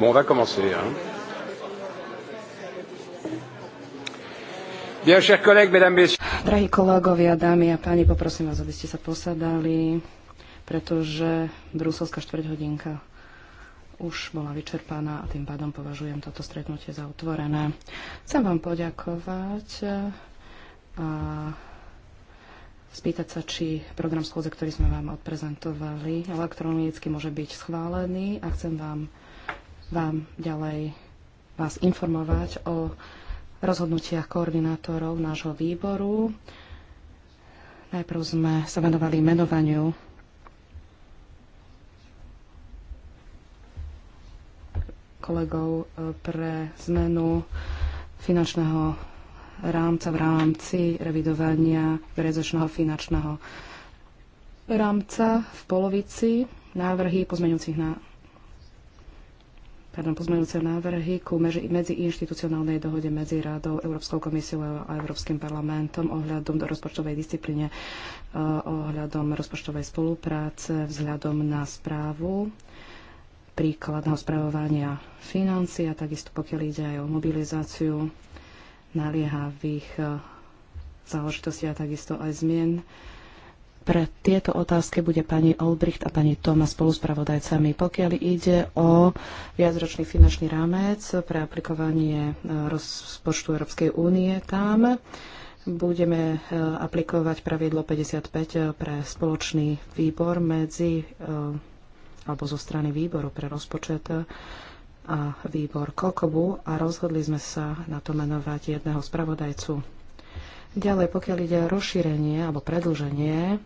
Bon, on va commencer. Hein. Bien, chers collègues, mesdames, messieurs. Drahí kolegovia, dámy a páni, poprosím vás, aby ste sa posadali, pretože štvrť štvrťhodinka už bola vyčerpaná a tým pádom považujem toto stretnutie za otvorené. Chcem vám poďakovať a spýtať sa, či program schôdze, ktorý sme vám odprezentovali elektronicky, môže byť schválený a chcem vám vám ďalej vás informovať o rozhodnutiach koordinátorov nášho výboru. Najprv sme sa venovali menovaniu kolegov e, pre zmenu finančného rámca v rámci revidovania verejzočného finančného rámca v polovici návrhy pozmeňujúcich na pardon, pozmeňujúce návrhy ku medziinštitucionálnej dohode medzi Rádou, Európskou komisiou a Európskym parlamentom ohľadom do rozpočtovej disciplíne, e, ohľadom rozpočtovej spolupráce, vzhľadom na správu príkladného správovania financií a takisto pokiaľ ide aj o mobilizáciu naliehavých e, záležitostí a takisto aj zmien pre tieto otázky bude pani Olbricht a pani Toma spoluspravodajcami. Pokiaľ ide o viacročný finančný rámec pre aplikovanie e, rozpočtu Európskej únie tam, budeme e, aplikovať pravidlo 55 e, pre spoločný výbor medzi alebo zo strany výboru pre rozpočet a výbor Kokobu a rozhodli sme sa na to menovať jedného spravodajcu Ďalej, pokiaľ ide o rozšírenie alebo predlženie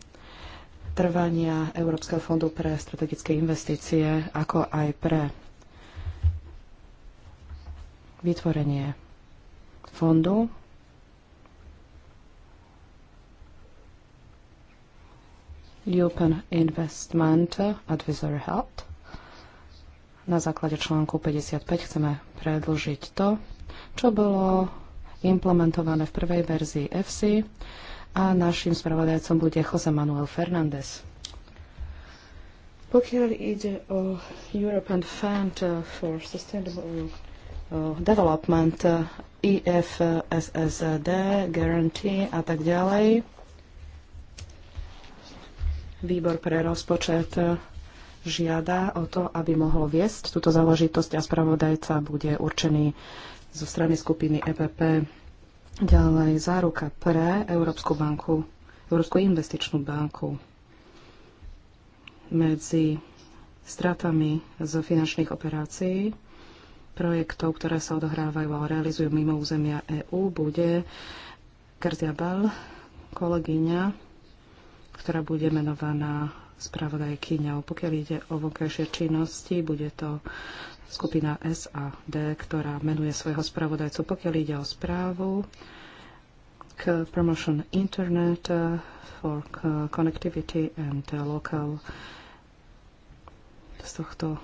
trvania Európskeho fondu pre strategické investície, ako aj pre vytvorenie fondu European Investment Advisory Health, Na základe článku 55 chceme predlžiť to, čo bolo implementované v prvej verzii FC a našim spravodajcom bude Jose Manuel Fernández. Pokiaľ ide o European Fund for Sustainable eh, Development, EFSSD Guarantee a tak ďalej, výbor pre rozpočet žiada o to, aby mohol viesť túto záležitosť a spravodajca bude určený zo strany skupiny EPP. Ďalej záruka pre Európsku banku, Európsku investičnú banku medzi stratami z finančných operácií projektov, ktoré sa odohrávajú a realizujú mimo územia EÚ, bude Kerzia Bal, kolegyňa, ktorá bude menovaná spravodajkyňou. Pokiaľ ide o vonkajšie činnosti, bude to skupina SAD, ktorá menuje svojho spravodajcu. Pokiaľ ide o správu k Promotion Internet eh, for Connectivity and eh, Local, z tohto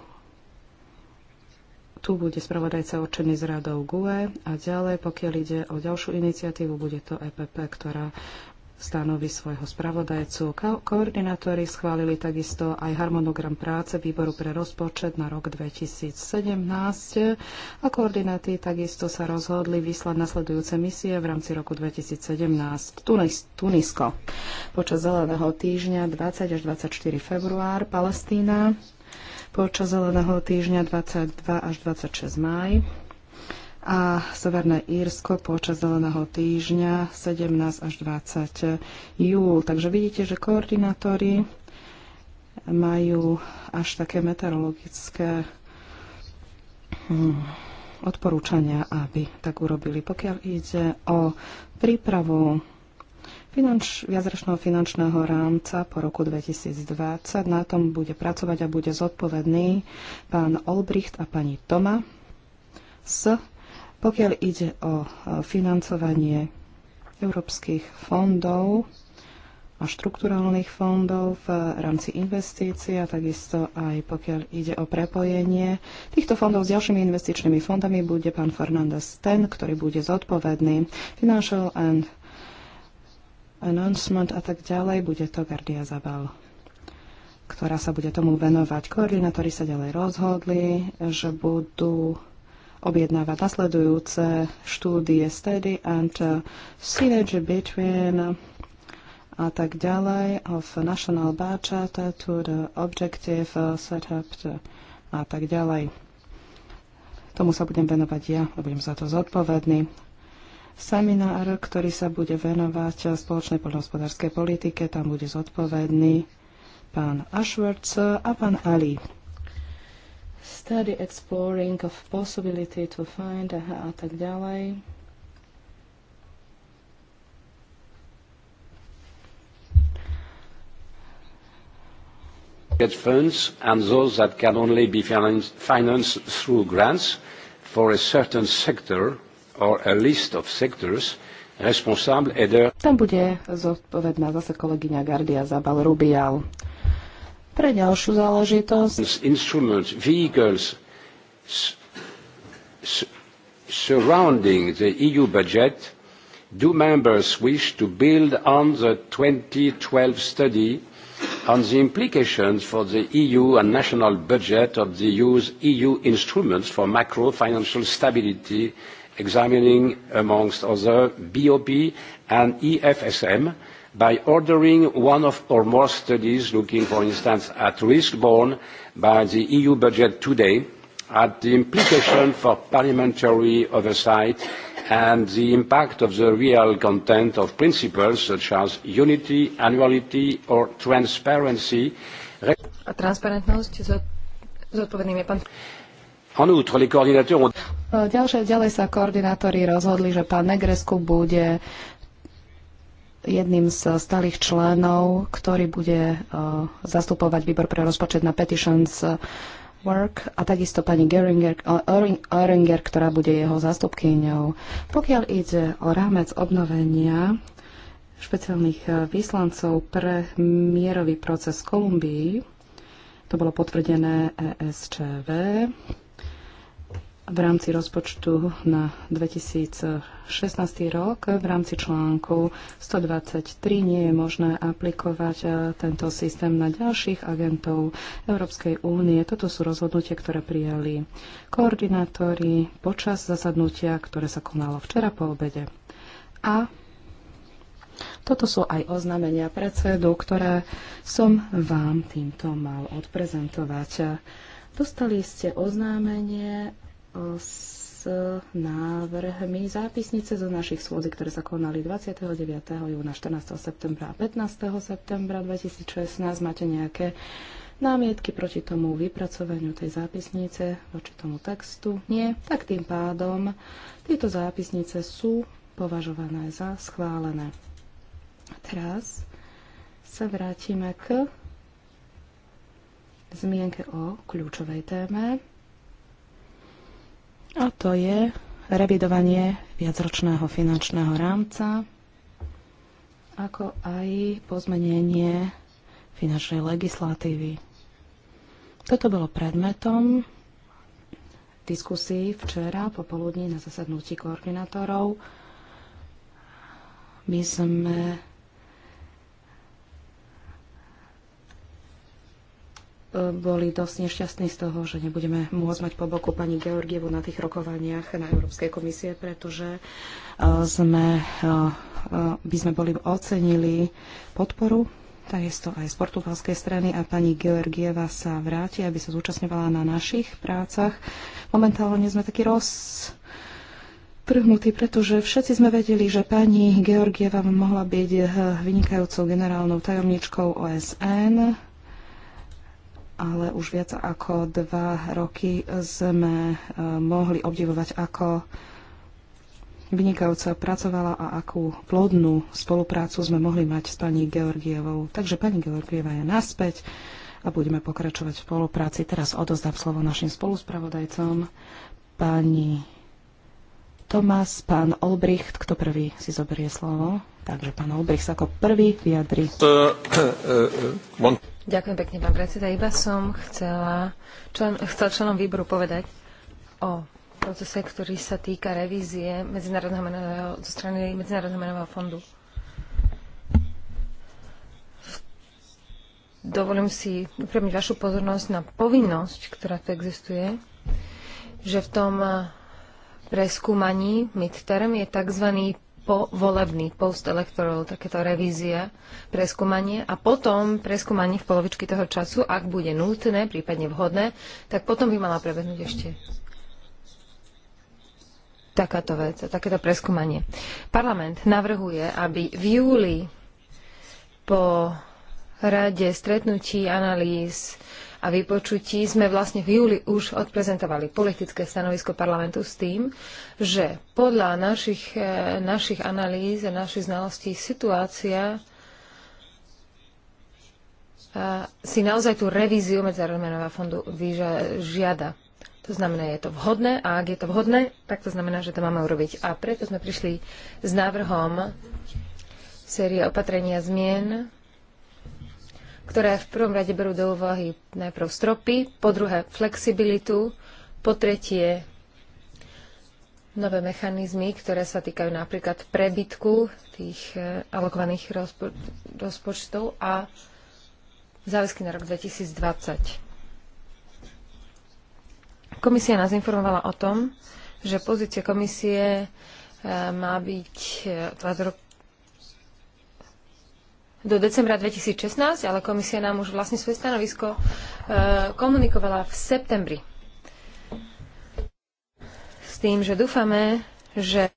tu bude spravodajca určený z radou GUE a ďalej, pokiaľ ide o ďalšiu iniciatívu, bude to EPP, ktorá stanovy svojho spravodajcu. Ko- koordinátori schválili takisto aj harmonogram práce výboru pre rozpočet na rok 2017 a koordináty takisto sa rozhodli vyslať nasledujúce misie v rámci roku 2017. Tunis- Tunisko. Počas zeleného týždňa 20 až 24 február, Palestína. Počas zeleného týždňa 22 až 26 máj, a Severné Írsko počas zeleného týždňa 17 až 20 júl. Takže vidíte, že koordinátori majú až také meteorologické hm, odporúčania, aby tak urobili. Pokiaľ ide o prípravu finanč, viacročného finančného rámca po roku 2020. Na tom bude pracovať a bude zodpovedný pán Olbricht a pani Toma z pokiaľ ide o e, financovanie európskych fondov a štrukturálnych fondov v rámci investícií a takisto aj pokiaľ ide o prepojenie týchto fondov s ďalšími investičnými fondami, bude pán Fernández ten, ktorý bude zodpovedný. Financial and announcement a tak ďalej, bude to Gardia Zabal ktorá sa bude tomu venovať. Koordinátori sa ďalej rozhodli, že budú objednávať nasledujúce štúdie Study and uh, Synergy between uh, a tak ďalej of national budget uh, to the objective set up to, a tak ďalej. Tomu sa budem venovať ja a budem za to zodpovedný. Seminár, ktorý sa bude venovať spoločnej poľnohospodárskej politike, tam bude zodpovedný pán Ashworth a pán Ali study exploring of possibility to find aha, a tak ďalej. get funds and those that can only be financed through grants for a certain sector or a list of sectors responsible either... Tam bude zodpovedná zase kolegyňa Gardia Zabal Rubial pre ďalšiu záležitosť. Instruments, vehicles surrounding the EU budget, do members wish to build on the 2012 study on the implications for the EU and national budget of the EU's EU instruments for macro-financial stability, examining, amongst other, BOP and EFSM, by ordering one of or more studies looking, for instance, at risk borne by the EU budget today, at the implication for parliamentary oversight and the impact of the real content of principles such as unity, annuality or transparency. A transparentnosť zodpovedným je pán... En outre, les coordinateurs ont... ďalej sa koordinátori rozhodli, že pán Negresku bude jedným z stálych členov, ktorý bude e, zastupovať výbor pre rozpočet na Petitions e, Work a takisto pani Geringer, e, Oeringer, ktorá bude jeho zastupkyňou. Pokiaľ ide o rámec obnovenia špeciálnych vyslancov pre mierový proces v Kolumbii, to bolo potvrdené ESČV, v rámci rozpočtu na 2016 rok v rámci článku 123 nie je možné aplikovať e, tento systém na ďalších agentov Európskej únie. Toto sú rozhodnutie, ktoré prijali koordinátori počas zasadnutia, ktoré sa konalo včera po obede. A toto sú aj oznámenia predsedu, ktoré som vám týmto mal odprezentovať. Dostali ste oznámenie s návrhmi zápisnice zo našich schôdzi, ktoré sa konali 29. júna, 14. septembra a 15. septembra 2016. Máte nejaké námietky proti tomu vypracovaniu tej zápisnice, voči tomu textu? Nie. Tak tým pádom tieto zápisnice sú považované za schválené. Teraz sa vrátime k zmienke o kľúčovej téme a to je revidovanie viacročného finančného rámca, ako aj pozmenenie finančnej legislatívy. Toto bolo predmetom diskusí včera popoludní na zasadnutí koordinátorov. My sme boli dosť nešťastní z toho, že nebudeme môcť mať po boku pani Georgievu na tých rokovaniach na Európskej komisie, pretože e, sme, e, e, by sme boli ocenili podporu takisto aj z portugalskej strany a pani Georgieva sa vráti, aby sa zúčastňovala na našich prácach. Momentálne sme taký roz pretože všetci sme vedeli, že pani Georgieva mohla byť vynikajúcou generálnou tajomničkou OSN, ale už viac ako dva roky sme e, mohli obdivovať, ako vynikajúca pracovala a akú plodnú spoluprácu sme mohli mať s pani Georgievou. Takže pani Georgieva je naspäť a budeme pokračovať v spolupráci. Teraz odozdám slovo našim spoluspravodajcom, pani Tomás, pán Olbricht, kto prvý si zoberie slovo. Takže pán Olbricht sa ako prvý vyjadri. Uh, uh, uh, Ďakujem pekne, pán predseda. Iba som chcela člen, chcela členom výboru povedať o procese, ktorý sa týka revízie medzinárodného menového, zo strany Medzinárodného menového fondu. Dovolím si upriamiť vašu pozornosť na povinnosť, ktorá tu existuje, že v tom eh, preskúmaní midterm je tzv povolebný, post-electoral, takéto revízia, preskúmanie a potom preskúmanie v polovičky toho času, ak bude nutné, prípadne vhodné, tak potom by mala prebehnúť ešte takáto vec, takéto preskúmanie. Parlament navrhuje, aby v júli po rade stretnutí analýz a vypočutí sme vlastne v júli už odprezentovali politické stanovisko parlamentu s tým, že podľa našich, e, našich analýz a našich znalostí situácia e, si naozaj tú revíziu Medzárodmenová fondu žiada. To znamená, je to vhodné a ak je to vhodné, tak to znamená, že to máme urobiť. A preto sme prišli s návrhom série opatrenia zmien, ktoré v prvom rade berú do úvahy najprv stropy, po druhé flexibilitu, po tretie nové mechanizmy, ktoré sa týkajú napríklad prebytku tých eh, alokovaných rozpo- rozpočtov a záväzky na rok 2020. Komisia nás informovala o tom, že pozícia komisie eh, má byť eh, v roku do decembra 2016, ale komisia nám už vlastne svoje stanovisko e, komunikovala v septembri. S tým, že dúfame, že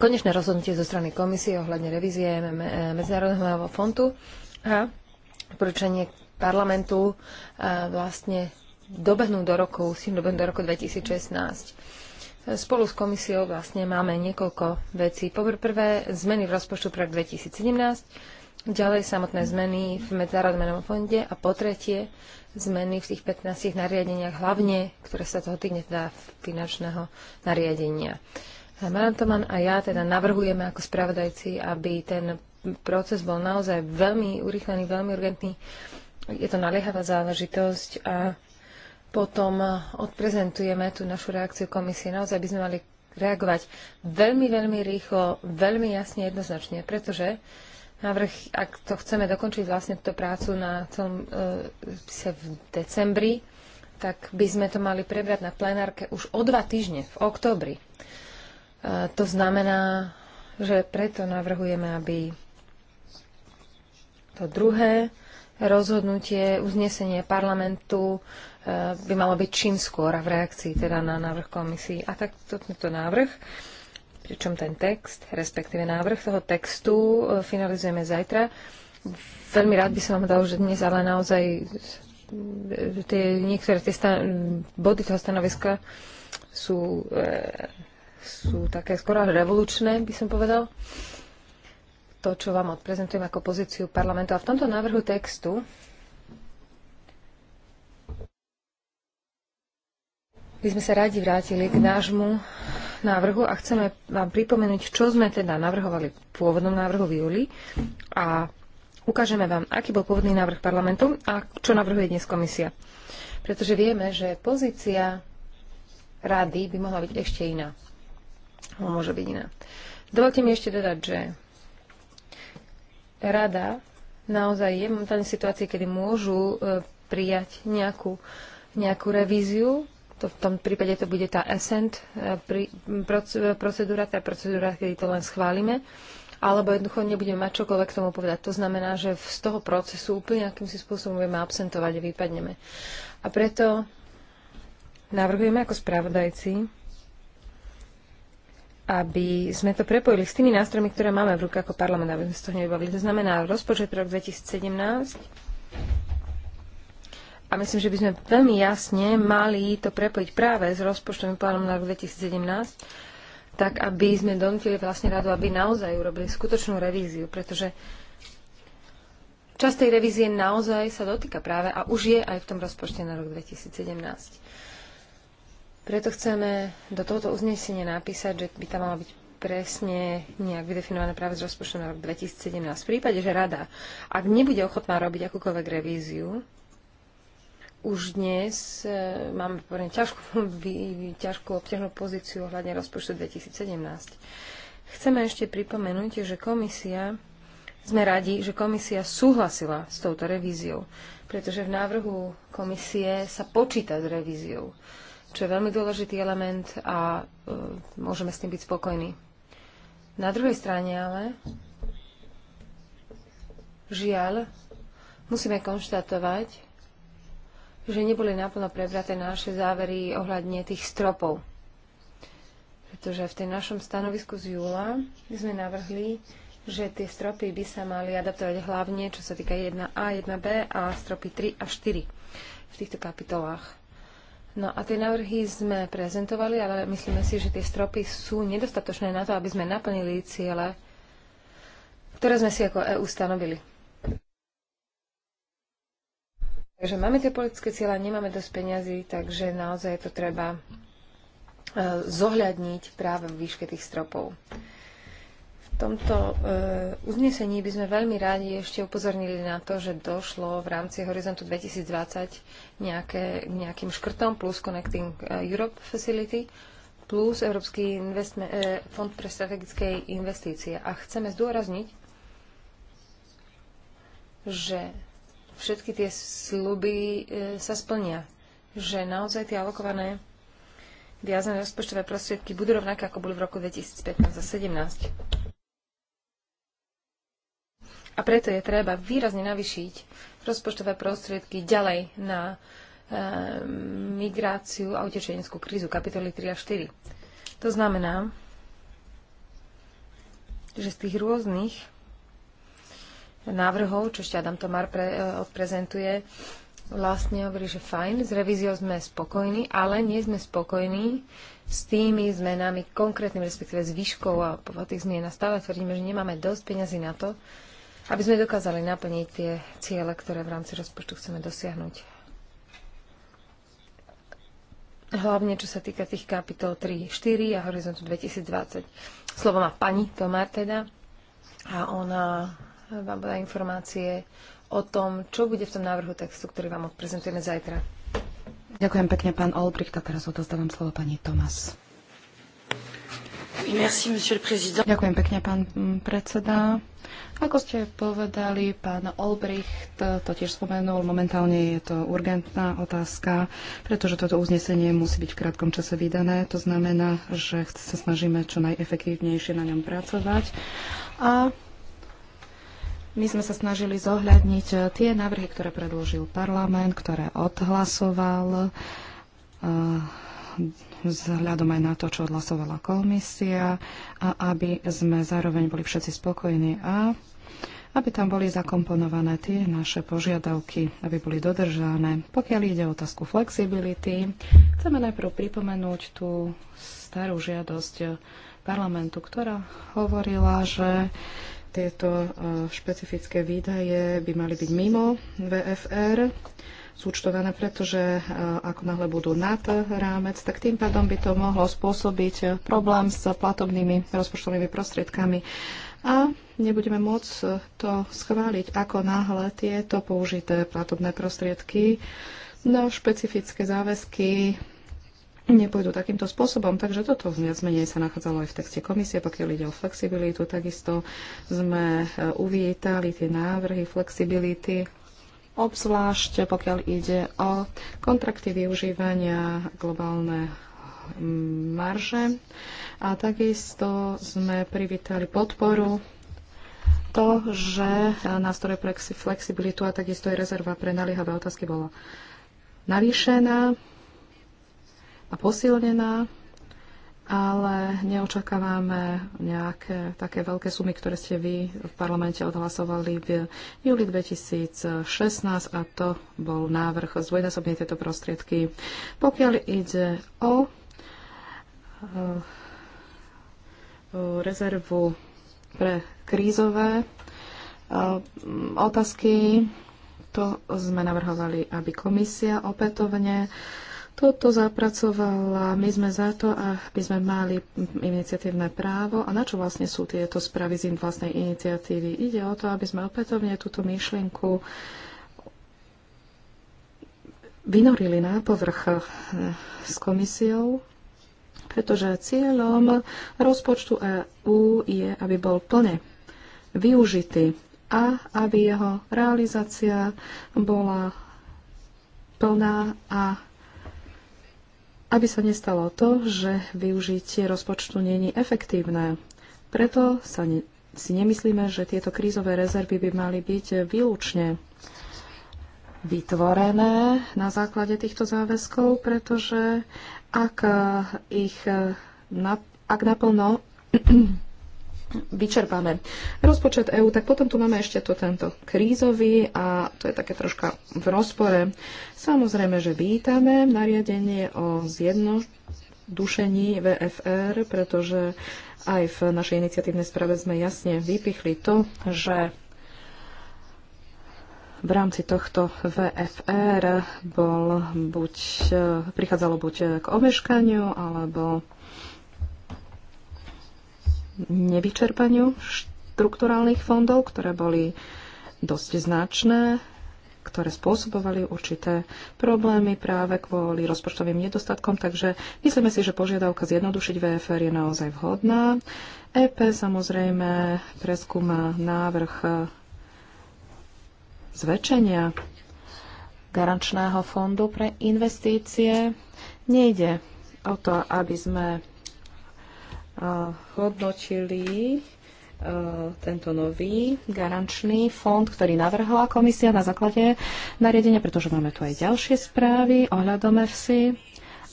konečné rozhodnutie zo strany komisie ohľadne revízie Medzinárodného fondu a poručenie parlamentu e, vlastne dobehnú do roku, s tým dobehnú do roku 2016. Spolu s komisiou vlastne máme niekoľko vecí. Prvé zmeny v rozpočtu pre 2017, ďalej samotné zmeny v Medzinárodnom fonde a po tretie zmeny v tých 15 nariadeniach, hlavne, ktoré sa toho týkne teda finančného nariadenia. Marantoman a ja teda navrhujeme ako spravodajci, aby ten proces bol naozaj veľmi urychlený, veľmi urgentný. Je to naliehavá záležitosť a potom e, odprezentujeme tú našu reakciu komisie. Naozaj by sme mali reagovať veľmi, veľmi rýchlo, veľmi jasne, jednoznačne, pretože návrh, ak to chceme dokončiť vlastne túto prácu na celom e, v decembri, tak by sme to mali prebrať na plenárke už o dva týždne, v oktobri. E, to znamená, že preto navrhujeme, aby to druhé rozhodnutie, uznesenie parlamentu Eh, by malo byť čím skôr v reakcii teda na návrh komisí. A tak tento návrh, pričom ten text, respektíve návrh toho textu eh, finalizujeme zajtra. Veľmi rád by som vám dal, že dnes ale naozaj eh, tie, niektoré tie body toho stanoviska sú, e, sú také skoro až revolučné, by som povedal. To, čo vám odprezentujem ako pozíciu parlamentu. A v tomto návrhu textu by sme sa radi vrátili k nášmu návrhu a chceme vám pripomenúť, čo sme teda navrhovali v pôvodnom návrhu v júli a ukážeme vám, aký bol pôvodný návrh parlamentu a čo navrhuje dnes komisia. Pretože vieme, že pozícia rady by mohla byť ešte iná. Môže byť iná. Dovolte mi ešte dodať, že rada naozaj je momentálne situácii, kedy môžu e, prijať nejakú, nejakú revíziu to v tom prípade to bude tá assent e, e, procedúra, tá procedúra, kedy to len schválime, alebo jednoducho nebudeme mať čokoľvek k tomu povedať. To znamená, že z toho procesu úplne si spôsobom budeme absentovať a vypadneme. A preto navrhujeme ako spravodajci, aby sme to prepojili s tými nástrojmi, ktoré máme v rukách ako parlament, aby sme z toho nebavili. To znamená rozpočet rok 2017 a myslím, že by sme veľmi jasne mali to prepojiť práve s rozpočtovým plánom na rok 2017, tak aby sme donutili vlastne radu, aby naozaj urobili skutočnú revíziu, pretože časť tej revízie naozaj sa dotýka práve a už je aj v tom rozpočte na rok 2017. Preto chceme do tohoto uznesenia napísať, že by tam mala byť presne nejak vydefinované práve z rozpočtu na rok 2017. V prípade, že rada, ak nebude ochotná robiť akúkoľvek revíziu, už dnes e, máme pomerne ťažkú, ťažkú obťažnú pozíciu ohľadne rozpočtu 2017. Chceme ešte pripomenúť, že komisia, sme radi, že komisia súhlasila s touto revíziou, pretože v návrhu komisie sa počíta s revíziou, čo je veľmi dôležitý element a e, môžeme s tým byť spokojní. Na druhej strane ale, žiaľ, musíme konštatovať, že neboli naplno prebraté naše závery ohľadne tých stropov. Pretože v tej našom stanovisku z júla sme navrhli, že tie stropy by sa mali adaptovať hlavne, čo sa týka 1A, 1B a stropy 3 a 4 v týchto kapitolách. No a tie návrhy sme prezentovali, ale myslíme si, že tie stropy sú nedostatočné na to, aby sme naplnili ciele, ktoré sme si ako EU stanovili. Takže máme tie politické cieľa, nemáme dosť peniazy, takže naozaj to treba e, zohľadniť práve v výške tých stropov. V tomto e, uznesení by sme veľmi rádi ešte upozornili na to, že došlo v rámci Horizontu 2020 nejaké, nejakým škrtom plus Connecting e, Europe Facility plus Európsky fond pre strategické investície. A chceme zdôrazniť, že všetky tie sluby e, sa splnia. Že naozaj tie alokované viazané rozpočtové prostriedky budú rovnaké, ako boli v roku 2015 a 2017. A preto je treba výrazne navyšiť rozpočtové prostriedky ďalej na e, migráciu a utečeneckú krízu, kapitoly 3 a 4. To znamená, že z tých rôznych návrhov, čo ešte Adam Tomar pre, e, odprezentuje, vlastne hovorí, že fajn, s revíziou sme spokojní, ale nie sme spokojní s tými zmenami, konkrétnym respektíve výškou a tých zmien a stále tvrdíme, že nemáme dosť peňazí na to, aby sme dokázali naplniť tie ciele, ktoré v rámci rozpočtu chceme dosiahnuť. Hlavne čo sa týka tých kapitol 3, 4 a horizontu 2020. Slovo má pani Tomár teda a ona vám podá informácie o tom, čo bude v tom návrhu textu, ktorý vám odprezentujeme zajtra. Ďakujem pekne, pán Olbricht, a teraz odozdávam slovo pani Tomas. Merci, Ďakujem pekne, pán predseda. Ako ste povedali, pán Olbricht to tiež spomenul, momentálne je to urgentná otázka, pretože toto uznesenie musí byť v krátkom čase vydané. To znamená, že sa snažíme čo najefektívnejšie na ňom pracovať. A my sme sa snažili zohľadniť eh, tie návrhy, ktoré predložil parlament, ktoré odhlasoval vzhľadom eh, aj na to, čo odhlasovala komisia a aby sme zároveň boli všetci spokojní a aby tam boli zakomponované tie naše požiadavky, aby boli dodržané. Pokiaľ ide o otázku flexibility, chceme najprv pripomenúť tú starú žiadosť eh, parlamentu, ktorá hovorila, že tieto eh, špecifické výdaje by mali byť mimo VFR súčtované, pretože eh, ako náhle budú nad rámec, tak tým pádom by to mohlo spôsobiť eh, problém s platobnými rozpočtovými prostriedkami a nebudeme môcť to schváliť, ako náhle tieto použité platobné prostriedky na špecifické záväzky nepôjdu takýmto spôsobom. Takže toto viac menej sa nachádzalo aj v texte komisie, pokiaľ ide o flexibilitu. Takisto sme e, uvítali tie návrhy flexibility, obzvlášť pokiaľ ide o kontrakty využívania globálne marže. A takisto sme privítali podporu to, že e, nástroj pre flexibilitu a takisto aj rezerva pre naliehavé otázky bola navýšená a posilnená, ale neočakávame nejaké také veľké sumy, ktoré ste vy v parlamente odhlasovali v júli 2016 a to bol návrh zdvojnásobne tieto prostriedky. Pokiaľ ide o eh, rezervu pre krízové eh, otázky, to sme navrhovali, aby komisia opätovne toto zapracovala. My sme za to, aby sme mali iniciatívne právo. A na čo vlastne sú tieto spravy z vlastnej iniciatívy? Ide o to, aby sme opätovne túto myšlienku vynorili na povrch eh, s komisiou, pretože cieľom rozpočtu EÚ je, aby bol plne využitý a aby jeho realizácia bola plná a aby sa nestalo to, že využitie rozpočtu není efektívne. Preto sa ne, si nemyslíme, že tieto krízové rezervy by mali byť výlučne vytvorené na základe týchto záväzkov, pretože ak ich na, ak naplno vyčerpáme rozpočet EÚ, tak potom tu máme ešte to tento krízový a to je také troška v rozpore. Samozrejme, že vítame nariadenie o zjednodušení VFR, pretože aj v našej iniciatívnej správe sme jasne vypichli to, že v rámci tohto VFR bol buď, prichádzalo buď k omeškaniu alebo nevyčerpaniu štrukturálnych fondov, ktoré boli dosť značné, ktoré spôsobovali určité problémy práve kvôli rozpočtovým nedostatkom, takže myslíme si, že požiadavka zjednodušiť VFR je naozaj vhodná. EP samozrejme preskúma návrh zväčšenia garančného fondu pre investície. Nejde o to, aby sme hodnotili e, tento nový garančný fond, ktorý navrhla komisia na základe nariadenia, pretože máme tu aj ďalšie správy ohľadom FC.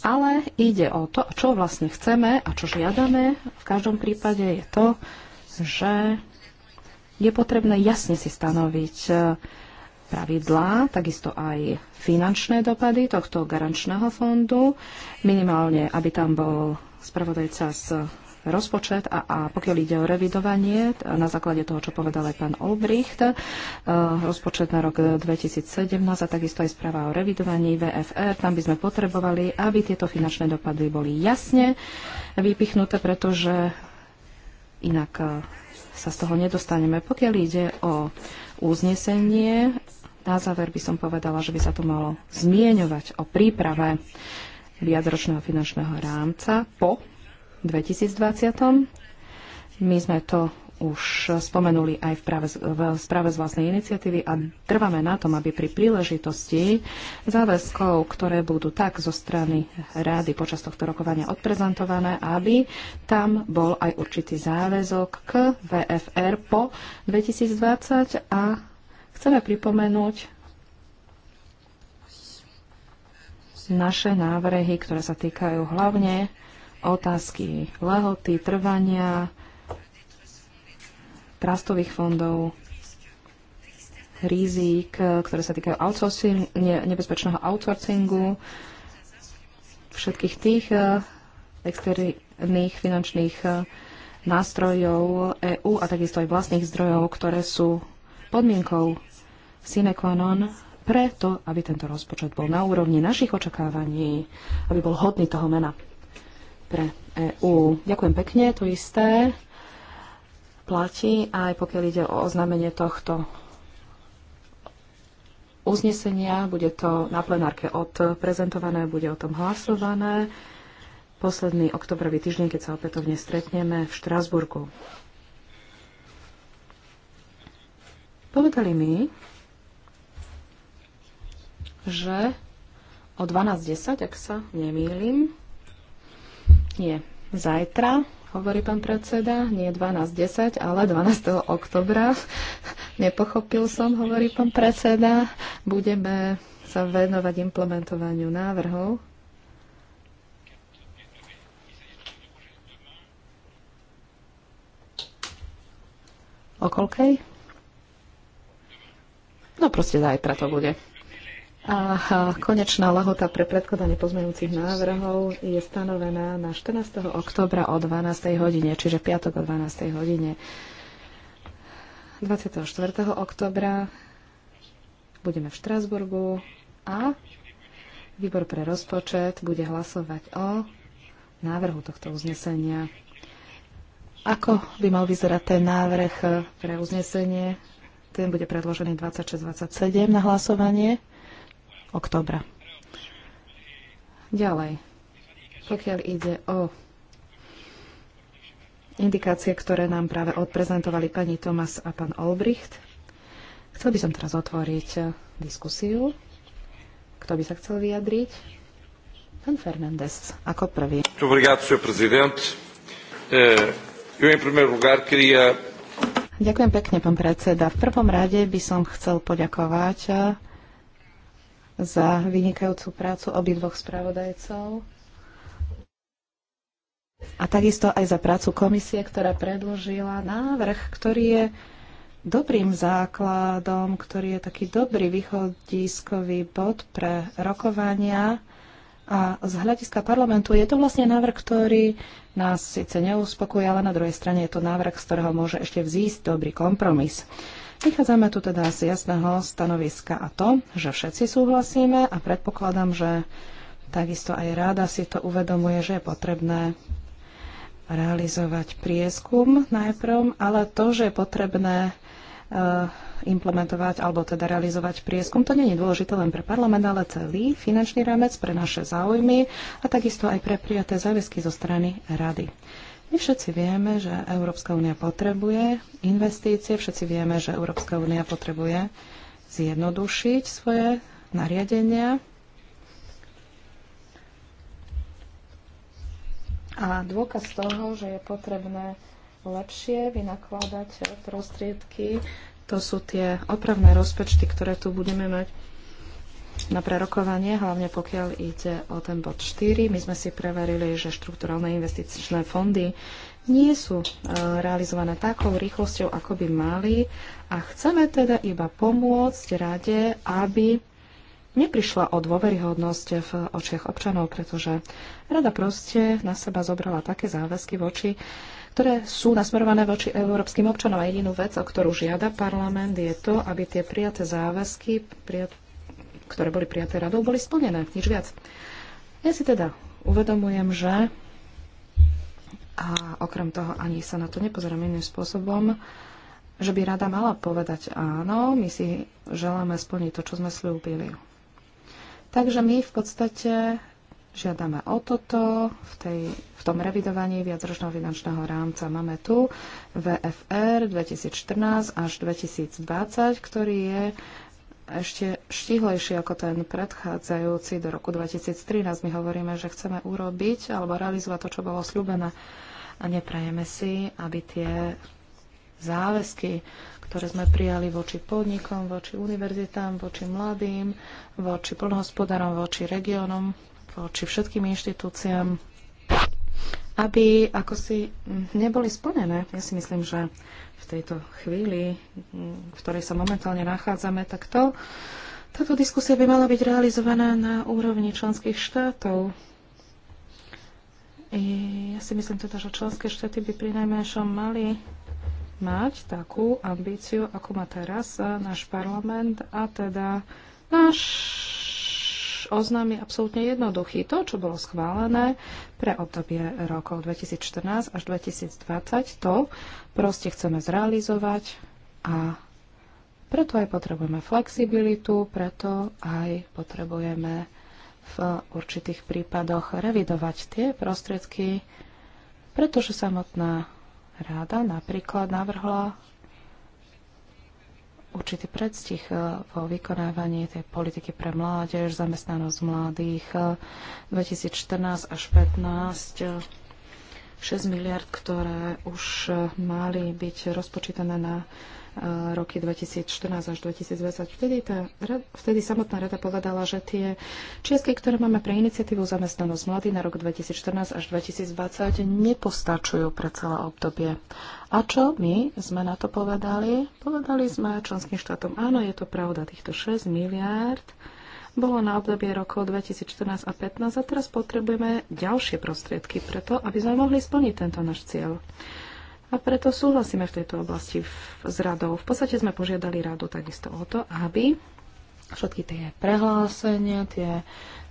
Ale ide o to, čo vlastne chceme a čo žiadame. V každom prípade je to, že je potrebné jasne si stanoviť e, pravidlá, takisto aj finančné dopady tohto garančného fondu, minimálne, aby tam bol spravodajca z rozpočet a, a pokiaľ ide o revidovanie, na základe toho, čo povedal aj pán Olbricht, e, rozpočet na rok 2017 a takisto aj správa o revidovaní VFR, tam by sme potrebovali, aby tieto finančné dopady boli jasne vypichnuté, pretože inak e, sa z toho nedostaneme. Pokiaľ ide o uznesenie, na záver by som povedala, že by sa to malo zmieňovať o príprave viacročného finančného rámca po 2020. My sme to už spomenuli aj v, práve, v správe z vlastnej iniciatívy a trváme na tom, aby pri príležitosti záväzkov, ktoré budú tak zo strany rády počas tohto rokovania odprezentované, aby tam bol aj určitý záväzok k VFR po 2020 a chceme pripomenúť naše návrhy, ktoré sa týkajú hlavne otázky lehoty, trvania, trastových fondov, rizík, ktoré sa týkajú nebezpečného outsourcingu, všetkých tých eh, externých finančných eh, nástrojov EÚ a takisto aj vlastných zdrojov, ktoré sú podmienkou sine qua non preto, aby tento rozpočet bol na úrovni našich očakávaní, aby bol hodný toho mena pre EÚ. Ďakujem pekne, to isté platí aj pokiaľ ide o oznámenie tohto uznesenia. Bude to na plenárke odprezentované, bude o tom hlasované. Posledný oktobrový týždeň, keď sa opätovne stretneme v Štrásburgu. Povedali mi, že o 12.10, ak sa nemýlim, nie, zajtra, hovorí pán predseda, nie 12.10, ale 12. oktobra. Nepochopil som, hovorí pán predseda. Budeme sa venovať implementovaniu návrhov. O koľkej? No proste zajtra to bude. A konečná lahota pre predkladanie pozmeňujúcich návrhov je stanovená na 14. oktobra o 12. hodine, čiže piatok o 12. hodine. 24. oktobra budeme v Štrasburgu a výbor pre rozpočet bude hlasovať o návrhu tohto uznesenia. Ako by mal vyzerať ten návrh pre uznesenie? Ten bude predložený 26-27 na hlasovanie oktobra. Ďalej, pokiaľ ide o indikácie, ktoré nám práve odprezentovali pani Tomas a pán Olbricht, chcel by som teraz otvoriť eh, diskusiu. Kto by sa chcel vyjadriť? Pán Fernández, ako prvý. Eh, Ďakujem pekne, pán predseda. V prvom rade by som chcel poďakovať eh, za vynikajúcu prácu obidvoch spravodajcov a takisto aj za prácu komisie, ktorá predložila návrh, ktorý je dobrým základom, ktorý je taký dobrý východiskový bod pre rokovania. A z hľadiska parlamentu je to vlastne návrh, ktorý nás síce neuspokuje, ale na druhej strane je to návrh, z ktorého môže ešte vzísť dobrý kompromis. Vychádzame tu teda z jasného stanoviska a to, že všetci súhlasíme a predpokladám, že takisto aj ráda si to uvedomuje, že je potrebné realizovať prieskum najprv, ale to, že je potrebné eh, implementovať alebo teda realizovať prieskum. To nie je dôležité len pre parlament, ale celý finančný rámec pre naše záujmy a takisto aj pre prijaté záväzky zo strany rady. My všetci vieme, že Európska únia potrebuje investície, všetci vieme, že Európska únia potrebuje zjednodušiť svoje nariadenia. A dôkaz toho, že je potrebné lepšie vynakladať prostriedky, to sú tie opravné rozpočty, ktoré tu budeme mať na prerokovanie, hlavne pokiaľ ide o ten bod 4. My sme si preverili, že štruktúralne investičné fondy nie sú e, realizované takou rýchlosťou, ako by mali a chceme teda iba pomôcť rade, aby neprišla o dôveryhodnosť v očiach občanov, pretože rada proste na seba zobrala také záväzky voči ktoré sú nasmerované voči európskym občanom. A jedinú vec, o ktorú žiada parlament, je to, aby tie prijaté záväzky, ktoré boli prijaté radou, boli splnené, nič viac. Ja si teda uvedomujem, že a okrem toho ani sa na to nepozerám iným spôsobom, že by rada mala povedať áno, my si želáme splniť to, čo sme slúbili. Takže my v podstate žiadame o toto v, tej, v tom revidovaní viacročného finančného rámca. Máme tu VFR 2014 až 2020, ktorý je ešte štihlejší ako ten predchádzajúci do roku 2013. My hovoríme, že chceme urobiť alebo realizovať to, čo bolo slúbené a neprajeme si, aby tie záväzky, ktoré sme prijali voči podnikom, voči univerzitám, voči mladým, voči plnohospodárom, voči regiónom, voči všetkým inštitúciám, aby ako si neboli splnené. Ja si myslím, že v tejto chvíli, v ktorej sa momentálne nachádzame, tak to, táto diskusia by mala byť realizovaná na úrovni členských štátov. I ja si myslím teda, že členské štáty by pri najmenšom mali mať takú ambíciu, ako má teraz náš parlament a teda náš náš oznam je absolútne jednoduchý. To, čo bolo schválené pre obdobie rokov 2014 až 2020, to proste chceme zrealizovať a preto aj potrebujeme flexibilitu, preto aj potrebujeme v určitých prípadoch revidovať tie prostriedky, pretože samotná ráda napríklad navrhla určitý predstih eh, vo vykonávaní tej politiky pre mládež, zamestnanosť mladých 2014 eh, až 2015. 6 eh, miliard, ktoré už mali byť rozpočítané na Eh, roky 2014 až 2020. Vtedy, tá, vtedy samotná rada povedala, že tie čiastky, ktoré máme pre iniciatívu zamestnanosť mladý na rok 2014 až 2020, nepostačujú pre celé obdobie. A čo my sme na to povedali? Povedali sme členským štátom, áno, je to pravda, týchto 6 miliárd bolo na obdobie rokov 2014 a 2015 a teraz potrebujeme ďalšie prostriedky preto, aby sme mohli splniť tento náš cieľ. A preto súhlasíme v tejto oblasti v, s radou. V podstate sme požiadali radu takisto o to, aby všetky tie prehlásenia, tie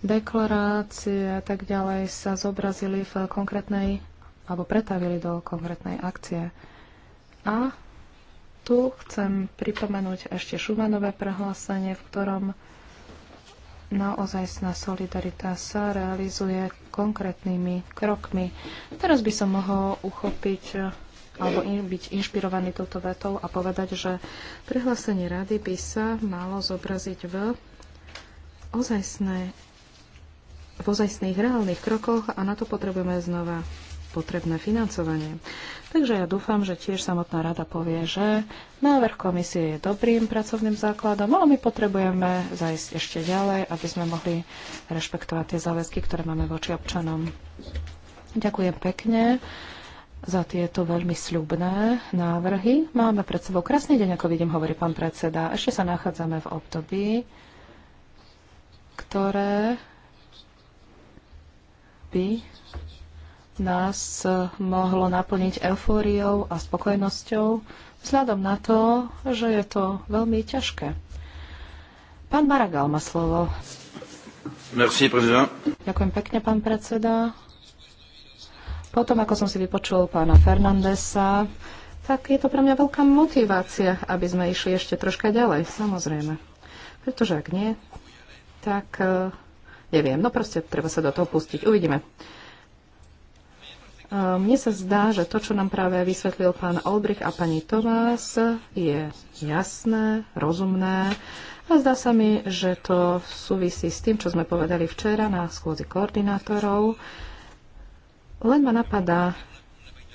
deklarácie a tak ďalej sa zobrazili v konkrétnej alebo pretavili do konkrétnej akcie. A tu chcem pripomenúť ešte Šumanové prehlásenie, v ktorom naozajstná solidarita sa realizuje konkrétnymi krokmi. Teraz by som mohol uchopiť alebo in, byť inšpirovaný touto vetou a povedať, že prehlásenie rady by sa malo zobraziť v ozajstné, v ozajstných reálnych krokoch a na to potrebujeme znova potrebné financovanie. Takže ja dúfam, že tiež samotná rada povie, že návrh komisie je dobrým pracovným základom, ale my potrebujeme zajsť ešte ďalej, aby sme mohli rešpektovať tie záväzky, ktoré máme voči občanom. Ďakujem pekne za tieto veľmi sľubné návrhy. Máme pred sebou krásny deň, ako vidím, hovorí pán predseda. Ešte sa nachádzame v období, ktoré by nás mohlo naplniť eufóriou a spokojnosťou, vzhľadom na to, že je to veľmi ťažké. Pán Maragal má slovo. Merci, prezident. Ďakujem pekne, pán predseda. Potom, ako som si vypočul pána Fernandesa, tak je to pre mňa veľká motivácia, aby sme išli ešte troška ďalej, samozrejme. Pretože ak nie, tak uh, neviem. No proste treba sa do toho pustiť. Uvidíme. E, mne sa zdá, že to, čo nám práve vysvetlil pán Olbrich a pani Tomás, je jasné, rozumné a zdá sa mi, že to súvisí s tým, čo sme povedali včera na schôdzi koordinátorov. Len ma napadá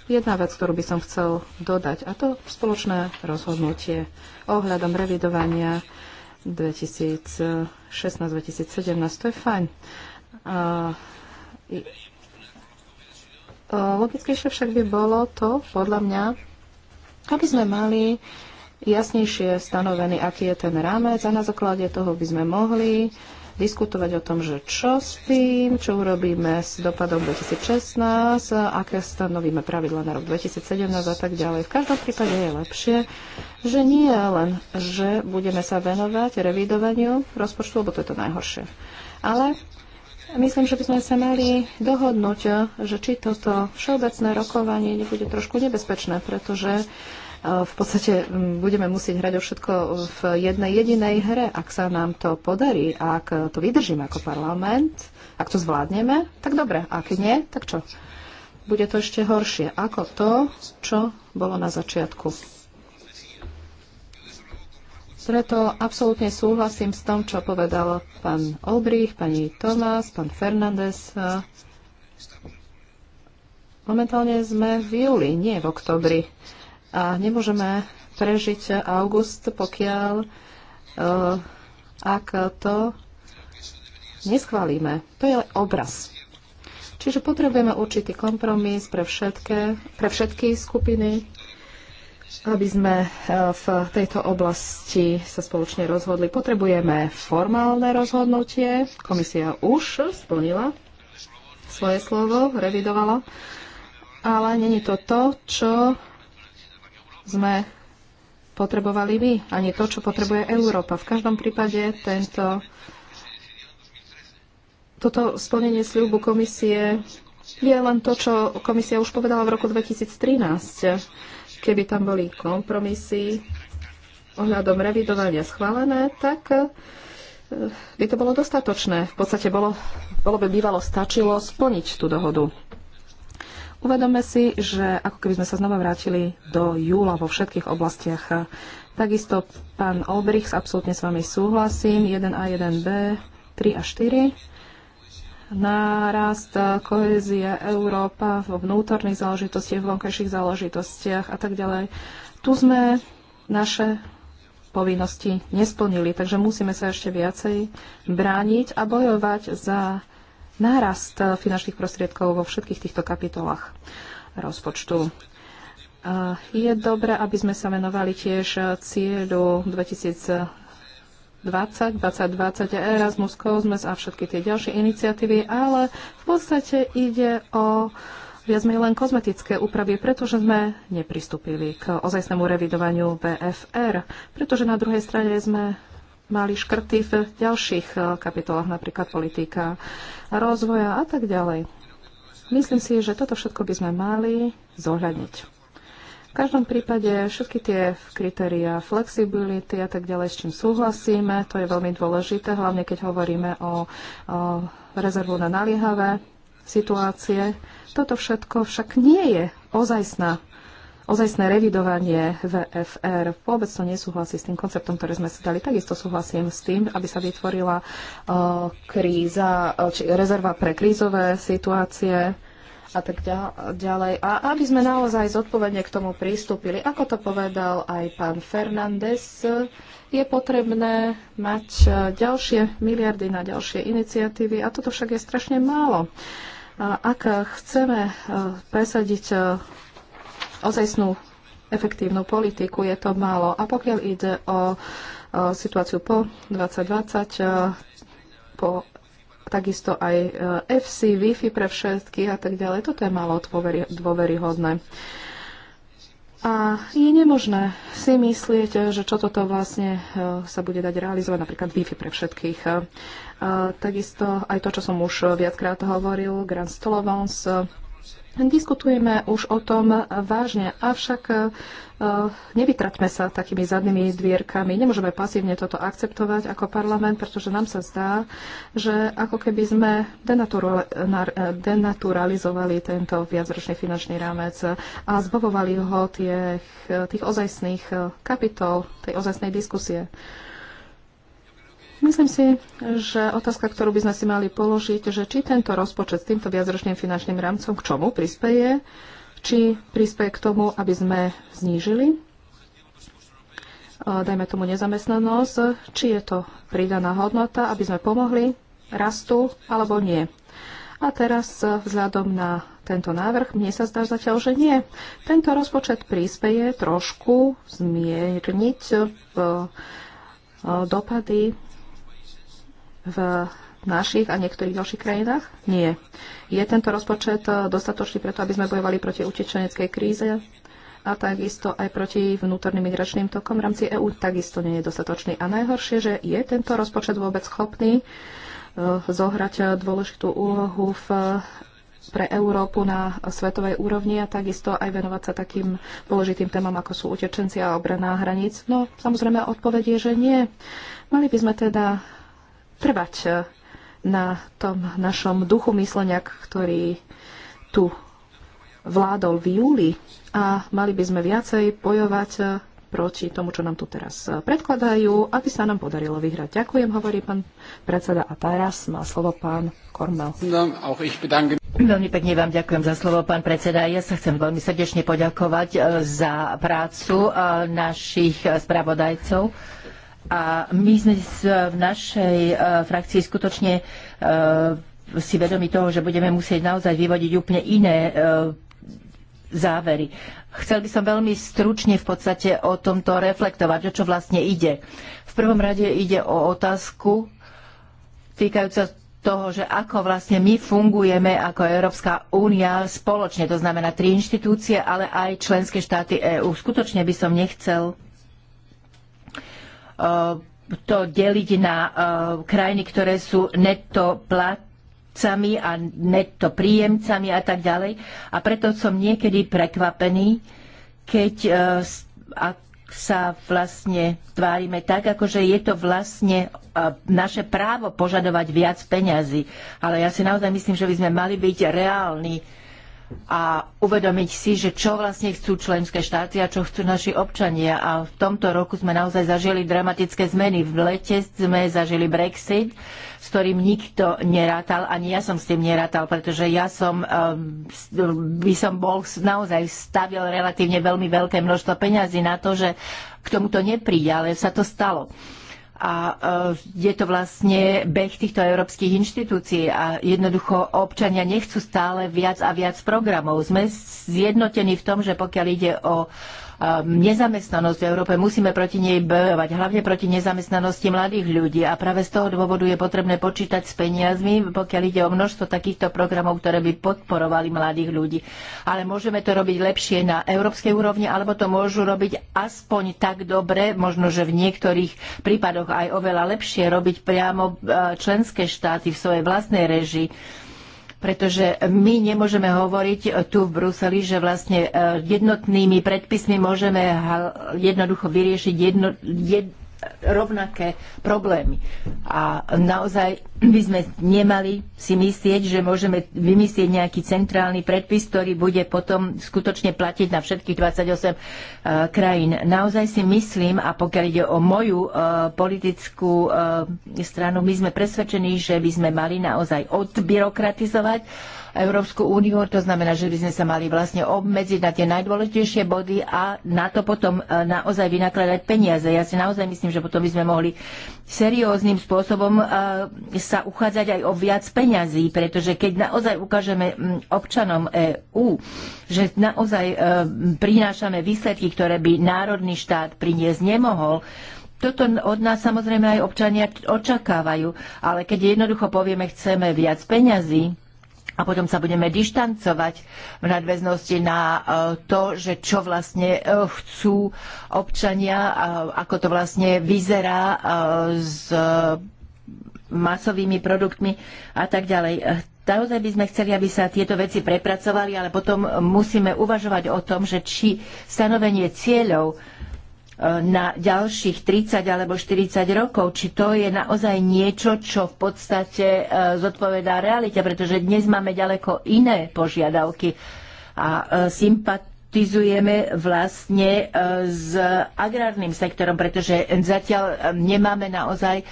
jedna vec, ktorú by som chcel dodať, a to spoločné rozhodnutie ohľadom revidovania 2016-2017. To je fajn. A, i, Logickejšie však by bolo to, podľa mňa, aby sme mali jasnejšie stanovený, aký je ten rámec a na základe toho by sme mohli diskutovať o tom, že čo s tým, čo urobíme s dopadom 2016, aké stanovíme pravidla na rok 2017 a tak ďalej. V každom prípade je lepšie, že nie len, že budeme sa venovať revidovaniu rozpočtu, lebo to je to najhoršie. Ale Myslím, že by sme sa mali dohodnúť, že či toto všeobecné rokovanie nebude trošku nebezpečné, pretože v podstate budeme musieť hrať o všetko v jednej jedinej hre. Ak sa nám to podarí, ak to vydržíme ako parlament, ak to zvládneme, tak dobre. Ak nie, tak čo? Bude to ešte horšie ako to, čo bolo na začiatku. Preto absolútne súhlasím s tom, čo povedal pán Olbrich, pani Tomás, pán Fernández. Momentálne sme v júli, nie v oktobri. A nemôžeme prežiť august, pokiaľ e, ak to neschválime. To je obraz. Čiže potrebujeme určitý kompromis pre, všetké, pre všetky skupiny, aby sme e, v tejto oblasti sa spoločne rozhodli. Potrebujeme formálne rozhodnutie. Komisia už splnila svoje slovo, revidovala, ale není to to, čo sme potrebovali my, ani to, čo potrebuje Európa. V každom prípade tento, toto splnenie sľubu komisie je len to, čo komisia už povedala v roku 2013. Keby tam boli kompromisy ohľadom revidovania schválené, tak eh, by to bolo dostatočné. V podstate bolo, bolo by bývalo stačilo splniť tú dohodu. Uvedome si, že ako keby sme sa znova vrátili do júla vo všetkých oblastiach. Takisto pán s absolútne s vami súhlasím, 1A, 1B, 3 a 4. Nárast eh, kohezie Európa vo vnútorných záležitostiach, v vonkajších záležitostiach a tak ďalej. Tu sme naše povinnosti nesplnili, takže musíme sa ešte viacej brániť a bojovať za nárast eh, finančných prostriedkov vo všetkých týchto kapitolách rozpočtu. Eh, je dobré, aby sme sa venovali tiež eh, cieľu 2020, 2020 Erasmus, Cosmes a všetky tie ďalšie iniciatívy, ale v podstate ide o viac menej len kozmetické úpravy, pretože sme nepristúpili k ozajstnému revidovaniu BFR, pretože na druhej strane sme mali škrty v ďalších eh, kapitolách, napríklad politika rozvoja a tak ďalej. Myslím si, že toto všetko by sme mali zohľadniť. V každom prípade všetky tie kritéria flexibility a tak ďalej, s čím súhlasíme, to je veľmi dôležité, hlavne keď hovoríme o, o rezervu na naliehavé situácie. Toto všetko však nie je ozajstná ozajstné revidovanie VFR. Vôbec to nesúhlasí s tým konceptom, ktorý sme si dali. Takisto súhlasím s tým, aby sa vytvorila e, kríza, e, či rezerva pre krízové situácie a tak ďalej. A aby sme naozaj zodpovedne k tomu pristúpili, ako to povedal aj pán Fernández, je potrebné mať e, ďalšie miliardy na ďalšie iniciatívy a toto však je strašne málo. Ak chceme presadiť ozajstnú efektívnu politiku, je to málo. A pokiaľ ide o, o situáciu po 2020, e, po takisto aj e, FC, Wi-Fi pre všetkých a tak ďalej, toto je málo dôvery, dôveryhodné. A je nemožné si myslieť, že čo toto vlastne e, sa bude dať realizovať, napríklad Wi-Fi pre všetkých. Takisto aj to, čo som už viackrát hovoril, Grand Stolovans, Diskutujeme už o tom vážne, avšak e, nevytraťme sa takými zadnými dvierkami. Nemôžeme pasívne toto akceptovať ako parlament, pretože nám sa zdá, že ako keby sme e, denaturalizovali tento viacročný finančný rámec a zbavovali ho tých, tých ozajstných kapitol, tej ozajstnej diskusie. Myslím si, že otázka, ktorú by sme si mali položiť, že či tento rozpočet s týmto viacročným finančným rámcom k čomu prispieje, či prispieje k tomu, aby sme znížili, eh, dajme tomu nezamestnanosť, či je to pridaná hodnota, aby sme pomohli rastu alebo nie. A teraz eh, vzhľadom na tento návrh, mne sa zdá zatiaľ, že nie. Tento rozpočet prispieje trošku zmierniť eh, dopady v našich a niektorých ďalších krajinách? Nie. Je tento rozpočet eh, dostatočný preto, aby sme bojovali proti utečeneckej kríze a takisto aj proti vnútorným migračným tokom v rámci EÚ? Takisto nie je dostatočný. A najhoršie, že je tento rozpočet vôbec schopný eh, zohrať eh, dôležitú úlohu v pre Európu na svetovej úrovni a takisto aj venovať sa takým dôležitým témam, ako sú utečenci a obrana hraníc? No, samozrejme, odpoveď je, že nie. Mali by sme teda trvať eh, na tom našom duchu myslenia, ktorý tu vládol v júli a mali by sme viacej bojovať eh, proti tomu, čo nám tu teraz eh, predkladajú, aby sa nám podarilo vyhrať. Ďakujem, hovorí pán predseda. A teraz má slovo pán Kormel. Veľmi pekne vám ďakujem za slovo, pán predseda. Ja sa chcem veľmi srdečne poďakovať za prácu našich spravodajcov a my sme v našej e, frakcii skutočne e, si vedomi toho, že budeme musieť naozaj vyvodiť úplne iné e, závery. Chcel by som veľmi stručne v podstate o tomto reflektovať, o čo vlastne ide. V prvom rade ide o otázku týkajúca toho, že ako vlastne my fungujeme ako Európska únia spoločne, to znamená tri inštitúcie, ale aj členské štáty EÚ. Skutočne by som nechcel Eh, to deliť na eh, krajiny, ktoré sú netto platcami a netto príjemcami a tak ďalej. A preto som niekedy prekvapený, keď eh, sa vlastne tvárime tak, ako že je to vlastne naše právo požadovať viac peňazí. Ale ja si naozaj myslím, že by sme mali byť reálni a uvedomiť si, že čo vlastne chcú členské štáty a čo chcú naši občania. A v tomto roku sme naozaj zažili dramatické zmeny. V lete sme zažili Brexit, s ktorým nikto nerátal, ani ja som s tým nerátal, pretože ja som, ehm, by som bol naozaj stavil relatívne veľmi veľké množstvo peňazí na to, že k tomuto nepríde, ale sa to stalo a e, je to vlastne beh týchto európskych inštitúcií a jednoducho občania nechcú stále viac a viac programov. Sme zjednotení v tom, že pokiaľ ide o Ehm, nezamestnanosť v Európe. Musíme proti nej bojovať, hlavne proti nezamestnanosti mladých ľudí. A práve z toho dôvodu je potrebné počítať s peniazmi, pokiaľ ide o množstvo takýchto programov, ktoré by podporovali mladých ľudí. Ale môžeme to robiť lepšie na európskej úrovni, alebo to môžu robiť aspoň tak dobre, možno, že v niektorých prípadoch aj oveľa lepšie robiť priamo eh, členské štáty v svojej vlastnej režii pretože my nemôžeme hovoriť tu v Bruseli, že vlastne e, jednotnými predpismi môžeme jednoducho vyriešiť jedno, jed, rovnaké problémy. A naozaj by sme nemali si myslieť, že môžeme vymyslieť nejaký centrálny predpis, ktorý bude potom skutočne platiť na všetkých 28 e, krajín. Naozaj si myslím, a pokiaľ ide o moju e, politickú e, stranu, my sme presvedčení, že by sme mali naozaj odbyrokratizovať Európsku úniu. To znamená, že by sme sa mali vlastne obmedziť na tie najdôležitejšie body a na to potom e, naozaj vynakladať peniaze. Ja si naozaj myslím, že potom by sme mohli serióznym spôsobom e, sa uchádzať aj o viac peňazí, pretože keď naozaj ukážeme občanom EÚ, že naozaj e, prinášame výsledky, ktoré by národný štát priniesť nemohol, toto od nás samozrejme aj občania očakávajú, ale keď jednoducho povieme, chceme viac peňazí, a potom sa budeme dištancovať v nadväznosti na e, to, že čo vlastne e, chcú občania, ako to vlastne vyzerá e, s masovými produktmi a tak ďalej. Naozaj by sme chceli, aby sa tieto veci prepracovali, ale potom musíme uvažovať o tom, že či stanovenie cieľov na ďalších 30 alebo 40 rokov, či to je naozaj niečo, čo v podstate e, zodpovedá realite, pretože dnes máme ďaleko iné požiadavky a e, sympatizujeme vlastne e, s agrárnym sektorom, pretože zatiaľ nemáme naozaj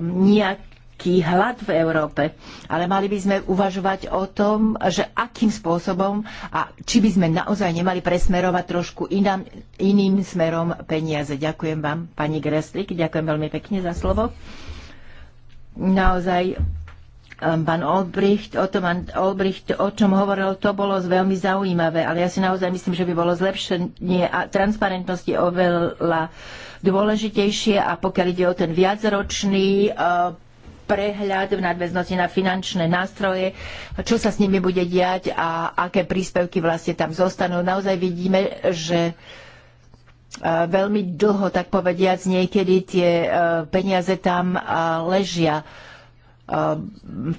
nejak veľký hlad v Európe. Ale mali by sme uvažovať o tom, že akým spôsobom a či by sme naozaj nemali presmerovať trošku inam, iným smerom peniaze. Ďakujem vám, pani Greslik, ďakujem veľmi pekne za slovo. Naozaj um, pán Olbricht, o, tom, Olbricht, o čom hovoril, to bolo veľmi zaujímavé, ale ja si naozaj myslím, že by bolo zlepšenie a transparentnosti oveľa dôležitejšie a pokiaľ ide o ten viacročný uh, prehľad v nadväznosti na finančné nástroje, čo sa s nimi bude diať a aké príspevky vlastne tam zostanú. Naozaj vidíme, že e, veľmi dlho, tak povediac, niekedy tie e, peniaze tam e, ležia.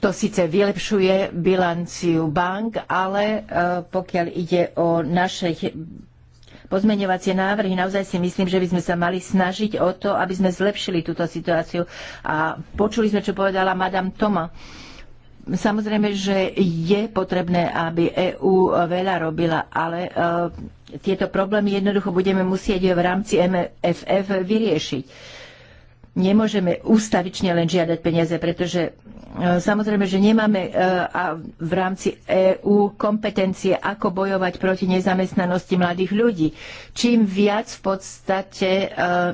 To síce vylepšuje bilanciu bank, ale pokiaľ ide o naše pozmeňovacie návrhy. Naozaj si myslím, že by sme sa mali snažiť o to, aby sme zlepšili túto situáciu. A počuli sme, čo povedala Madame Toma. Samozrejme, že je potrebné, aby EÚ veľa robila, ale e, tieto problémy jednoducho budeme musieť v rámci MFF vyriešiť nemôžeme ústavične len žiadať peniaze, pretože e, samozrejme, že nemáme e, a v rámci EÚ kompetencie, ako bojovať proti nezamestnanosti mladých ľudí. Čím viac v podstate e,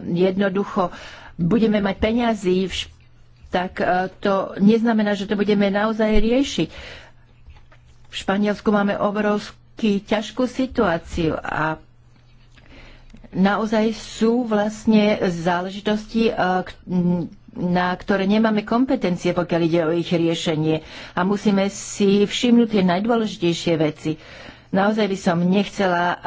jednoducho budeme mať peniazy, tak to neznamená, že to budeme naozaj riešiť. V Španielsku máme obrovskú ťažkú situáciu a naozaj sú vlastne záležitosti, e, na ktoré nemáme kompetencie, pokiaľ ide o ich riešenie. A musíme si všimnúť tie najdôležitejšie veci. Naozaj by som nechcela e,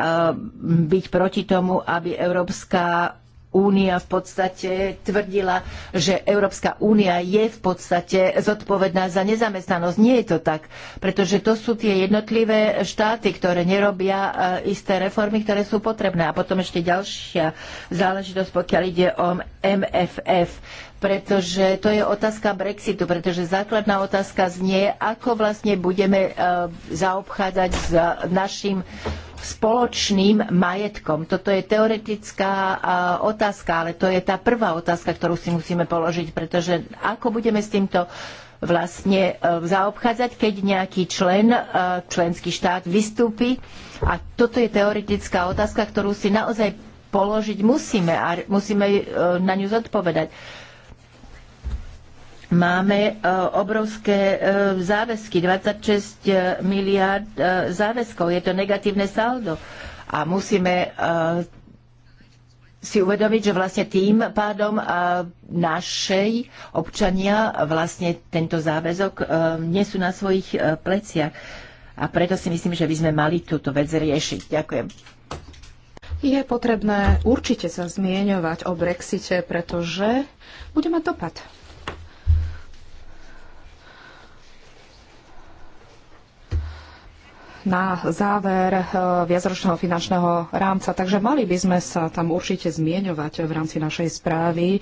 byť proti tomu, aby Európska únia v podstate tvrdila, že Európska únia je v podstate zodpovedná za nezamestnanosť. Nie je to tak, pretože to sú tie jednotlivé štáty, ktoré nerobia eh, isté reformy, ktoré sú potrebné. A potom ešte ďalšia záležitosť, pokiaľ ide o MFF pretože to je otázka Brexitu, pretože základná otázka znie, ako vlastne budeme eh, zaobchádzať s našim spoločným majetkom? Toto je teoretická otázka, ale to je tá prvá otázka, ktorú si musíme položiť, pretože ako budeme s týmto vlastne e, zaobchádzať, keď nejaký člen, e, členský štát vystúpi. A toto je teoretická otázka, ktorú si naozaj položiť musíme a musíme e, na ňu zodpovedať máme e, obrovské e, záväzky, 26 e, miliard záväzkov. Je to negatívne saldo. A musíme si uvedomiť, že vlastne tým pádom našej občania vlastne tento záväzok nesú na svojich pleciach. A preto si myslím, že by sme mali túto vec riešiť. Ďakujem. Je potrebné určite sa zmieňovať o Brexite, pretože bude mať dopad na záver eh, viacročného finančného rámca. Takže mali by sme sa tam určite zmieňovať v rámci našej správy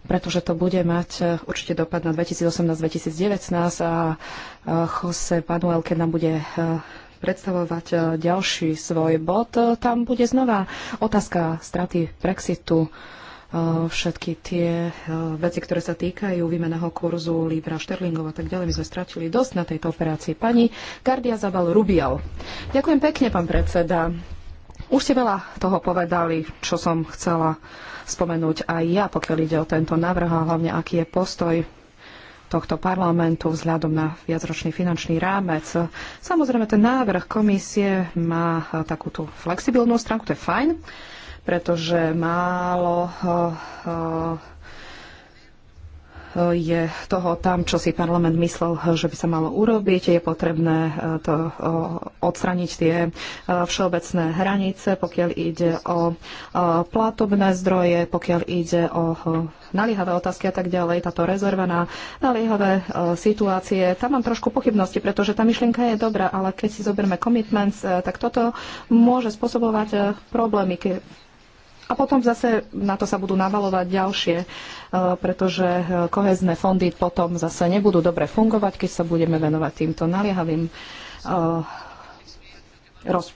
pretože to bude mať eh, určite dopad na 2018-2019 a eh, Jose Manuel, keď nám bude predstavovať ďalší svoj bod, tam bude znova otázka straty Brexitu všetky tie veci, ktoré sa týkajú výmeného kurzu Libra, Šterlingov a tak ďalej. My sme stratili dosť na tejto operácii. Pani Gardia Zabal Rubial. Ďakujem pekne, pán predseda. Už ste veľa toho povedali, čo som chcela spomenúť aj ja, pokiaľ ide o tento návrh a hlavne aký je postoj tohto parlamentu vzhľadom na viacročný finančný rámec. Samozrejme, ten návrh komisie má takúto flexibilnú stránku, to je fajn, pretože málo eh, eh, je toho tam, čo si parlament myslel, eh, že by sa malo urobiť. Je potrebné to odstraniť tie všeobecné hranice, pokiaľ ide o platobné zdroje, pokiaľ ide o naliehavé otázky a tak ďalej, táto rezerva na naliehavé situácie. Tam mám trošku pochybnosti, pretože tá myšlienka je dobrá, ale keď si zoberme commitments, tak toto môže spôsobovať problémy, a potom zase na to sa budú navalovať ďalšie, e, pretože e, kohezné fondy potom zase nebudú dobre fungovať, keď sa budeme venovať týmto naliehavým e, roz,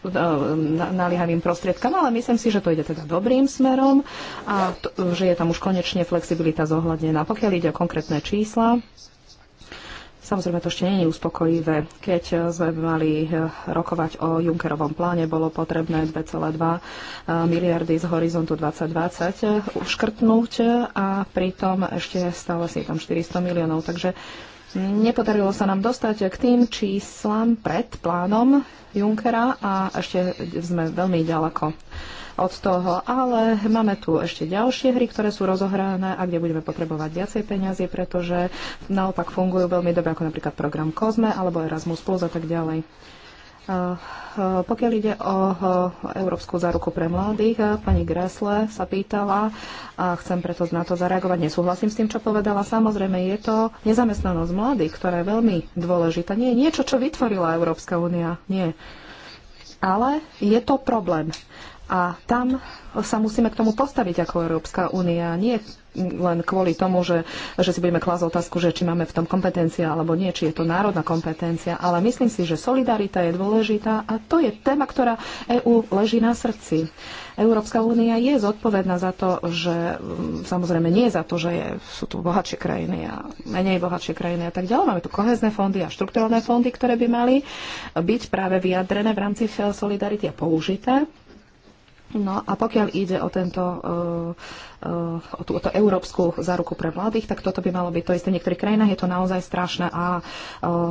naliehavým prostriedkam, ale myslím si, že to ide teda dobrým smerom a to, že je tam už konečne flexibilita zohľadnená. Pokiaľ ide o konkrétne čísla, Samozrejme, to ešte nie je uspokojivé. Keď sme mali eh, rokovať o Junckerovom pláne, bolo potrebné 2,2 eh, miliardy z horizontu 2020 eh, uškrtnúť a pritom ešte stále si tam 400 miliónov. Takže nepodarilo sa nám dostať k tým číslam pred plánom Junckera a ešte sme veľmi ďaleko od toho. Ale máme tu ešte ďalšie hry, ktoré sú rozohrané a kde budeme potrebovať viacej peniazy, pretože naopak fungujú veľmi dobre, ako napríklad program COSME alebo Erasmus Plus a tak ďalej. Eh, eh, pokiaľ ide o eh, Európsku záruku pre mladých, pani Gressle sa pýtala a chcem preto na to zareagovať. Nesúhlasím s tým, čo povedala. Samozrejme, je to nezamestnanosť mladých, ktorá je veľmi dôležitá. Nie je niečo, čo vytvorila Európska únia. Nie. Ale je to problém. A tam sa musíme k tomu postaviť ako Európska únia. Nie len kvôli tomu, že, že si budeme klásť otázku, že či máme v tom kompetencia alebo nie, či je to národná kompetencia, ale myslím si, že solidarita je dôležitá a to je téma, ktorá EÚ leží na srdci. Európska únia je zodpovedná za to, že mm, samozrejme nie za to, že je, sú tu bohatšie krajiny a menej bohatšie krajiny a tak ďalej. Máme tu kohezné fondy a štrukturálne fondy, ktoré by mali byť práve vyjadrené v rámci solidarity a použité No a pokiaľ ide o, tento, eh, eh, o túto európsku záruku pre mladých, tak toto by malo byť to isté. V niektorých krajinách je to naozaj strašné a eh,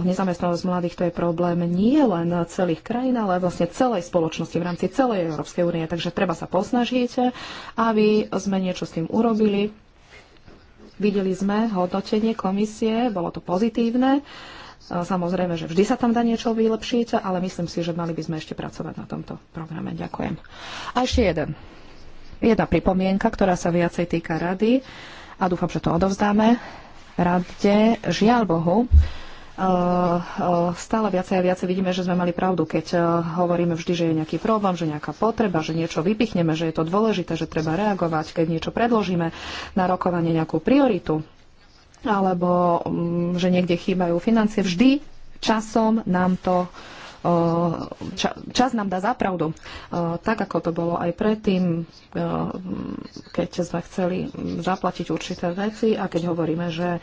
nezamestnanosť mladých to je problém nie len celých krajín, ale vlastne celej spoločnosti v rámci celej Európskej únie. Takže treba sa posnažiť, aby sme niečo s tým urobili. Videli sme hodnotenie komisie, bolo to pozitívne. Uh, Samozrejme, že vždy sa tam dá niečo vylepšiť, ale myslím si, že mali by sme ešte pracovať na tomto programe. Ďakujem. A ešte jeden. Jedna pripomienka, ktorá sa viacej týka rady a dúfam, že to odovzdáme. Rade, žiaľ Bohu, e, e, stále viacej a viacej vidíme, že sme mali pravdu, keď e, hovoríme vždy, že je nejaký problém, že nejaká potreba, že niečo vypichneme, že je to dôležité, že treba reagovať, keď niečo predložíme na rokovanie nejakú prioritu alebo mm, že niekde chýbajú financie. Vždy časom nám to Eh, čas nám dá zapravdu. Eh, tak, ako to bolo aj predtým, eh, keď sme chceli zaplatiť určité veci a keď hovoríme, že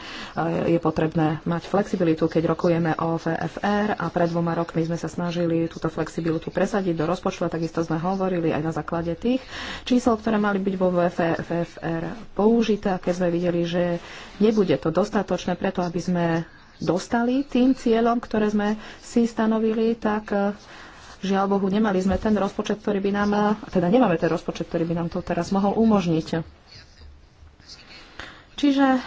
je potrebné mať flexibilitu, keď rokujeme o VFR a pred dvoma rokmi sme sa snažili túto flexibilitu presadiť do rozpočtu a takisto sme hovorili aj na základe tých čísel, ktoré mali byť vo VFR použité, keď sme videli, že nebude to dostatočné preto, aby sme dostali tým cieľom, ktoré sme si stanovili, tak e, žiaľ Bohu, nemali sme ten rozpočet, ktorý by nám, e, teda nemáme ten rozpočet, ktorý by nám to teraz mohol umožniť. Čiže e,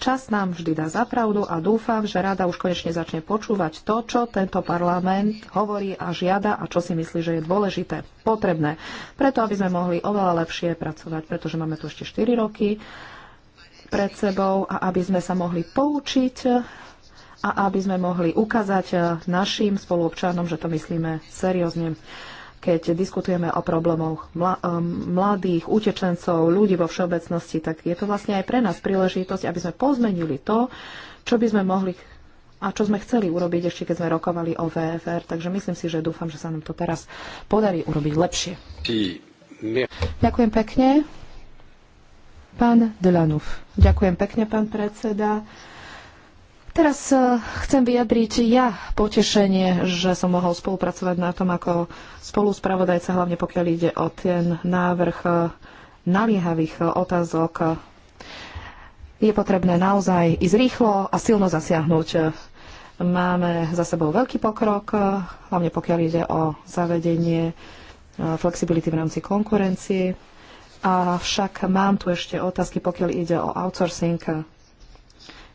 čas nám vždy dá zapravdu a dúfam, že rada už konečne začne počúvať to, čo tento parlament hovorí a žiada a čo si myslí, že je dôležité, potrebné, preto aby sme mohli oveľa lepšie pracovať, pretože máme tu ešte 4 roky pred sebou a aby sme sa mohli poučiť a aby sme mohli ukázať eh, našim spoluobčanom, že to myslíme seriózne keď diskutujeme o problémoch eh, mladých, utečencov, ľudí vo všeobecnosti, tak je to vlastne aj pre nás príležitosť, aby sme pozmenili to, čo by sme mohli a čo sme chceli urobiť ešte, keď sme rokovali o VFR. Takže myslím si, že dúfam, že sa nám to teraz podarí urobiť lepšie. Ďakujem pekne. Pán Delanov. Ďakujem pekne, pán predseda. Teraz e, chcem vyjadriť ja potešenie, že som mohol spolupracovať na tom ako spoluspravodajca, hlavne pokiaľ ide o ten návrh e, naliehavých e, otázok. Je potrebné naozaj ísť rýchlo a silno zasiahnuť. Máme za sebou veľký pokrok, hlavne pokiaľ ide o zavedenie flexibility v rámci konkurencie. Avšak mám tu ešte otázky, pokiaľ ide o outsourcing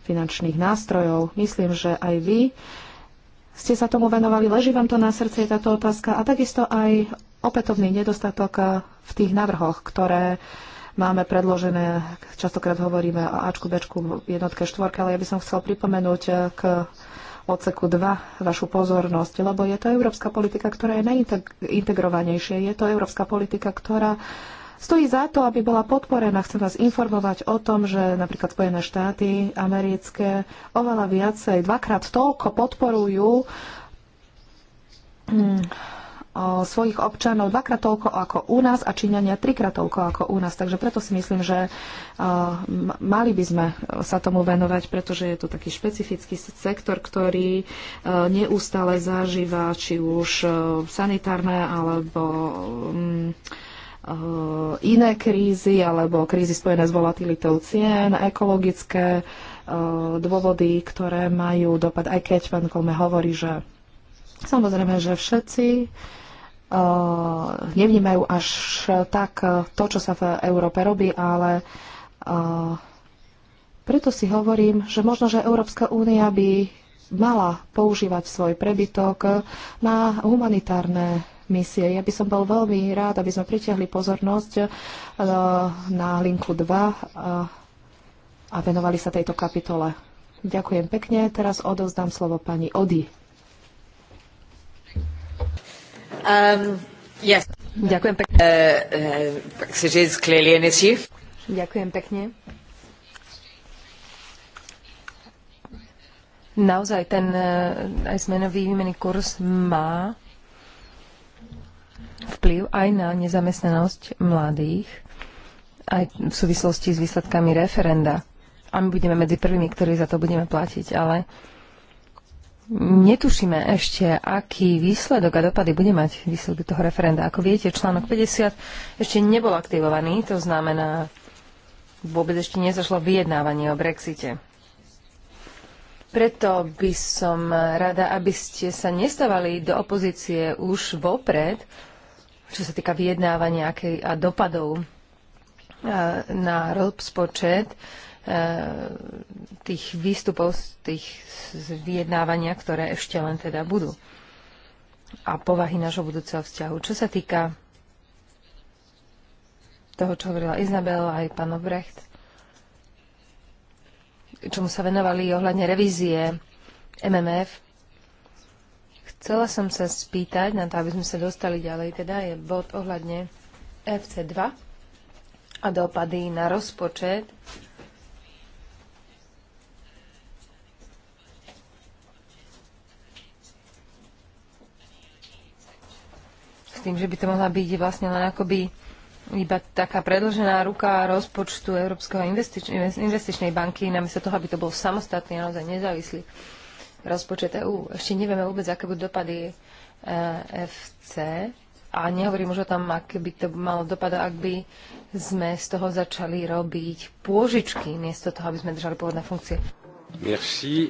finančných nástrojov. Myslím, že aj vy ste sa tomu venovali, leží vám to na srdci táto otázka a takisto aj opätovný nedostatok v tých navrhoch, ktoré máme predložené, častokrát hovoríme o Ačku, Bčku, jednotke, štvorke, ale ja by som chcel pripomenúť k odseku 2 vašu pozornosť, lebo je to európska politika, ktorá je najintegrovanejšia. Je to európska politika, ktorá stojí za to, aby bola podporená. Chcem vás informovať o tom, že napríklad Spojené štáty americké oveľa viacej, dvakrát toľko podporujú mm, svojich občanov dvakrát toľko ako u nás a Číňania trikrát toľko ako u nás. Takže preto si myslím, že mali by sme sa tomu venovať, pretože je to taký špecifický sektor, ktorý neustále zažíva či už sanitárne alebo mm, Eh, iné krízy alebo krízy spojené s volatilitou cien, ekologické eh, dôvody, ktoré majú dopad, aj keď pán Kolme hovorí, že samozrejme, že všetci eh, nevnímajú až tak to, čo sa v Európe robí, ale preto si hovorím, že možno, že Európska únia by mala používať svoj prebytok na humanitárne misie. Ja by som bol veľmi rád, aby sme pritiahli pozornosť eh, na linku 2 eh, a venovali sa tejto kapitole. Ďakujem pekne. Teraz odovzdám slovo pani Ody. Um, yes. Ďakujem pekne. Uh, uh, Ďakujem pekne. Naozaj ten uh, aj zmenový výmenný kurz má vplyv aj na nezamestnanosť mladých, aj v súvislosti s výsledkami referenda. A my budeme medzi prvými, ktorí za to budeme platiť, ale netušíme ešte, aký výsledok a dopady bude mať výsledok toho referenda. Ako viete, článok 50 ešte nebol aktivovaný, to znamená, vôbec ešte nezašlo vyjednávanie o Brexite. Preto by som rada, aby ste sa nestávali do opozície už vopred, čo sa týka vyjednávania a dopadov e, na rozpočet e, tých výstupov z tých vyjednávania, ktoré ešte len teda budú a povahy nášho budúceho vzťahu. Čo sa týka toho, čo hovorila Izabel aj pán Obrecht, čomu sa venovali ohľadne revízie MMF, Chcela som sa spýtať, na to, aby sme sa dostali ďalej, teda je bod ohľadne FC2 a dopady na rozpočet. S tým, že by to mohla byť vlastne len akoby iba taká predlžená ruka rozpočtu Európskeho investič- investičnej banky, namiesto toho, aby to bol samostatný, naozaj nezávislý rozpočet EÚ. Ešte nevieme vôbec, aké budú dopady e, FC a nehovorím už o tom, aké by to malo dopadať, ak by sme z toho začali robiť pôžičky, miesto toho, aby sme držali pôvodné funkcie. Merci.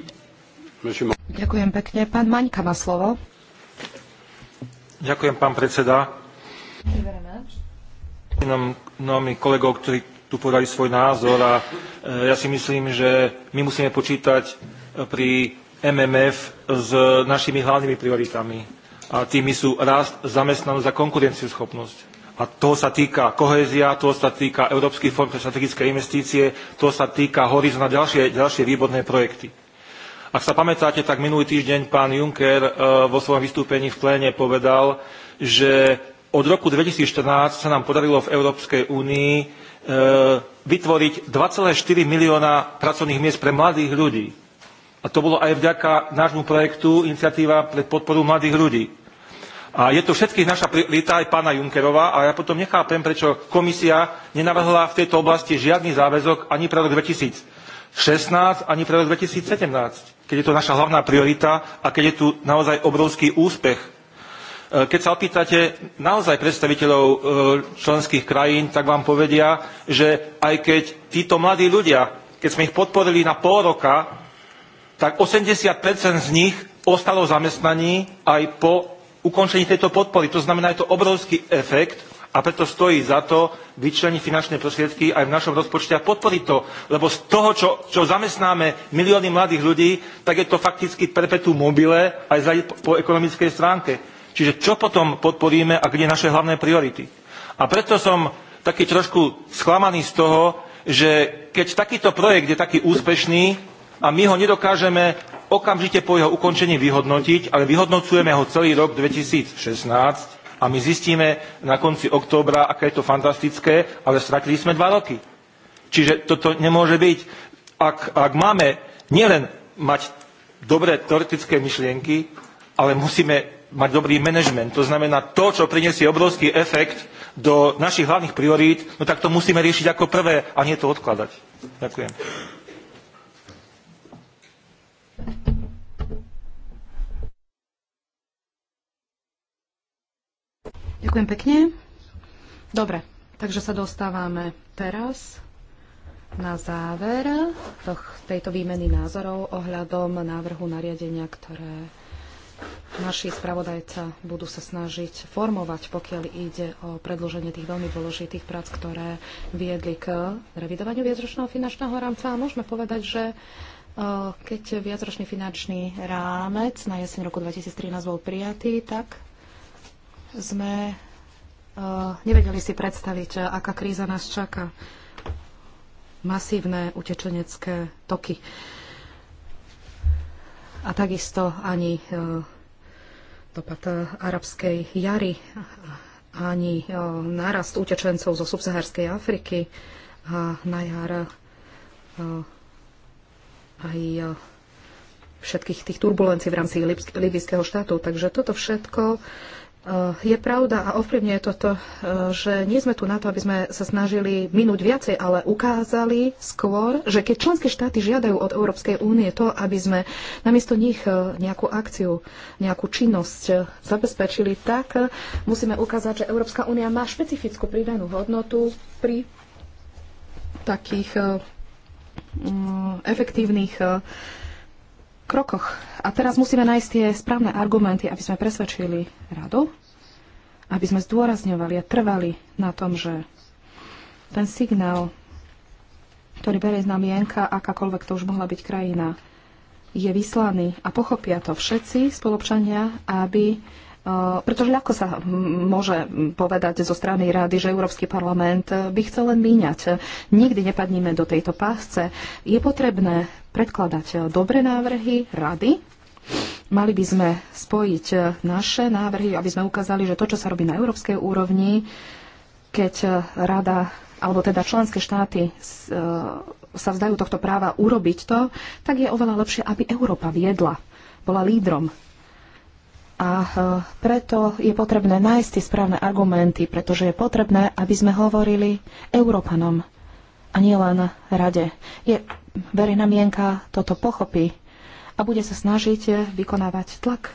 Ďakujem pekne. Pán Maňka má slovo. Ďakujem, pán predseda. Nom, nomi kolegov, ktorí tu podali svoj názor a e, ja si myslím, že my musíme počítať pri MMF s našimi hlavnými prioritami. A tými sú rast, zamestnanosť a konkurencieschopnosť. A to sa týka kohézia, to sa týka Európsky fond pre strategické investície, to sa týka Horizona ďalšie, ďalšie výborné projekty. Ak sa pamätáte, tak minulý týždeň pán Juncker e, vo svojom vystúpení v pléne povedal, že od roku 2014 sa nám podarilo v Európskej únii e, vytvoriť 2,4 milióna pracovných miest pre mladých ľudí. A to bolo aj vďaka nášmu projektu Iniciatíva pre podporu mladých ľudí. A je to všetkých naša priorita aj pána Junckerova a ja potom nechápem, prečo komisia nenavrhla v tejto oblasti žiadny záväzok ani pre rok 2016, ani pre rok 2017, keď je to naša hlavná priorita a keď je tu naozaj obrovský úspech. E, keď sa opýtate naozaj predstaviteľov e, členských krajín, tak vám povedia, že aj keď títo mladí ľudia, keď sme ich podporili na pol roka, tak 80 z nich ostalo v zamestnaní aj po ukončení tejto podpory. To znamená, je to obrovský efekt a preto stojí za to vyčleniť finančné prostriedky aj v našom rozpočte a podporiť to. Lebo z toho, čo, čo zamestnáme milióny mladých ľudí, tak je to fakticky perpetu mobile aj za, po ekonomickej stránke. Čiže čo potom podporíme a kde naše hlavné priority. A preto som taký trošku sklamaný z toho, že keď takýto projekt je taký úspešný, a my ho nedokážeme okamžite po jeho ukončení vyhodnotiť, ale vyhodnocujeme ho celý rok 2016 a my zistíme na konci októbra, aké je to fantastické, ale stratili sme dva roky. Čiže toto nemôže byť. Ak, ak máme nielen mať dobré teoretické myšlienky, ale musíme mať dobrý manažment. To znamená, to, čo prinesie obrovský efekt do našich hlavných priorít, no tak to musíme riešiť ako prvé a nie to odkladať. Ďakujem. Ďakujem pekne. Dobre, takže sa dostávame teraz na záver tejto výmeny názorov ohľadom návrhu nariadenia, ktoré naši spravodajca budú sa snažiť formovať, pokiaľ ide o predloženie tých veľmi dôležitých prác, ktoré viedli k revidovaniu viacročného finančného rámca. A môžeme povedať, že e, keď viacročný finančný rámec na jeseň roku 2013 bol prijatý, tak sme e, nevedeli si predstaviť, aká kríza nás čaká. Masívne utečenecké toky. A takisto ani e, dopad e, arabskej jary, ani nárast utečencov zo subsahárskej Afriky a na jar aj všetkých tých turbulencií v rámci libyského štátu. Takže toto všetko Eh, je pravda a ovplyvňuje toto, eh, že nie sme tu na to, aby sme sa snažili minúť viacej, ale ukázali skôr, že keď členské štáty žiadajú od Európskej únie to, aby sme namiesto nich eh, nejakú akciu, nejakú činnosť zabezpečili, tak musíme ukázať, že Európska únia má špecifickú pridanú hodnotu pri takých mm, efektívnych krokoch. A teraz musíme nájsť tie správne argumenty, aby sme presvedčili radu, aby sme zdôrazňovali a trvali na tom, že ten signál, ktorý berie znamienka, akákoľvek to už mohla byť krajina, je vyslaný a pochopia to všetci spolupčania, aby e, pretože ľahko sa môže povedať zo strany rady, že Európsky parlament by chcel len míňať. Nikdy nepadníme do tejto pásce. Je potrebné predkladať dobré návrhy, rady. Mali by sme spojiť naše návrhy, aby sme ukázali, že to, čo sa robí na európskej úrovni, keď rada, alebo teda členské štáty e, sa vzdajú tohto práva urobiť to, tak je oveľa lepšie, aby Európa viedla, bola lídrom a e, preto je potrebné nájsť tie správne argumenty, pretože je potrebné, aby sme hovorili Európanom a nie len rade. Je, verejná mienka toto pochopí a bude sa snažiť vykonávať tlak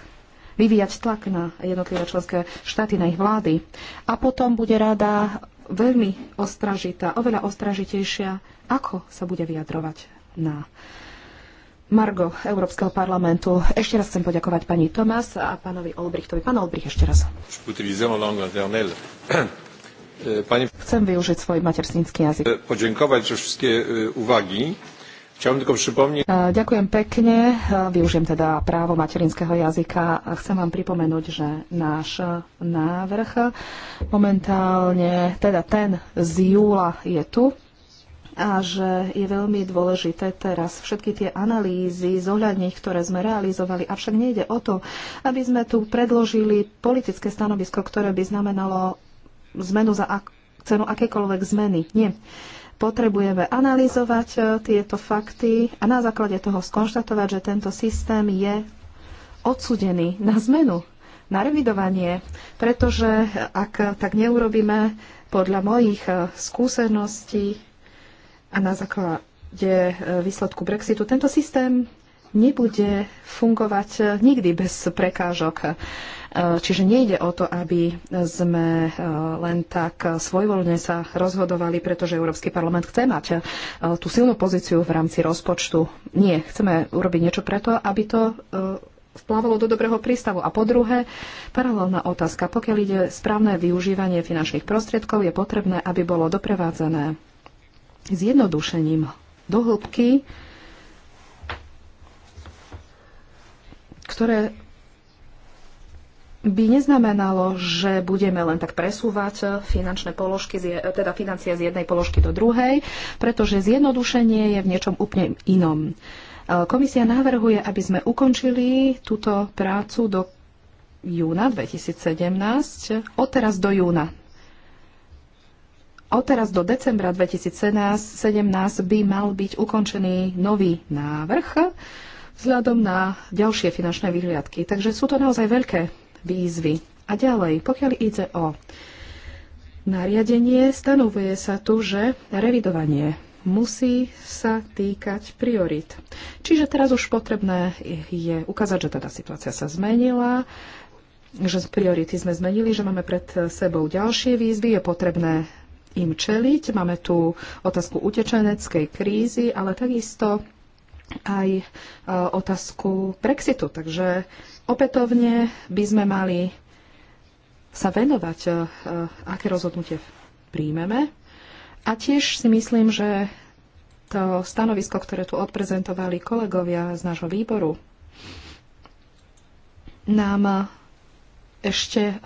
vyvíjať tlak na jednotlivé členské štáty, na ich vlády. A potom bude rada veľmi ostražitá, oveľa ostražitejšia, ako sa bude vyjadrovať na Margo Európskeho parlamentu. Ešte raz chcem poďakovať pani Tomas a pánovi Olbrichtovi. Pán Olbrich, ešte raz. E, pani... Chcem využiť svoj materský jazyk. E, podziękować za wszystkie e, uwagi. Chciałbym tylko przypomnieć... Ďakujem pekne. Využijem teda právo materinského jazyka a chcem vám pripomenúť, že náš návrh momentálne, teda ten z júla je tu a že je veľmi dôležité teraz všetky tie analýzy zohľadniť, ktoré sme realizovali. Avšak nejde o to, aby sme tu predložili politické stanovisko, ktoré by znamenalo zmenu za ak- cenu akékoľvek zmeny. Nie. Potrebujeme analyzovať e, tieto fakty a na základe toho skonštatovať, že tento systém je odsudený na zmenu, na revidovanie, pretože ak tak neurobíme, podľa mojich e, skúseností a na základe e, výsledku Brexitu, tento systém nebude fungovať nikdy bez prekážok. Eh, čiže nejde o to, aby sme eh, len tak svojvoľne sa rozhodovali, pretože Európsky parlament chce mať eh, tú silnú pozíciu v rámci rozpočtu. Nie, chceme urobiť niečo preto, aby to vplávalo do dobrého prístavu. A po druhé, paralelná otázka. Pokiaľ ide správne využívanie finančných prostriedkov, je potrebné, aby bolo doprevádzané zjednodušením do hĺbky, ktoré by neznamenalo, že budeme len tak presúvať finančné položky, teda financie z jednej položky do druhej, pretože zjednodušenie je v niečom úplne inom. E, komisia navrhuje, aby sme ukončili túto prácu do júna 2017, od teraz do júna. Od teraz do decembra 2017 by mal byť ukončený nový návrh vzhľadom na ďalšie finančné vyhliadky. Takže sú to naozaj veľké výzvy. A ďalej, pokiaľ ide o nariadenie, stanovuje sa tu, že revidovanie musí sa týkať priorit. Čiže teraz už potrebné je ukázať, že teda situácia sa zmenila, že priority sme zmenili, že máme pred sebou ďalšie výzvy, je potrebné im čeliť. Máme tu otázku utečeneckej krízy, ale takisto aj e, otázku Brexitu. Takže Opätovne by sme mali sa venovať, e, aké rozhodnutie príjmeme. A tiež si myslím, že to stanovisko, ktoré tu odprezentovali kolegovia z nášho výboru, nám ešte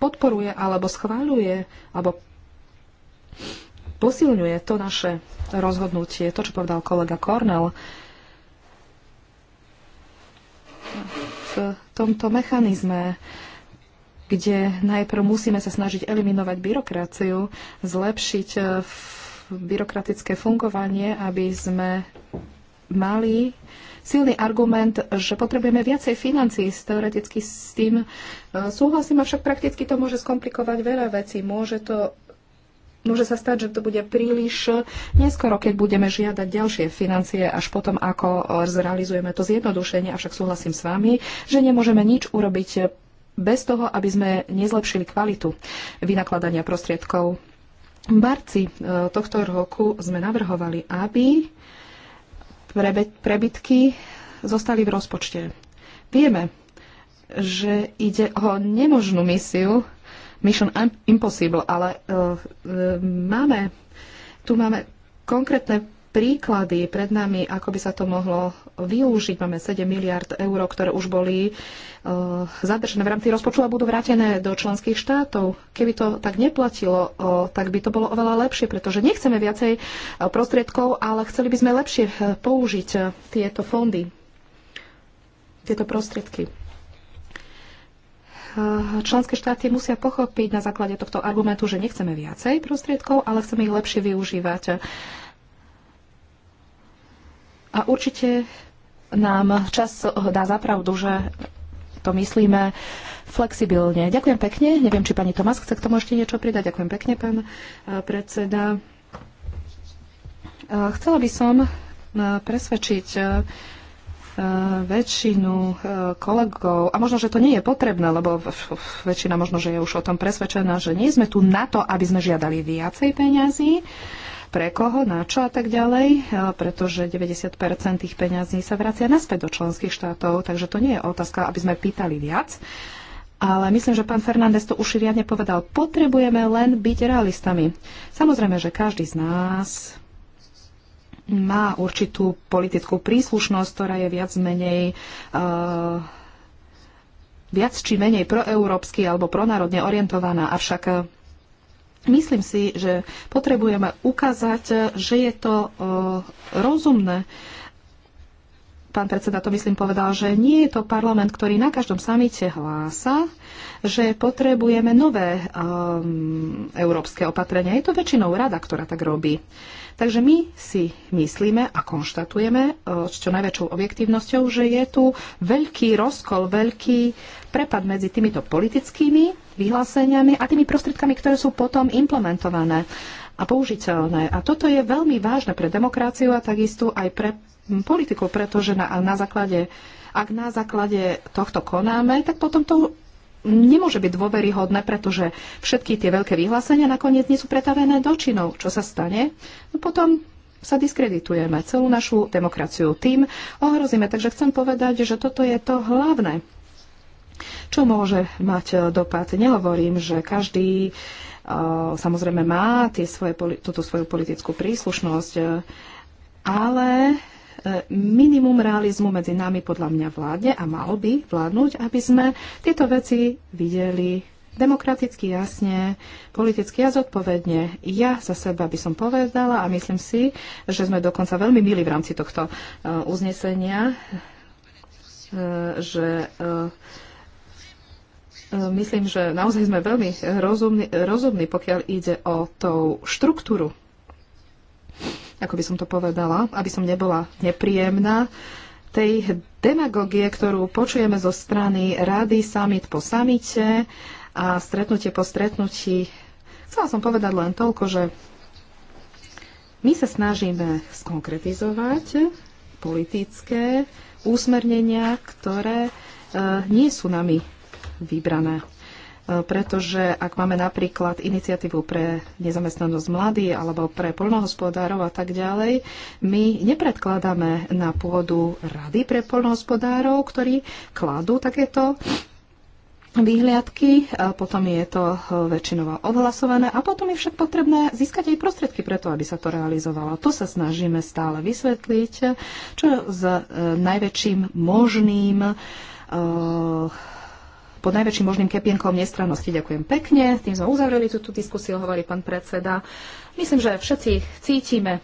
podporuje alebo schváľuje alebo posilňuje to naše rozhodnutie, to, čo povedal kolega Kornel v tomto mechanizme, kde najprv musíme sa snažiť eliminovať byrokraciu, zlepšiť eh, byrokratické fungovanie, aby sme mali silný argument, že potrebujeme viacej financií. Teoreticky s tým eh, súhlasím, avšak prakticky to môže skomplikovať veľa vecí. Môže to Môže sa stať, že to bude príliš neskoro, keď budeme žiadať ďalšie financie až potom, ako zrealizujeme to zjednodušenie. Avšak súhlasím s vami, že nemôžeme nič urobiť bez toho, aby sme nezlepšili kvalitu vynakladania prostriedkov. V marci e, tohto roku sme navrhovali, aby prebytky zostali v rozpočte. Vieme, že ide o nemožnú misiu Mission Impossible, ale e, e, máme, tu máme konkrétne príklady pred nami, ako by sa to mohlo využiť. Máme 7 miliard eur, ktoré už boli uh, e, zadržené v rámci rozpočtu a budú vrátené do členských štátov. Keby to tak neplatilo, uh, tak by to bolo oveľa lepšie, pretože nechceme viacej uh, prostriedkov, ale chceli by sme lepšie použiť tieto fondy, tieto prostriedky. Eh, členské štáty musia pochopiť na základe tohto argumentu, že nechceme viacej prostriedkov, ale chceme ich lepšie využívať. A určite nám čas dá zapravdu, že to myslíme flexibilne. Ďakujem pekne. Neviem, či pani Tomás chce k tomu ešte niečo pridať. Ďakujem pekne, pán eh, predseda. Eh, chcela by som presvedčiť väčšinu e, kolegov, a možno, že to nie je potrebné, lebo väčšina možno, že je už o tom presvedčená, že nie sme tu na to, aby sme žiadali viacej peňazí, pre koho, na čo a tak ďalej, e, pretože 90% tých peňazí sa vracia naspäť do členských štátov, takže to nie je otázka, aby sme pýtali viac. Ale myslím, že pán Fernández to už riadne povedal. Potrebujeme len byť realistami. Samozrejme, že každý z nás má určitú politickú príslušnosť, ktorá je viac menej uh, viac či menej proeurópsky alebo pronárodne orientovaná. Avšak eh, myslím si, že potrebujeme ukázať, že je to uh, rozumné. Pán predseda to myslím povedal, že nie je to parlament, ktorý na každom samite hlása, že potrebujeme nové um, európske opatrenia. Je to väčšinou rada, ktorá tak robí. Uh, Takže my si myslíme a konštatujeme e, s čo najväčšou objektívnosťou, že je tu veľký rozkol, veľký prepad medzi týmito politickými vyhláseniami a tými prostriedkami, ktoré sú potom implementované a použiteľné. A toto je veľmi vážne pre demokraciu a takisto aj pre politiku, pretože na, na základe ak na základe tohto konáme, tak potom to nemôže byť dôveryhodné, pretože všetky tie veľké vyhlásenia nakoniec nie sú pretavené do činov. Čo sa stane? No potom sa diskreditujeme celú našu demokraciu tým ohrozíme. Takže chcem povedať, že toto je to hlavné, čo môže mať dopad. Nehovorím, že každý eh, samozrejme má tie svoje, túto svoju politickú príslušnosť, eh, ale minimum realizmu medzi nami podľa mňa vládne a mal by vládnuť, aby sme tieto veci videli demokraticky jasne, politicky a zodpovedne. Ja za seba by som povedala a myslím si, že sme dokonca veľmi milí v rámci tohto e, uznesenia, e, že e, myslím, že naozaj sme veľmi rozumní, rozumní pokiaľ ide o tú štruktúru ako by som to povedala, aby som nebola nepríjemná, tej demagogie, ktorú počujeme zo strany rady, summit po samite a stretnutie po stretnutí. Chcela som povedať len toľko, že my sa snažíme skonkretizovať politické úsmernenia, ktoré e, nie sú nami vybrané. E, pretože ak máme napríklad iniciatívu pre nezamestnanosť mladých alebo pre poľnohospodárov a tak ďalej, my nepredkladáme na pôdu rady pre poľnohospodárov, ktorí kladú takéto výhľadky, a e, potom je to e, väčšinovo odhlasované a potom je však potrebné získať aj prostriedky preto, aby sa to realizovalo. To sa snažíme stále vysvetliť, čo s najväčším možným uh, pod najväčším možným kepienkom nestrannosti. Ďakujem pekne. Tým sme uzavreli túto diskusiu, hovorí pán predseda. Myslím, že všetci cítime,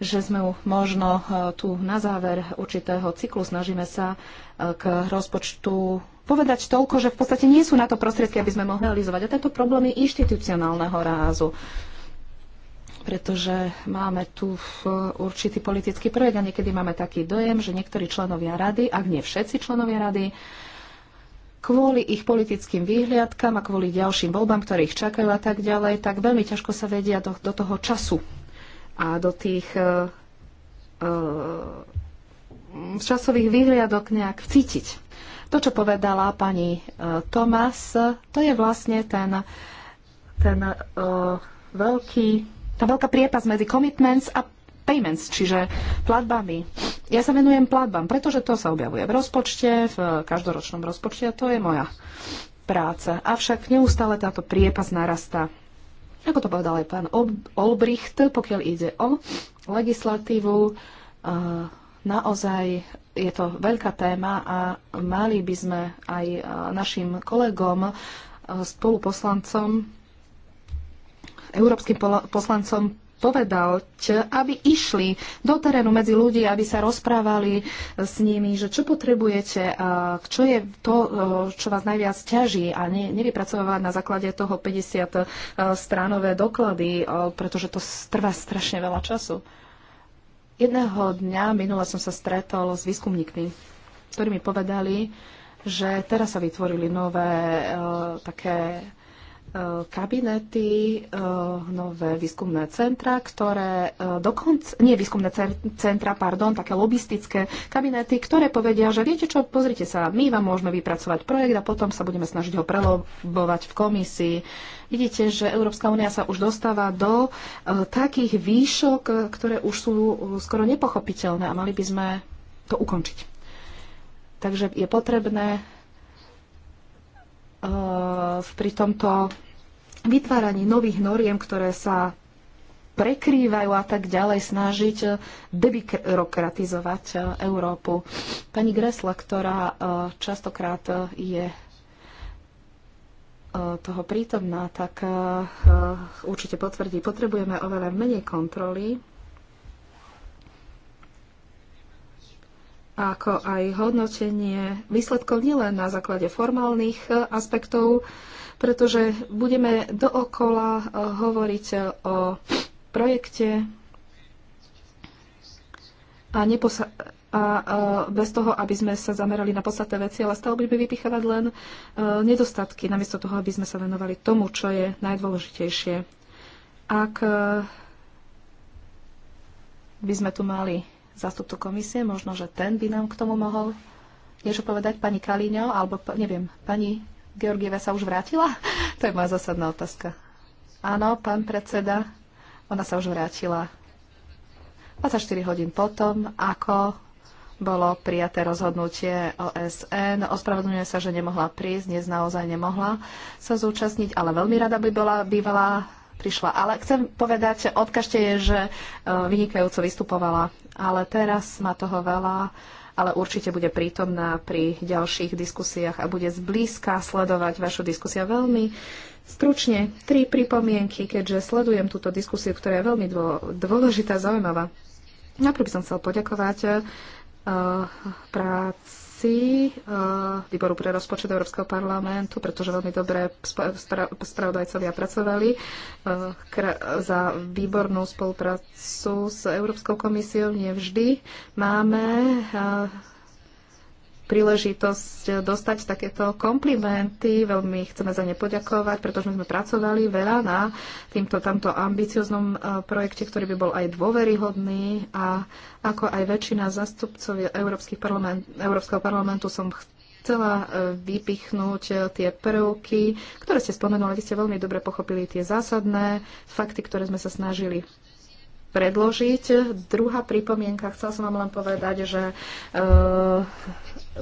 že sme možno e, tu na záver určitého cyklu snažíme sa e, k rozpočtu povedať toľko, že v podstate nie sú na to prostriedky, aby sme mohli realizovať. A tento problém je inštitucionálneho rázu pretože máme tu určitý politický projekt a niekedy máme taký dojem, že niektorí členovia rady, ak nie všetci členovia rady, kvôli ich politickým výhliadkam a kvôli ďalším voľbám, ktoré ich čakajú a tak ďalej, tak veľmi ťažko sa vedia do, do toho času a do tých uh, uh, časových výhliadok nejak cítiť. To, čo povedala pani uh, e, Tomas, to je vlastne ten, ten uh, veľký, tá veľká priepas medzi commitments a payments, čiže platbami ja sa venujem platbám, pretože to sa objavuje v rozpočte, v každoročnom rozpočte a to je moja práca. Avšak neustále táto priepas narastá. Ako to povedal aj pán Olbricht, pokiaľ ide o legislatívu, eh, naozaj je to veľká téma a mali by sme aj eh, našim kolegom, eh, spoluposlancom, európskym poslancom čo, aby išli do terénu medzi ľudí, aby sa rozprávali s nimi, že čo potrebujete, a čo je to, e, čo vás najviac ťaží a ne, nevypracovať na základe toho 50 e, stránové doklady, e, pretože to trvá strašne veľa času. Jedného dňa minula som sa stretol s výskumníkmi, ktorí mi povedali, že teraz sa vytvorili nové také Eh, kabinety, eh, nové výskumné centra, ktoré eh, dokonca, nie výskumné centra, pardon, také lobistické kabinety, ktoré povedia, že viete čo, pozrite sa, my vám môžeme vypracovať projekt a potom sa budeme snažiť ho prelobovať v komisii. Vidíte, že Európska únia sa už dostáva do takých výšok, ktoré už sú skoro nepochopiteľné a mali by sme to ukončiť. Takže je potrebné pri tomto vytváraní nových noriem, ktoré sa prekrývajú a tak ďalej, snažiť debikrokratizovať eh, Európu. Pani Gresla, ktorá eh, častokrát eh, je toho prítomná, tak určite potvrdí, potrebujeme oveľa menej kontroly ako aj hodnotenie výsledkov nielen na základe formálnych eh, aspektov, pretože budeme dookola eh, hovoriť eh, o projekte a, neposa- a bez toho, aby sme sa zamerali na podstatné veci, ale stále budeme vypichávať len nedostatky, namiesto toho, aby sme sa venovali tomu, čo je najdôležitejšie. Ak by sme tu mali zastupcu komisie. Možno, že ten by nám k tomu mohol niečo povedať. Pani Kalíňo, alebo neviem, pani Georgieva sa už vrátila? to je moja zásadná otázka. Áno, pán predseda, ona sa už vrátila. 24 hodín potom, ako bolo prijaté rozhodnutie OSN. Ospravedlňuje sa, že nemohla prísť, dnes naozaj nemohla sa zúčastniť, ale veľmi rada by bola bývala prišla. Ale chcem povedať, odkažte je, že e, vynikajúco vystupovala. Ale teraz má toho veľa ale určite bude prítomná pri ďalších diskusiách a bude zblízka sledovať vašu diskusiu. Veľmi stručne tri pripomienky, keďže sledujem túto diskusiu, ktorá je veľmi dôležitá, zaujímavá. Najprv by som chcel poďakovať uh, prác uh, Výboru pre rozpočet Európskeho parlamentu, pretože veľmi dobre spravodajcovia pracovali eh, za výbornú spoluprácu s Európskou komisiou. Nevždy máme eh, príležitosť dostať takéto komplimenty. Veľmi chceme za ne poďakovať, pretože sme pracovali veľa na týmto tamto ambicioznom e, projekte, ktorý by bol aj dôveryhodný a ako aj väčšina zastupcov parlament, Európskeho parlamentu som chcela e, vypichnúť e, tie prvky, ktoré ste spomenuli. Vy ste veľmi dobre pochopili tie zásadné fakty, ktoré sme sa snažili predložiť. Druhá pripomienka, chcela som vám len povedať, že uh,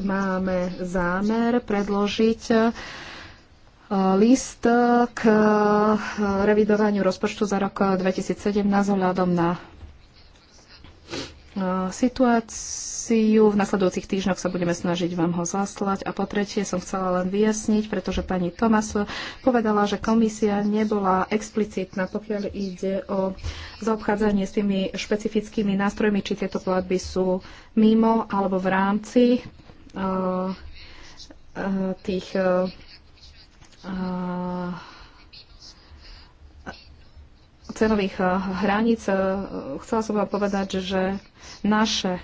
máme zámer predložiť e, list k e, revidovaniu rozpočtu za rok 2017 ohľadom na e, situáciu. V nasledujúcich týždňoch sa budeme snažiť vám ho zaslať. A po tretie som chcela len vyjasniť, pretože pani Tomas povedala, že komisia nebola explicitná, pokiaľ ide o zaobchádzanie s tými špecifickými nástrojmi, či tieto platby sú mimo alebo v rámci Eh, tých eh, eh, cenových hraníc, chcela som vám povedať, že naše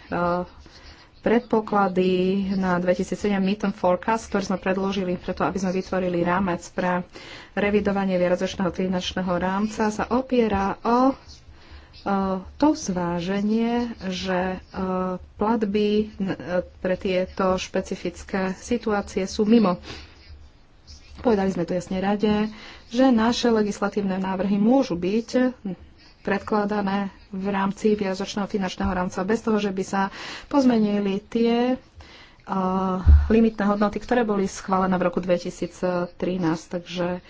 predpoklady na 2007 Meeting Forecast, ktoré sme predložili preto, aby sme vytvorili rámec pre revidovanie viacročného finančného rámca, sa opiera o E, to zváženie, že e, platby e, pre tieto špecifické situácie sú mimo. Povedali sme to jasne rade, že naše legislatívne návrhy môžu byť predkladané v rámci viazočného finančného rámca bez toho, že by sa pozmenili tie limitné hodnoty, ktoré boli schválené v roku 2013. Takže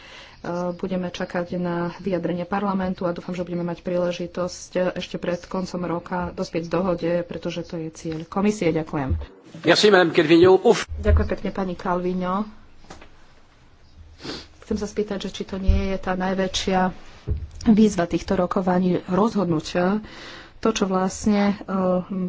Eh, budeme čakať na vyjadrenie parlamentu a dúfam, že budeme mať príležitosť eh, ešte pred koncom roka dospieť v dohode, pretože to je cieľ komisie. Ďakujem. Merci, Ďakujem pekne, pani Kalvino. Chcem sa spýtať, že či to nie je tá najväčšia výzva týchto rokovaní rozhodnúť to, čo vlastne e,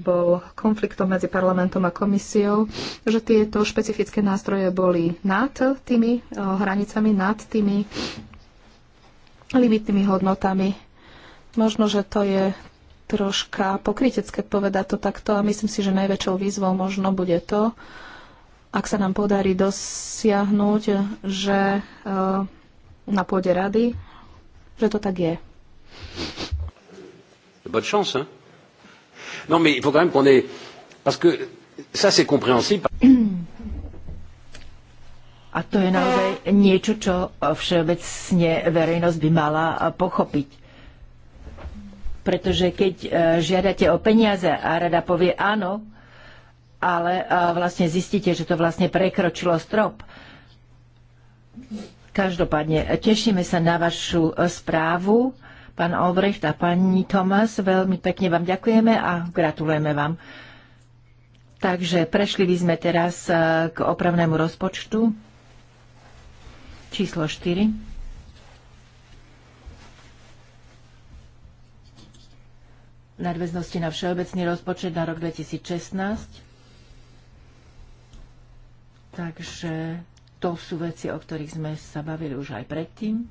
bol konfliktom medzi parlamentom a komisiou, že tieto špecifické nástroje boli nad tými e, hranicami, nad tými limitnými hodnotami. Možno, že to je troška pokrytecké povedať to takto a myslím si, že najväčšou výzvou možno bude to, ak sa nám podarí dosiahnuť, že e, na pôde rady, že to tak je. Bonne chance, hein Non, mais il faut quand même qu'on ait... Parce que ça, c'est compréhensible. A to je naozaj niečo, čo všeobecne verejnosť by mala pochopiť. Pretože keď e, žiadate o peniaze a rada povie áno, ale e, vlastne zistíte, že to vlastne prekročilo strop. Každopádne, tešíme sa na vašu e, správu pán Albrecht a pani Tomas. Veľmi pekne vám ďakujeme a gratulujeme vám. Takže prešli by sme teraz e, k opravnému rozpočtu číslo 4. Nadväznosti na všeobecný rozpočet na rok 2016. Takže to sú veci, o ktorých sme sa bavili už aj predtým.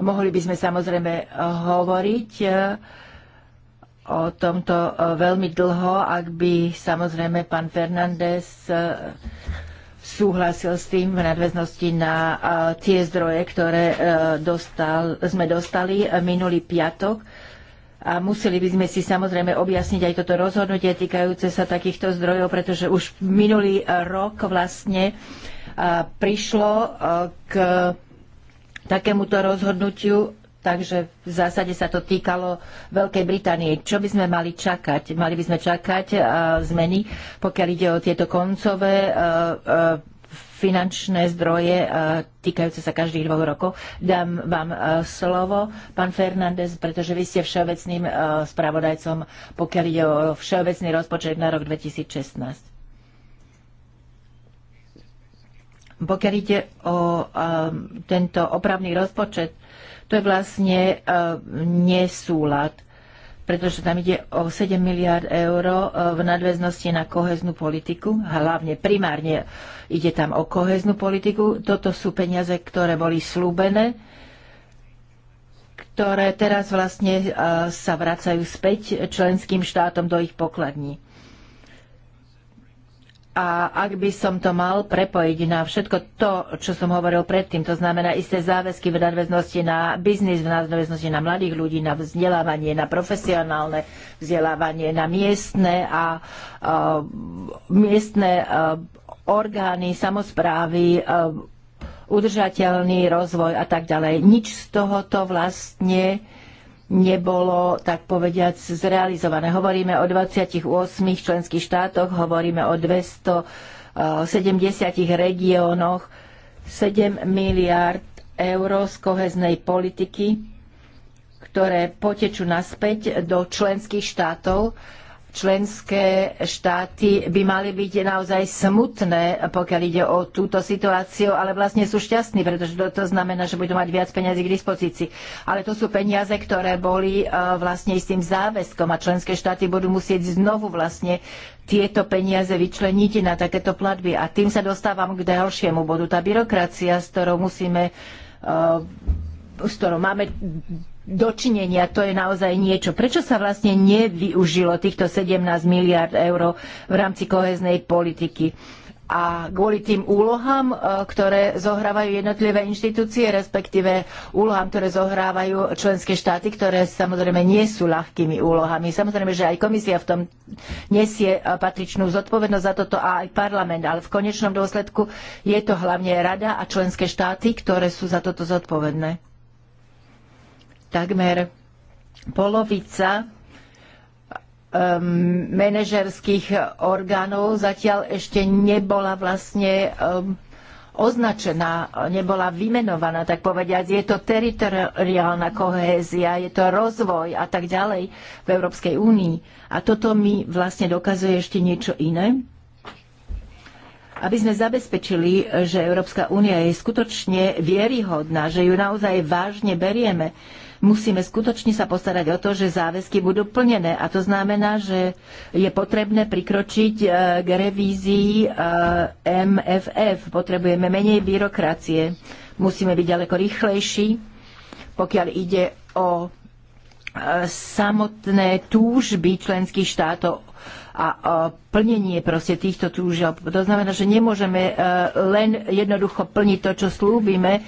Mohli by sme samozrejme eh, hovoriť eh, o tomto eh, veľmi dlho, ak by samozrejme pán Fernández súhlasil s tým v nadväznosti na tie zdroje, ktoré dostal, sme dostali minulý piatok. A museli by sme si samozrejme objasniť aj toto rozhodnutie týkajúce sa takýchto zdrojov, pretože už minulý rok vlastne prišlo k takémuto rozhodnutiu, takže v zásade sa to týkalo Veľkej Británie. Čo by sme mali čakať? Mali by sme čakať uh, zmeny, pokiaľ ide o tieto koncové uh, uh, finančné zdroje týkajúce sa každých dvoch rokov. Dám vám slovo, pán Fernández, pretože vy ste všeobecným spravodajcom, pokiaľ ide o všeobecný rozpočet na rok 2016. Pokiaľ ide o um, tento opravný rozpočet, to je vlastne um, nesúlad, pretože tam ide o 7 miliard eur uh, v nadväznosti na koheznú politiku, hlavne primárne ide tam o koheznú politiku. Toto sú peniaze, ktoré boli slúbené, ktoré teraz vlastne uh, sa vracajú späť členským štátom do ich pokladní. A ak by som to mal prepojiť na všetko to, čo som hovoril predtým, to znamená isté záväzky v nadväznosti na biznis, v nadväznosti na mladých ľudí, na vzdelávanie, na profesionálne vzdelávanie, na miestne a uh, miestne uh, orgány, samozprávy, uh, udržateľný rozvoj a tak ďalej. Nič z tohoto vlastne uh, nebolo, tak povediať, zrealizované. Hovoríme o 28 členských štátoch, hovoríme o 270 regiónoch, 7 miliard eur z koheznej politiky, ktoré potečú naspäť do členských štátov členské štáty by mali byť naozaj smutné, pokiaľ ide o túto situáciu, ale vlastne sú šťastní, pretože to, to znamená, že budú mať viac peniazy k dispozícii. Ale to sú peniaze, ktoré boli e, vlastne istým záväzkom a členské štáty budú musieť znovu vlastne tieto peniaze vyčleniť na takéto platby. A tým sa dostávam k ďalšiemu bodu. Tá byrokracia, s ktorou musíme e, s ktorou máme dočinenia, to je naozaj niečo. Prečo sa vlastne nevyužilo týchto 17 miliard eur v rámci koheznej politiky? a kvôli tým úlohám, e, ktoré zohrávajú jednotlivé inštitúcie, respektíve úlohám, ktoré zohrávajú členské štáty, ktoré samozrejme nie sú ľahkými úlohami. Samozrejme, že aj komisia v tom nesie e, patričnú zodpovednosť za toto a aj parlament, ale v konečnom dôsledku je to hlavne rada a členské štáty, ktoré sú za toto zodpovedné. Takmer polovica um, manažerských orgánov zatiaľ ešte nebola vlastne um, označená, nebola vymenovaná, tak povediať. Je to teritoriálna kohézia, je to rozvoj a tak ďalej v Európskej únii. A toto mi vlastne dokazuje ešte niečo iné. Aby sme zabezpečili, že Európska únia je skutočne vieryhodná, že ju naozaj vážne berieme, musíme skutočne sa postarať o to, že záväzky budú plnené. A to znamená, že je potrebné prikročiť e, k revízii e, MFF. Potrebujeme menej byrokracie. Musíme byť ďaleko rýchlejší, pokiaľ ide o e, samotné túžby členských štátov a plnenie proste týchto túžob. To znamená, že nemôžeme len jednoducho plniť to, čo slúbime,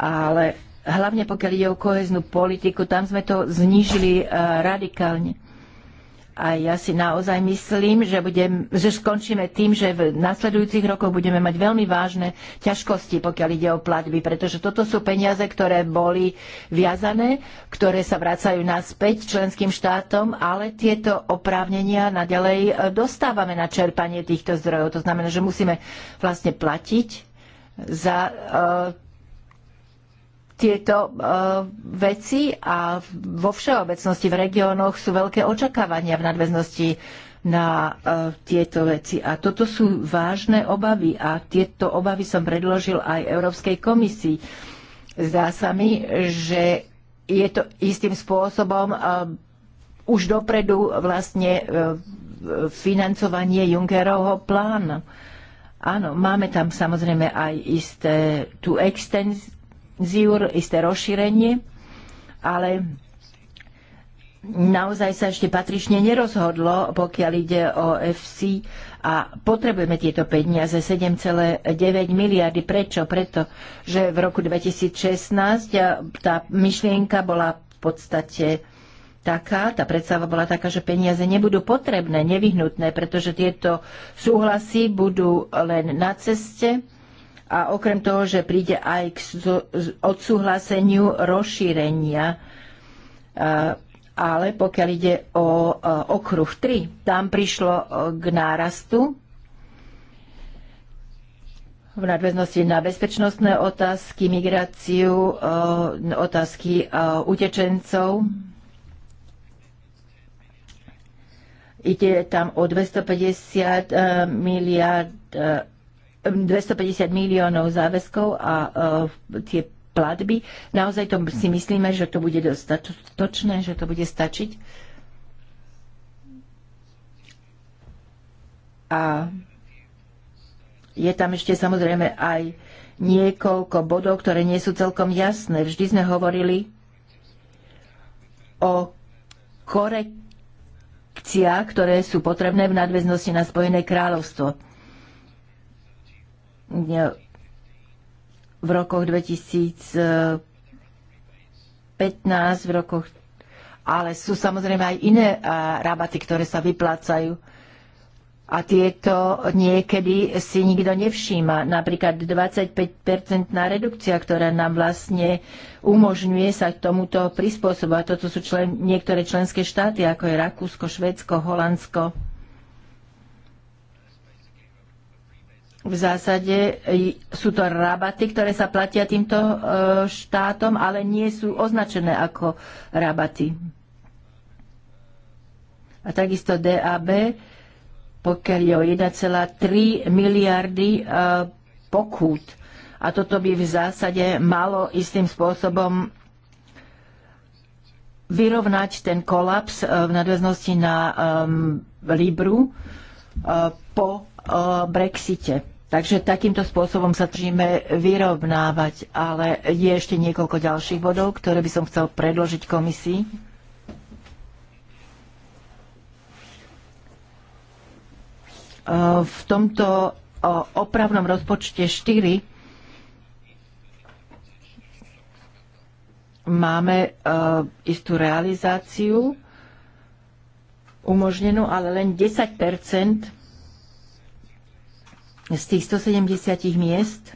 ale hlavne pokiaľ ide o koheznú politiku, tam sme to znížili eh, radikálne. A ja si naozaj myslím, že, budem, že skončíme tým, že v nasledujúcich rokoch budeme mať veľmi vážne ťažkosti, pokiaľ ide o platby, pretože toto sú peniaze, ktoré boli viazané, ktoré sa vracajú naspäť členským štátom, ale tieto oprávnenia naďalej eh, dostávame na čerpanie týchto zdrojov. To znamená, že musíme vlastne platiť za eh, tieto uh, veci a vo všeobecnosti v regiónoch sú veľké očakávania v nadväznosti na uh, tieto veci. A toto sú vážne obavy a tieto obavy som predložil aj Európskej komisii. Zdá sa mi, že je to istým spôsobom uh, už dopredu vlastne uh, financovanie Junckerovho plánu. Áno, máme tam samozrejme aj isté tú extens, Ziur, isté rozšírenie, ale naozaj sa ešte patrične nerozhodlo, pokiaľ ide o FC a potrebujeme tieto peniaze 7,9 miliardy. Prečo? Preto, že v roku 2016 tá myšlienka bola v podstate taká, tá predstava bola taká, že peniaze nebudú potrebné, nevyhnutné, pretože tieto súhlasy budú len na ceste a okrem toho, že príde aj k odsúhlaseniu rozšírenia. Ale pokiaľ ide o okruh 3, tam prišlo k nárastu v nadväznosti na bezpečnostné otázky, migráciu, otázky utečencov. Ide tam o 250 miliard 250 miliónov záväzkov a e, tie platby. Naozaj to si myslíme, že to bude dostatočné, že to bude stačiť. A je tam ešte samozrejme aj niekoľko bodov, ktoré nie sú celkom jasné. Vždy sme hovorili o korekciách, ktoré sú potrebné v nadväznosti na Spojené kráľovstvo v rokoch 2015, v rokoch, ale sú samozrejme aj iné eh, rabaty, ktoré sa vyplácajú. A tieto niekedy si nikto nevšíma. Napríklad 25-percentná redukcia, ktorá nám vlastne umožňuje sa tomuto prispôsobovať. Toto sú člen, niektoré členské štáty, ako je Rakúsko, Švedsko, Holandsko. v zásade sú to rabaty, ktoré sa platia týmto e, štátom, ale nie sú označené ako rabaty. A takisto DAB, pokiaľ je o 1,3 miliardy e, pokút. A toto by v zásade malo istým spôsobom vyrovnať ten kolaps e, v nadväznosti na um, Libru uh, po uh, Brexite. Takže takýmto spôsobom sa tržíme vyrovnávať, ale je ešte niekoľko ďalších bodov, ktoré by som chcel predložiť komisii. V tomto opravnom rozpočte 4 máme e, istú realizáciu umožnenú, ale len 10 z tých 170 miest e,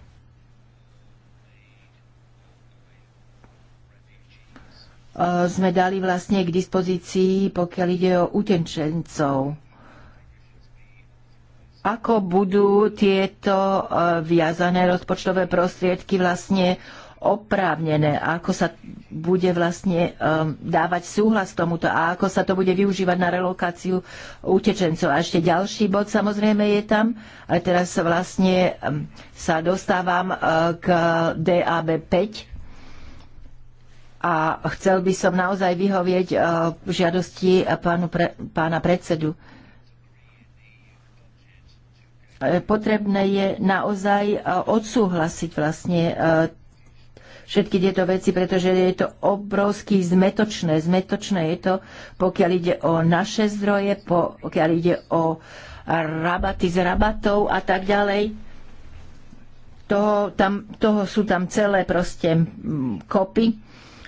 sme dali vlastne k dispozícii, pokiaľ ide o utenčencov. Ako budú tieto e, viazané rozpočtové prostriedky vlastne oprávnené, ako sa bude vlastne um, dávať súhlas tomuto a ako sa to bude využívať na relokáciu utečencov. A ešte ďalší bod samozrejme je tam, ale teraz vlastne um, sa dostávam uh, k DAB 5 a chcel by som naozaj vyhovieť uh, žiadosti pánu pre, pána predsedu e, potrebné je naozaj uh, odsúhlasiť vlastne uh, všetky tieto veci, pretože je to obrovský zmetočné. Zmetočné je to, pokiaľ ide o naše zdroje, pokiaľ ide o rabaty z rabatov a tak ďalej toho, tam, toho sú tam celé proste kopy.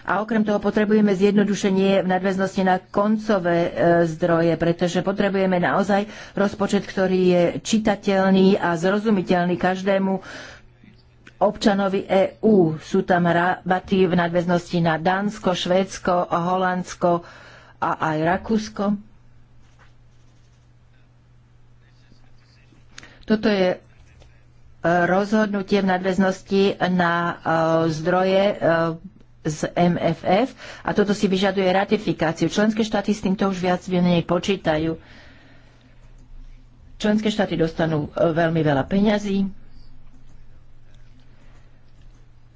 A okrem toho potrebujeme zjednodušenie v nadväznosti na koncové e, zdroje, pretože potrebujeme naozaj rozpočet, ktorý je čitateľný a zrozumiteľný každému občanovi EÚ. Sú tam rabaty v nadväznosti na Dánsko, Švédsko, Holandsko a aj Rakúsko. Toto je e, rozhodnutie v nadväznosti na e, zdroje e, z MFF a toto si vyžaduje ratifikáciu. Členské štáty s týmto už viac menej počítajú. Členské štáty dostanú veľmi veľa peňazí,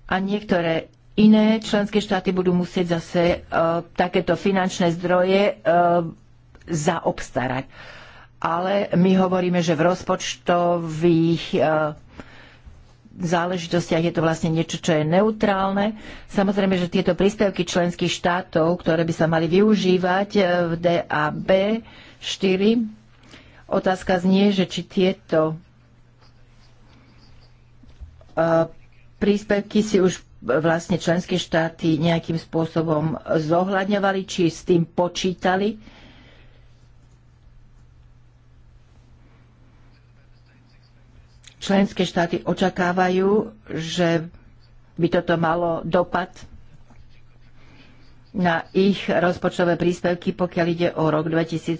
a niektoré iné členské štáty budú musieť zase uh, takéto finančné zdroje uh, zaobstarať. Ale my hovoríme, že v rozpočtových uh, záležitostiach je to vlastne niečo, čo je neutrálne. Samozrejme, že tieto príspevky členských štátov, ktoré by sa mali využívať v DAB 4, otázka znie, že či tieto príspevky si už vlastne členské štáty nejakým spôsobom zohľadňovali, či s tým počítali. Členské štáty očakávajú, že by toto malo dopad na ich rozpočtové príspevky, pokiaľ ide o rok 2016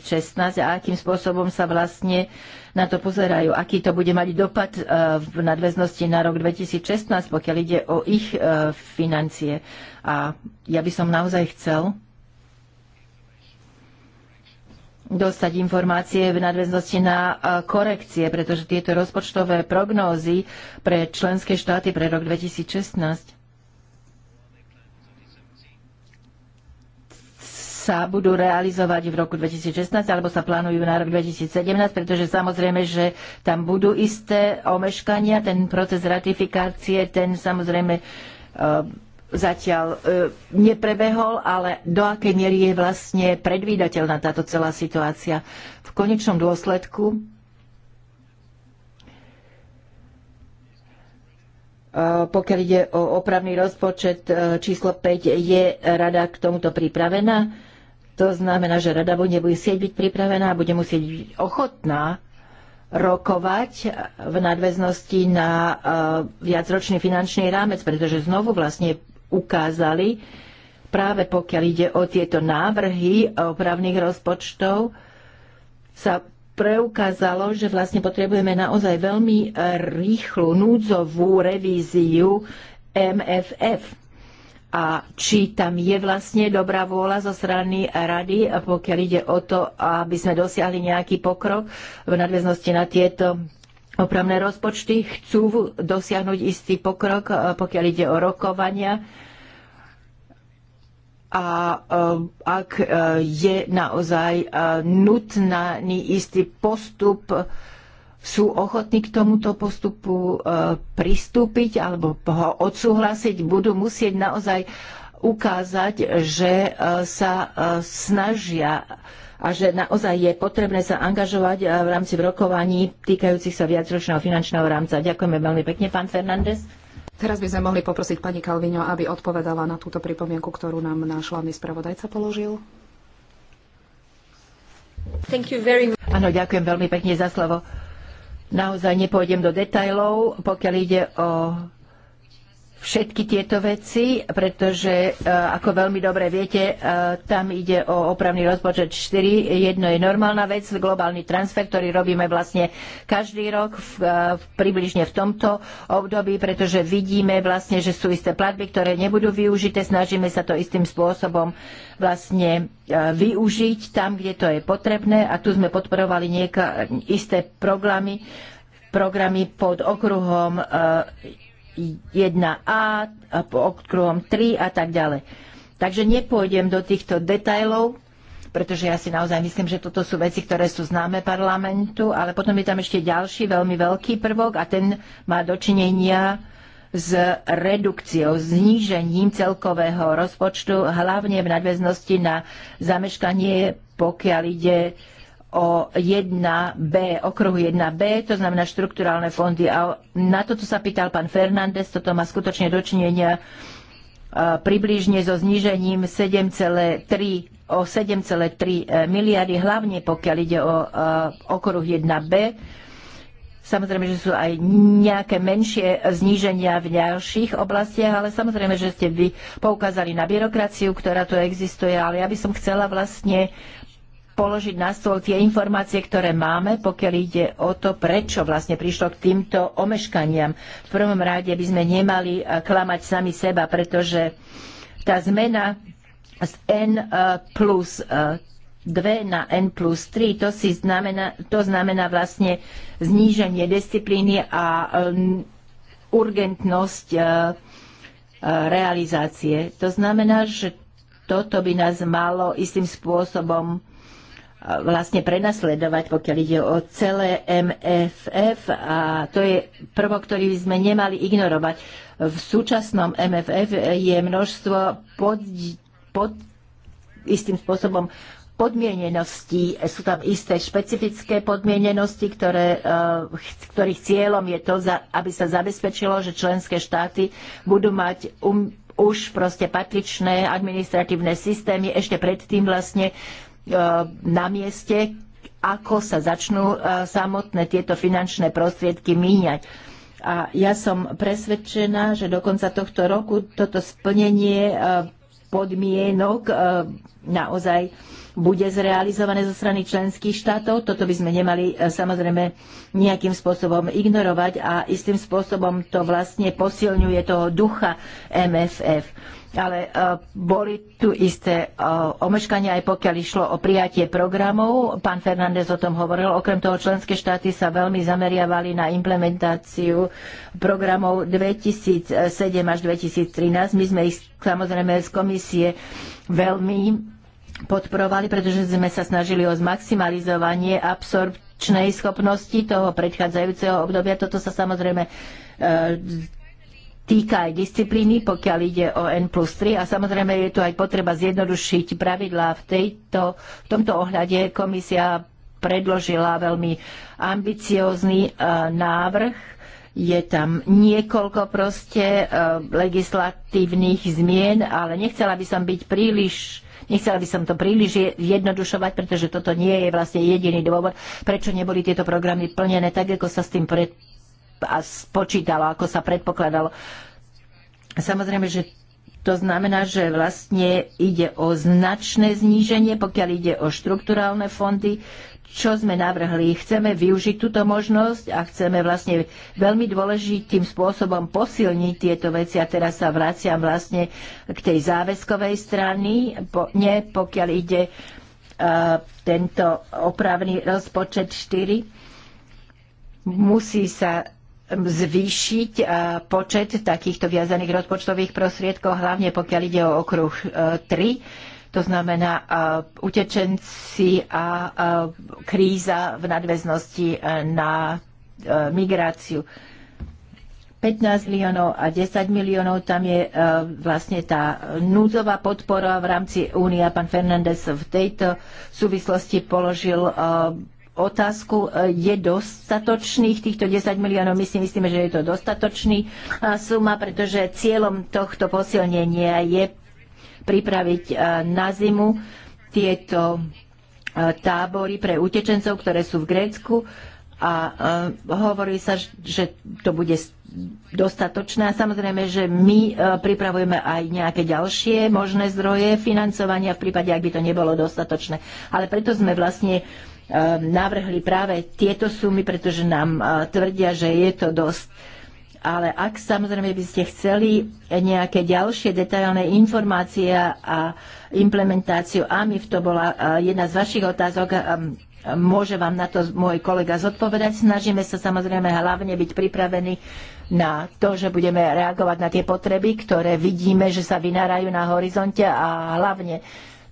a akým spôsobom sa vlastne na to pozerajú. Aký to bude mať dopad e, v nadväznosti na rok 2016, pokiaľ ide o ich e, financie. A ja by som naozaj chcel dostať informácie v nadväznosti na e, korekcie, pretože tieto rozpočtové prognózy pre členské štáty pre rok 2016 sa budú realizovať v roku 2016 alebo sa plánujú na rok 2017, pretože samozrejme, že tam budú isté omeškania. Ten proces ratifikácie, ten samozrejme e, zatiaľ e, neprebehol, ale do akej miery je vlastne predvídateľná táto celá situácia. V konečnom dôsledku e, pokiaľ ide o opravný rozpočet číslo 5, je rada k tomuto pripravená? To znamená, že rada bude musieť byť pripravená a bude musieť byť ochotná rokovať v nadväznosti na e, viacročný finančný rámec, pretože znovu vlastne ukázali, práve pokiaľ ide o tieto návrhy e, opravných rozpočtov, sa preukázalo, že vlastne potrebujeme naozaj veľmi e, rýchlu núdzovú revíziu MFF a či tam je vlastne dobrá vôľa zo strany rady, pokiaľ ide o to, aby sme dosiahli nejaký pokrok v nadväznosti na tieto opravné rozpočty. Chcú dosiahnuť istý pokrok, e, pokiaľ ide o rokovania. A e, ak e, je naozaj nutný istý postup, sú ochotní k tomuto postupu e, pristúpiť alebo ho odsúhlasiť, budú musieť naozaj ukázať, že e, sa e, snažia a že naozaj je potrebné sa angažovať v rámci rokovaní týkajúcich sa viacročného finančného rámca. Ďakujeme veľmi pekne, pán Fernández. Teraz by sme mohli poprosiť pani Kalvino, aby odpovedala na túto pripomienku, ktorú nám náš hlavný spravodajca položil. Áno, ďakujem veľmi pekne za slovo. Naozaj nepôjdem do detajlov, pokiaľ ide o všetky tieto veci, pretože e, ako veľmi dobre viete, e, tam ide o opravný rozpočet 4. Jedno je normálna vec, globálny transfer, ktorý robíme vlastne každý rok v, e, približne v tomto období, pretože vidíme vlastne, že sú isté platby, ktoré nebudú využité. Snažíme sa to istým spôsobom vlastne využiť tam, kde to je potrebné a tu sme podporovali nieka, isté programy, programy pod okruhom 1A, po okruhom 3 a tak ďalej. Takže nepôjdem do týchto detajlov, pretože ja si naozaj myslím, že toto sú veci, ktoré sú známe parlamentu, ale potom je tam ešte ďalší veľmi veľký prvok a ten má dočinenia s redukciou, znížením celkového rozpočtu, hlavne v nadväznosti na zameškanie, pokiaľ ide o 1B, okruhu 1B, to znamená štrukturálne fondy. A na toto sa pýtal pán Fernández, toto má skutočne dočinenia e, približne so znížením 7,3 o 7,3 e, miliardy, hlavne pokiaľ ide o e, okruh 1B. Samozrejme, že sú aj nejaké menšie zníženia v ďalších oblastiach, ale samozrejme, že ste vy poukázali na byrokraciu, ktorá tu existuje, ale ja by som chcela vlastne položiť na stôl tie informácie, ktoré máme, pokiaľ ide o to, prečo vlastne prišlo k týmto omeškaniam. V prvom rade by sme nemali eh, klamať sami seba, pretože tá zmena z N eh, plus 2 eh, na N plus 3, to, si znamená, to znamená vlastne zníženie disciplíny a urgentnosť realizácie. To znamená, že toto by nás malo istým spôsobom vlastne prenasledovať, pokiaľ ide o celé MFF a to je prvok, ktorý by sme nemali ignorovať. V súčasnom MFF je množstvo pod, pod istým spôsobom podmienenosti, sú tam isté špecifické podmienenosti, ktoré, eh, ktorých cieľom je to, aby sa zabezpečilo, že členské štáty budú mať um, už proste patričné administratívne systémy ešte predtým vlastne, E, na mieste, ako sa začnú e, samotné tieto finančné prostriedky míňať. A ja som presvedčená, že do konca tohto roku toto splnenie e, podmienok naozaj bude zrealizované zo strany členských štátov. Toto by sme nemali e, samozrejme nejakým spôsobom ignorovať a istým spôsobom to vlastne posilňuje toho ducha MFF ale uh, boli tu isté uh, omeškania, aj pokiaľ išlo o prijatie programov. Pán Fernández o tom hovoril. Okrem toho, členské štáty sa veľmi zameriavali na implementáciu programov 2007 až 2013. My sme ich samozrejme z komisie veľmi podporovali, pretože sme sa snažili o zmaximalizovanie absorpčnej schopnosti toho predchádzajúceho obdobia. Toto sa samozrejme e, týka aj disciplíny, pokiaľ ide o N plus 3 a samozrejme je tu aj potreba zjednodušiť pravidlá. V, tejto, v tomto ohľade komisia predložila veľmi ambiciózny e, návrh. Je tam niekoľko proste e, legislatívnych zmien, ale nechcela by som byť príliš Nechcela by som to príliš jednodušovať, pretože toto nie je vlastne jediný dôvod, prečo neboli tieto programy plnené tak, ako sa s tým pred... a spočítalo, ako sa predpokladalo. Samozrejme, že to znamená, že vlastne ide o značné zníženie, pokiaľ ide o štrukturálne fondy, čo sme navrhli. Chceme využiť túto možnosť a chceme vlastne veľmi dôležitým spôsobom posilniť tieto veci. A teraz sa vraciam vlastne k tej záväzkovej strany, po, nie pokiaľ ide uh, tento opravný rozpočet 4. Musí sa zvýšiť e, počet takýchto viazaných rozpočtových prostriedkov, hlavne pokiaľ ide o okruh 3 e, to znamená e, utečenci a e, kríza v nadväznosti e, na migráciu. 15 miliónov a 10 miliónov, tam je vlastne tá núdzová podpora v rámci únia. Pán Fernández v tejto súvislosti položil otázku, je dostatočných týchto 10 miliónov? My si myslíme, že je to dostatočný suma, pretože cieľom tohto posilnenia je pripraviť e, na zimu tieto e, tábory pre utečencov, ktoré sú v Grécku a e, hovorí sa, že to bude dostatočné. A samozrejme, že my pripravujeme aj nejaké ďalšie možné zdroje financovania v prípade, ak by to nebolo dostatočné. Ale preto sme vlastne navrhli práve tieto sumy, pretože nám tvrdia, že je to dosť ale ak samozrejme by ste chceli nejaké ďalšie detailné informácie a implementáciu AMIF, to bola jedna z vašich otázok, môže vám na to môj kolega zodpovedať. Snažíme sa samozrejme hlavne byť pripravení na to, že budeme reagovať na tie potreby, ktoré vidíme, že sa vynárajú na horizonte a hlavne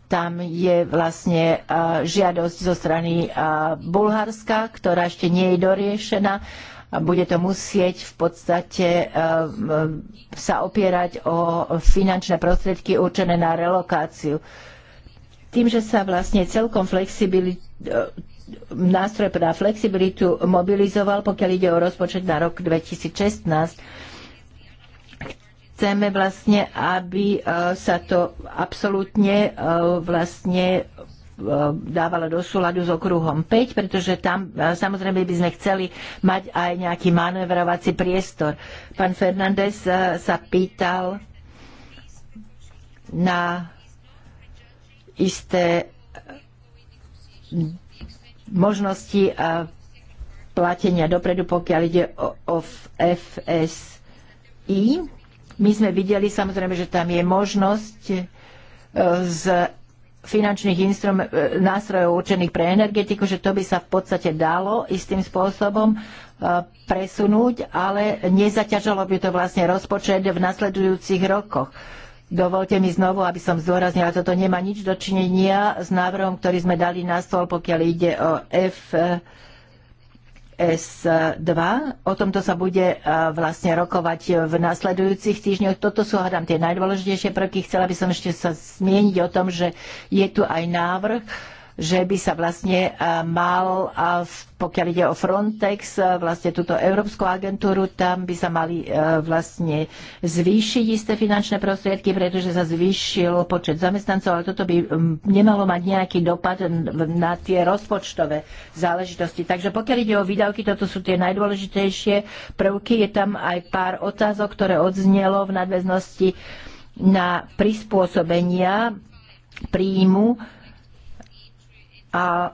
tam je vlastne žiadosť zo strany Bulharska, ktorá ešte nie je doriešená bude to musieť v podstate e, e, sa opierať o finančné prostriedky určené na relokáciu. Tým, že sa vlastne celkom flexibilit, e, nástroj na flexibilitu mobilizoval, pokiaľ ide o rozpočet na rok 2016, chceme vlastne, aby sa to absolútne vlastne Eh, dávala do súladu s okruhom 5, pretože tam eh, samozrejme by sme chceli mať aj nejaký manévrovací priestor. Pán Fernández eh, sa pýtal na isté možnosti a platenia dopredu, pokiaľ ide o, o FSI. My sme videli samozrejme, že tam je možnosť z finančných instrum- e, nástrojov určených pre energetiku, že to by sa v podstate dalo istým spôsobom e, presunúť, ale nezaťažalo by to vlastne rozpočet v nasledujúcich rokoch. Dovolte mi znovu, aby som zdôraznila, toto nemá nič dočinenia s návrhom, ktorý sme dali na stôl, pokiaľ ide o F s 2 O tomto sa bude e, vlastne rokovať v nasledujúcich týždňoch. Toto sú, hádam, tie najdôležitejšie prvky. Chcela by som ešte sa zmieniť o tom, že je tu aj návrh že by sa vlastne e, mal, pokiaľ ide o Frontex, e, vlastne túto Európsku agentúru, tam by sa mali e, vlastne zvýšiť isté finančné prostriedky, pretože sa zvýšil počet zamestnancov, ale toto by nemalo mať nejaký dopad na tie rozpočtové záležitosti. Takže pokiaľ ide o výdavky, toto sú tie najdôležitejšie prvky. Je tam aj pár otázok, ktoré odznelo v nadväznosti na prispôsobenia príjmu a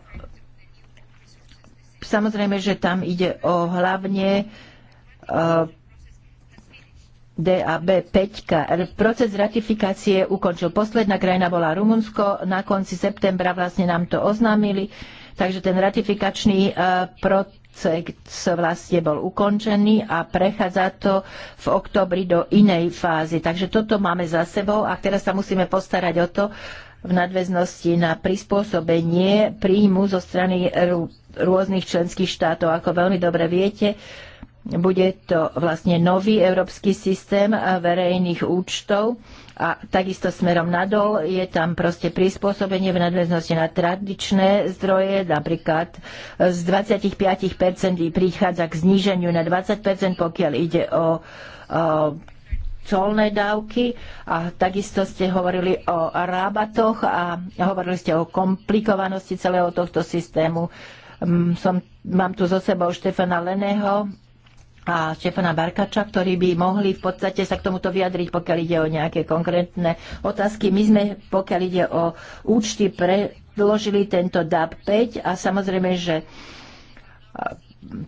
samozrejme, že tam ide o hlavne e, DAB 5. Proces ratifikácie ukončil. Posledná krajina bola Rumunsko. Na konci septembra vlastne nám to oznámili. Takže ten ratifikačný e, proces vlastne bol ukončený a prechádza to v oktobri do inej fázy. Takže toto máme za sebou a teraz sa musíme postarať o to, v nadväznosti na prispôsobenie príjmu zo strany rôznych členských štátov. Ako veľmi dobre viete, bude to vlastne nový európsky systém verejných účtov a takisto smerom nadol je tam proste prispôsobenie v nadväznosti na tradičné zdroje, napríklad z 25% prichádza k zníženiu na 20%, pokiaľ ide o, o colné dávky a takisto ste hovorili o rábatoch a hovorili ste o komplikovanosti celého tohto systému. Mm, som, mám tu so sebou Štefana Leného a Štefana Barkača, ktorí by mohli v podstate sa k tomuto vyjadriť, pokiaľ ide o nejaké konkrétne otázky. My sme, pokiaľ ide o účty, predložili tento DAB 5 a samozrejme, že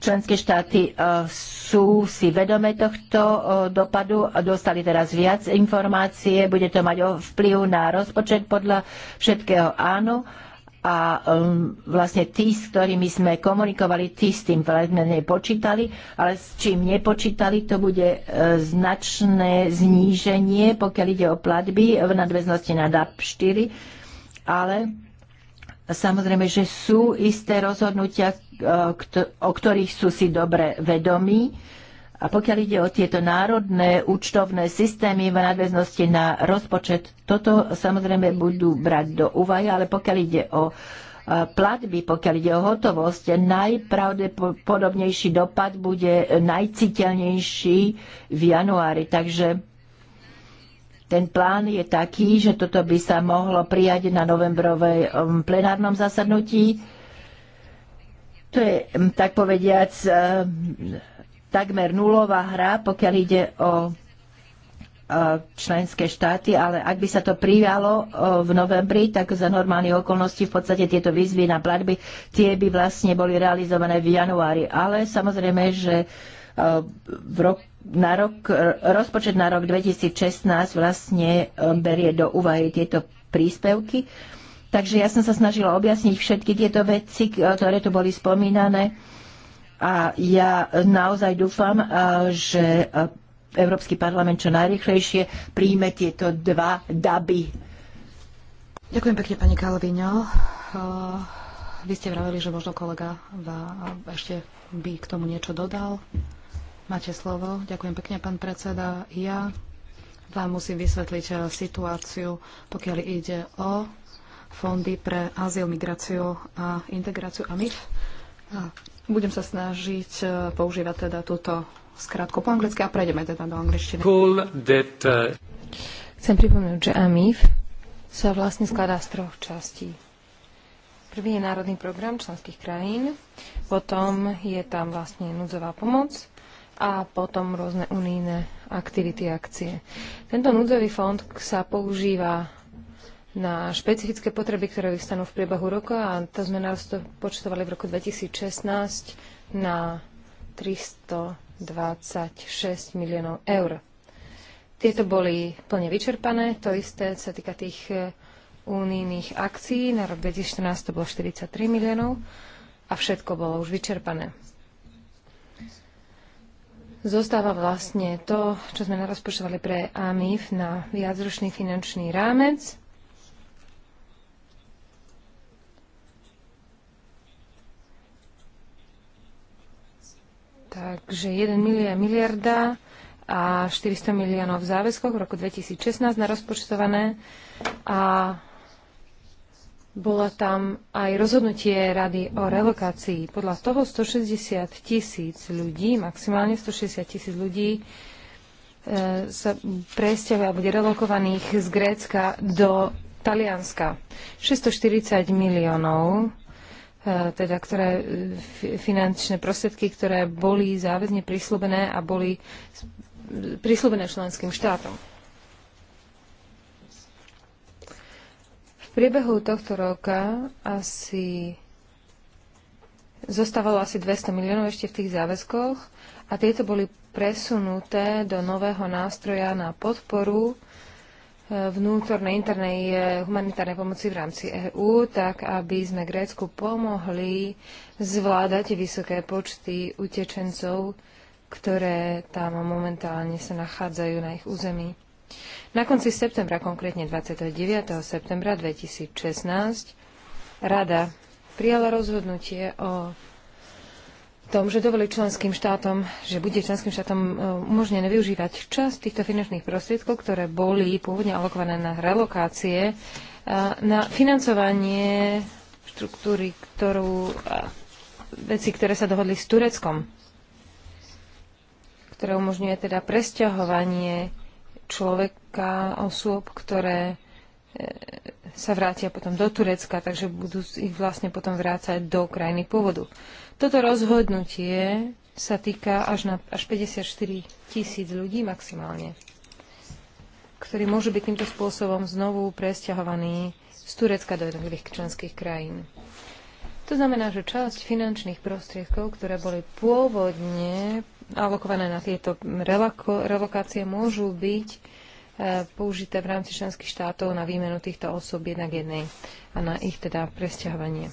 členské štáty e, sú si vedome tohto e, dopadu, dostali teraz viac informácie, bude to mať vplyv na rozpočet podľa všetkého áno. A um, vlastne tí, s ktorými sme komunikovali, tí s tým sme nepočítali, ale s čím nepočítali, to bude e, značné zníženie, pokiaľ ide o platby v nadväznosti na DAP 4, ale Samozrejme, že sú isté rozhodnutia, e, o ktorých sú si dobre vedomí. A pokiaľ ide o tieto národné účtovné systémy v nadväznosti na rozpočet, toto samozrejme budú brať do úvahy, ale pokiaľ ide o e, platby, pokiaľ ide o hotovosť, najpravdepodobnejší dopad bude najciteľnejší v januári. Takže ten plán je taký, že toto by sa mohlo prijať na novembrovej um, plenárnom zasadnutí. To je, um, tak povediac, um, takmer nulová hra, pokiaľ ide o uh, členské štáty, ale ak by sa to prijalo uh, v novembri, tak za normálnych okolností v podstate tieto výzvy na platby, tie by vlastne boli realizované v januári. Ale samozrejme, že uh, v roku na rok, e, rozpočet na rok 2016 vlastne e, berie do úvahy tieto príspevky. Takže ja som sa snažila objasniť všetky tieto veci, ktoré tu boli spomínané. A ja naozaj dúfam, e, že Európsky parlament čo najrychlejšie príjme tieto dva daby. Ďakujem pekne, pani Kalvino. Vy ste vraveli, že možno kolega ešte by k tomu niečo dodal. Máte slovo. Ďakujem pekne, pán predseda. Ja vám musím vysvetliť eh, situáciu, pokiaľ ide o fondy pre azyl, migráciu a integráciu a MIF. Eh, budem sa snažiť eh, používať teda túto skratku po anglicky a prejdeme teda do angličtiny. Cool that, uh... Chcem pripomenúť, že AMIF sa vlastne skladá z troch častí. Prvý je národný program členských krajín, potom je tam vlastne núdzová pomoc a potom rôzne unijné aktivity, akcie. Tento núdzový fond sa používa na špecifické potreby, ktoré vystanú v priebehu roka a to sme počtovali v roku 2016 na 326 miliónov eur. Tieto boli plne vyčerpané, to isté sa týka tých eh, unijných akcií, na rok 2014 to bolo 43 miliónov a všetko bolo už vyčerpané zostáva vlastne to, čo sme narozpočtovali pre AMIF na viacročný finančný rámec. Takže 1 miliard, miliarda a 400 miliónov v záväzkoch v roku 2016 narozpočtované a bola tam aj rozhodnutie rady o relokácii. Podľa toho 160 tisíc ľudí, maximálne 160 tisíc ľudí, e, sa presťahuje a bude relokovaných z Grécka do Talianska. 640 miliónov, e, teda ktoré, e, finančné prostriedky, ktoré boli záväzne prislúbené a boli prislúbené členským štátom. V priebehu tohto roka asi zostávalo asi 200 miliónov ešte v tých záväzkoch a tieto boli presunuté do nového nástroja na podporu e, vnútornej internej e, humanitárnej pomoci v rámci EÚ, tak aby sme Grécku pomohli zvládať vysoké počty utečencov, ktoré tam momentálne sa nachádzajú na ich území. Na konci septembra, konkrétne 29. septembra 2016, Rada prijala rozhodnutie o tom, že dovolí členským štátom, že bude členským štátom e, umožnené využívať čas týchto finančných prostriedkov, ktoré boli pôvodne alokované na relokácie, e, na financovanie štruktúry, ktorú, veci, ktoré sa dohodli s Tureckom, ktoré umožňuje teda presťahovanie človeka, osôb, ktoré e, sa vrátia potom do Turecka, takže budú ich vlastne potom vrácať do krajiny pôvodu. Toto rozhodnutie sa týka až, na, až 54 tisíc ľudí maximálne, ktorí môžu byť týmto spôsobom znovu presťahovaní z Turecka do jednotlivých členských krajín. To znamená, že časť finančných prostriedkov, ktoré boli pôvodne alokované na tieto relako, relokácie môžu byť e, použité v rámci členských štátov na výmenu týchto osob jednak jednej a na ich teda presťahovanie.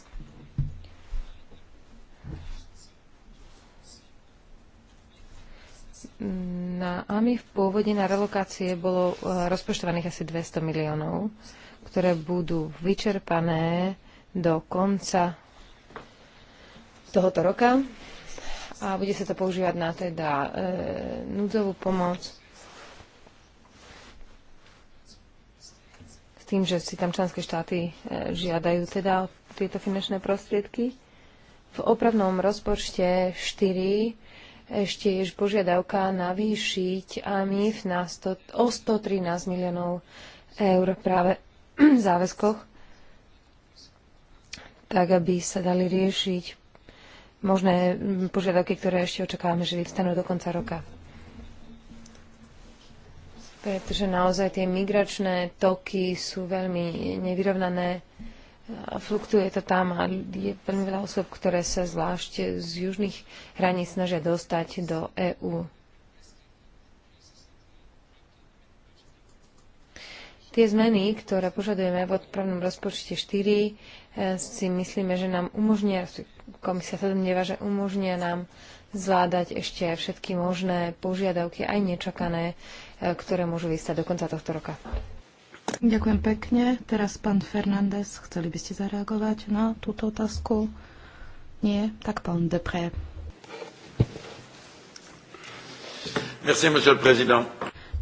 Na AMI v pôvode na relokácie bolo e, rozpočtovaných asi 200 miliónov, ktoré budú vyčerpané do konca tohoto roka a bude sa to používať na teda e, núdzovú pomoc s tým, že si tam členské štáty e, žiadajú teda tieto finančné prostriedky. V opravnom rozpočte 4 ešte je požiadavka navýšiť AMIF na 100, o 113 miliónov eur práve v záväzkoch, tak aby sa dali riešiť možné mm, požiadavky, ktoré ešte očakávame, že vyvstanú do konca roka. Pretože naozaj tie migračné toky sú veľmi nevyrovnané. Fluktuje to tam a je veľmi veľa osob, ktoré sa zvlášť z južných hraníc snažia dostať do EÚ. Tie zmeny, ktoré požadujeme v odpravnom rozpočte 4, e, si myslíme, že nám umožnia, komisia sa domnieva, že umožnia nám zvládať ešte aj všetky možné požiadavky, aj nečakané, e, ktoré môžu vystať do konca tohto roka. Ďakujem pekne. Teraz pán Fernández, chceli by ste zareagovať na túto otázku? Nie? Tak pán Depré. Merci,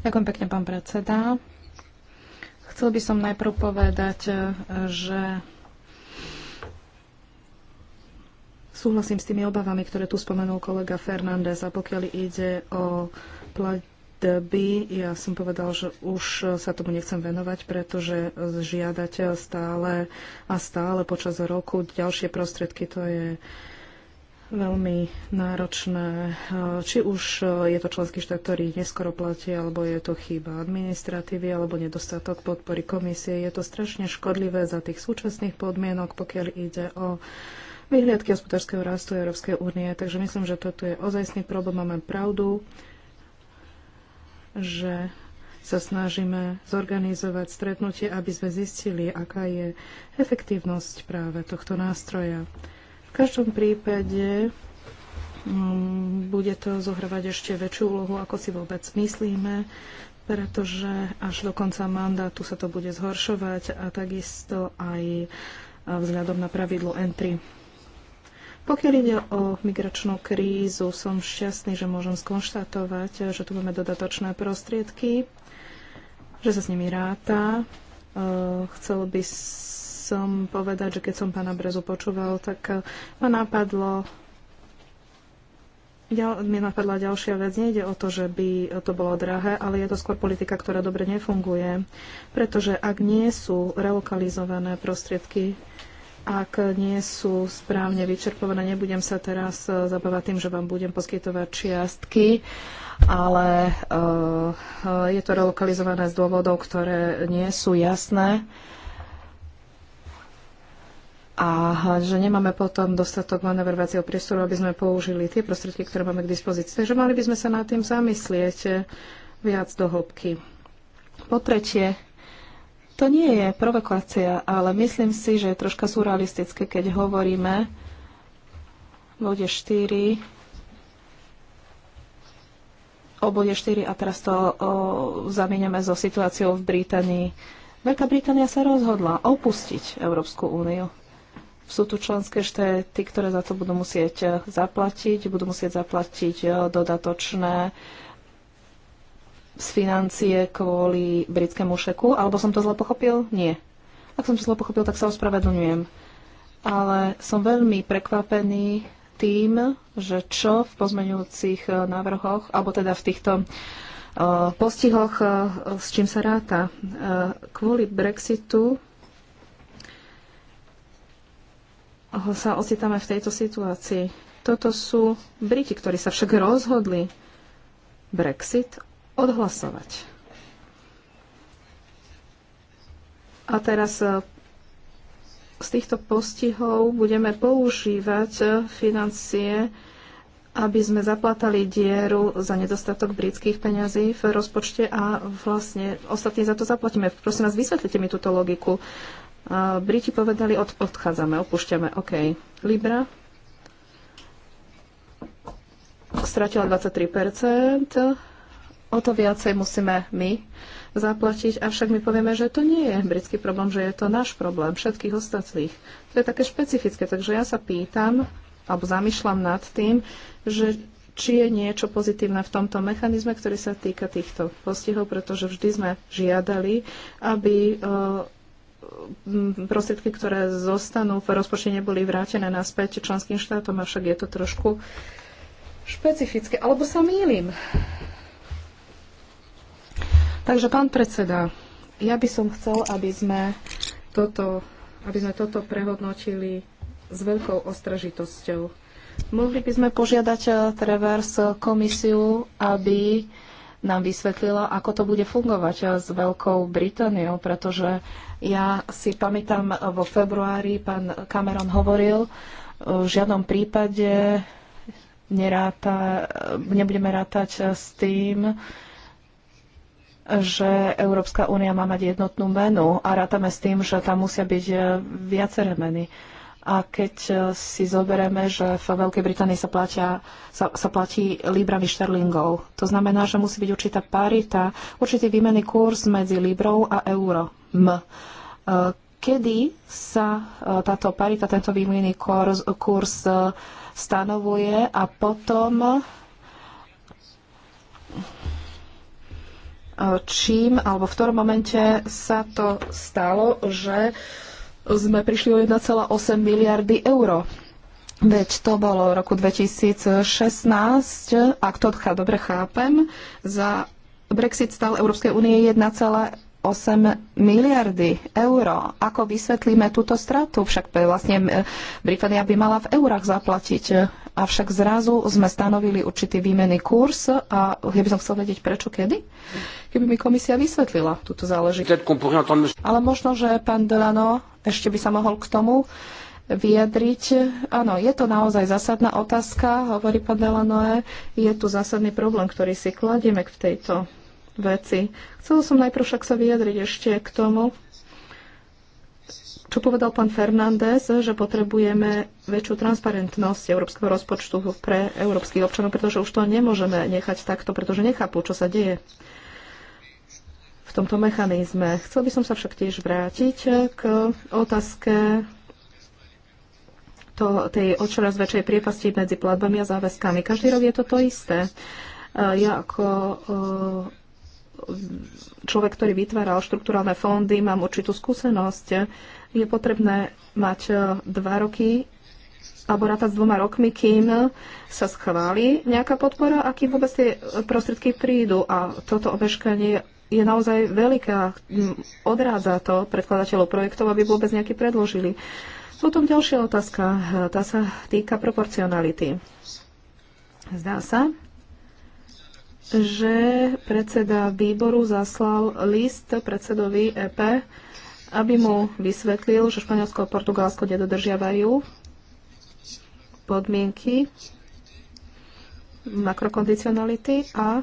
Ďakujem pekne, pán predseda. Chcel by som najprv povedať, e, že Súhlasím s tými obavami, ktoré tu spomenul kolega Fernández a pokiaľ ide o platby, ja som povedal, že už sa tomu nechcem venovať, pretože žiadať stále a stále počas roku ďalšie prostriedky, to je veľmi náročné. Či už je to členský štát, ktorý neskoro platí, alebo je to chyba administratívy, alebo nedostatok podpory komisie. Je to strašne škodlivé za tých súčasných podmienok, pokiaľ ide o vyhliadky hospodárskeho rastu Európskej únie. Takže myslím, že toto je ozajstný problém. Máme pravdu, že sa snažíme zorganizovať stretnutie, aby sme zistili, aká je efektívnosť práve tohto nástroja. V každom prípade um, bude to zohrávať ešte väčšiu úlohu, ako si vôbec myslíme, pretože až do konca mandátu sa to bude zhoršovať a takisto aj eh, vzhľadom na pravidlo entry. Pokiaľ ide o migračnú krízu, som šťastný, že môžem skonštatovať, že tu máme dodatočné prostriedky, že sa s nimi ráta. E, chcel by som povedať, že keď som pána Brezu počúval, tak ma napadlo, ďal, mi napadla ďalšia vec. Nejde o to, že by to bolo drahé, ale je to skôr politika, ktorá dobre nefunguje. Pretože ak nie sú relokalizované prostriedky ak nie sú správne vyčerpované, nebudem sa teraz e, zabávať tým, že vám budem poskytovať čiastky, ale e, e, je to relokalizované z dôvodov, ktoré nie sú jasné a že nemáme potom dostatok manevrovacieho priestoru, aby sme použili tie prostriedky, ktoré máme k dispozícii. Takže mali by sme sa nad tým zamyslieť viac do hĺbky. Po tretie, to nie je provokácia, ale myslím si, že je troška surrealistické, keď hovoríme v bode 4 o bode 4 a teraz to zamieňame so situáciou v Británii. Veľká Británia sa rozhodla opustiť Európsku úniu. Sú tu členské štáty, ktoré za to budú musieť eh, zaplatiť, budú musieť zaplatiť eh, dodatočné uh, z financie kvôli britskému šeku, alebo som to zle pochopil? Nie. Ak som to zle pochopil, tak sa ospravedlňujem. Ale som veľmi prekvapený tým, že čo v pozmeňujúcich e, návrhoch, alebo teda v týchto e, postihoch, e, s čím sa ráta. Kvôli Brexitu sa ocitáme v tejto situácii. Toto sú Briti, ktorí sa však rozhodli Brexit odhlasovať. A teraz e, z týchto postihov budeme používať e, financie, aby sme zaplatali dieru za nedostatok britských peňazí v rozpočte a vlastne ostatní za to zaplatíme. Prosím vás, vysvetlite mi túto logiku. E, Briti povedali, od, odchádzame, opúšťame, OK. Libra stratila 23%, o to viacej musíme my zaplatiť, avšak my povieme, že to nie je britský problém, že je to náš problém, všetkých ostatných. To je také špecifické, takže ja sa pýtam, alebo zamýšľam nad tým, že či je niečo pozitívne v tomto mechanizme, ktorý sa týka týchto postihov, pretože vždy sme žiadali, aby e, prostriedky, ktoré zostanú v rozpočte, neboli vrátené naspäť členským štátom, avšak je to trošku špecifické. Alebo sa mýlim. Takže, pán predseda, ja by som chcel, aby sme toto, aby sme toto prehodnotili s veľkou ostražitosťou. Mohli by sme požiadať eh, Travers eh, komisiu, aby nám vysvetlila, ako to bude fungovať eh, s Veľkou Britániou, pretože ja si pamätám, vo februári pán Cameron hovoril, v žiadnom prípade neráta, nebudeme rátať s tým, že Európska únia má mať jednotnú menu a rátame s tým, že tam musia byť e, viaceré meny. A keď e, si zoberieme, že v Veľkej Británii sa, platia, sa, sa platí librami šterlingov, to znamená, že musí byť určitá parita, určitý výmenný kurz medzi librou a euro. M. E, kedy sa táto parita, tento výmenný kurz, kurz stanovuje a potom čím alebo v ktorom momente sa to stalo, že sme prišli o 1,8 miliardy eur. Veď to bolo v roku 2016, ak to dobre chápem, za Brexit stal Európskej únie 1,8 miliardy eur. Ako vysvetlíme túto stratu? Však vlastne e, Británia by mala v eurách zaplatiť e, Avšak zrazu sme stanovili určitý výmenný kurz a ja by som chcel vedieť prečo, kedy, keby mi komisia vysvetlila túto záležitosť. Ale možno, že pán Delano ešte by sa mohol k tomu vyjadriť. Áno, je to naozaj zásadná otázka, hovorí pán Delanoe. Je tu zásadný problém, ktorý si kladieme v tejto veci. Chcel som najprv však sa vyjadriť ešte k tomu, čo povedal pán Fernández, že potrebujeme väčšiu transparentnosť európskeho rozpočtu pre európskych občanov, pretože už to nemôžeme nechať takto, pretože nechápu, čo sa deje v tomto mechanizme. Chcel by som sa však tiež vrátiť k otázke to, tej očoraz väčšej priepasti medzi platbami a záväzkami. Každý rok je to to isté. E, ja ako e, človek, ktorý vytváral štruktúralne fondy, mám určitú skúsenosť je potrebné mať e, dva roky alebo rátať s dvoma rokmi, kým sa schváli nejaká podpora a kým vôbec tie prostriedky prídu. A toto obeškanie je naozaj veľké a odrádza to predkladateľov projektov, aby vôbec nejaký predložili. Potom ďalšia otázka, e, tá sa týka proporcionality. Zdá sa, že predseda výboru zaslal list predsedovi EP aby mu vysvetlil, že Španielsko a Portugalsko nedodržiavajú podmienky makrokondicionality a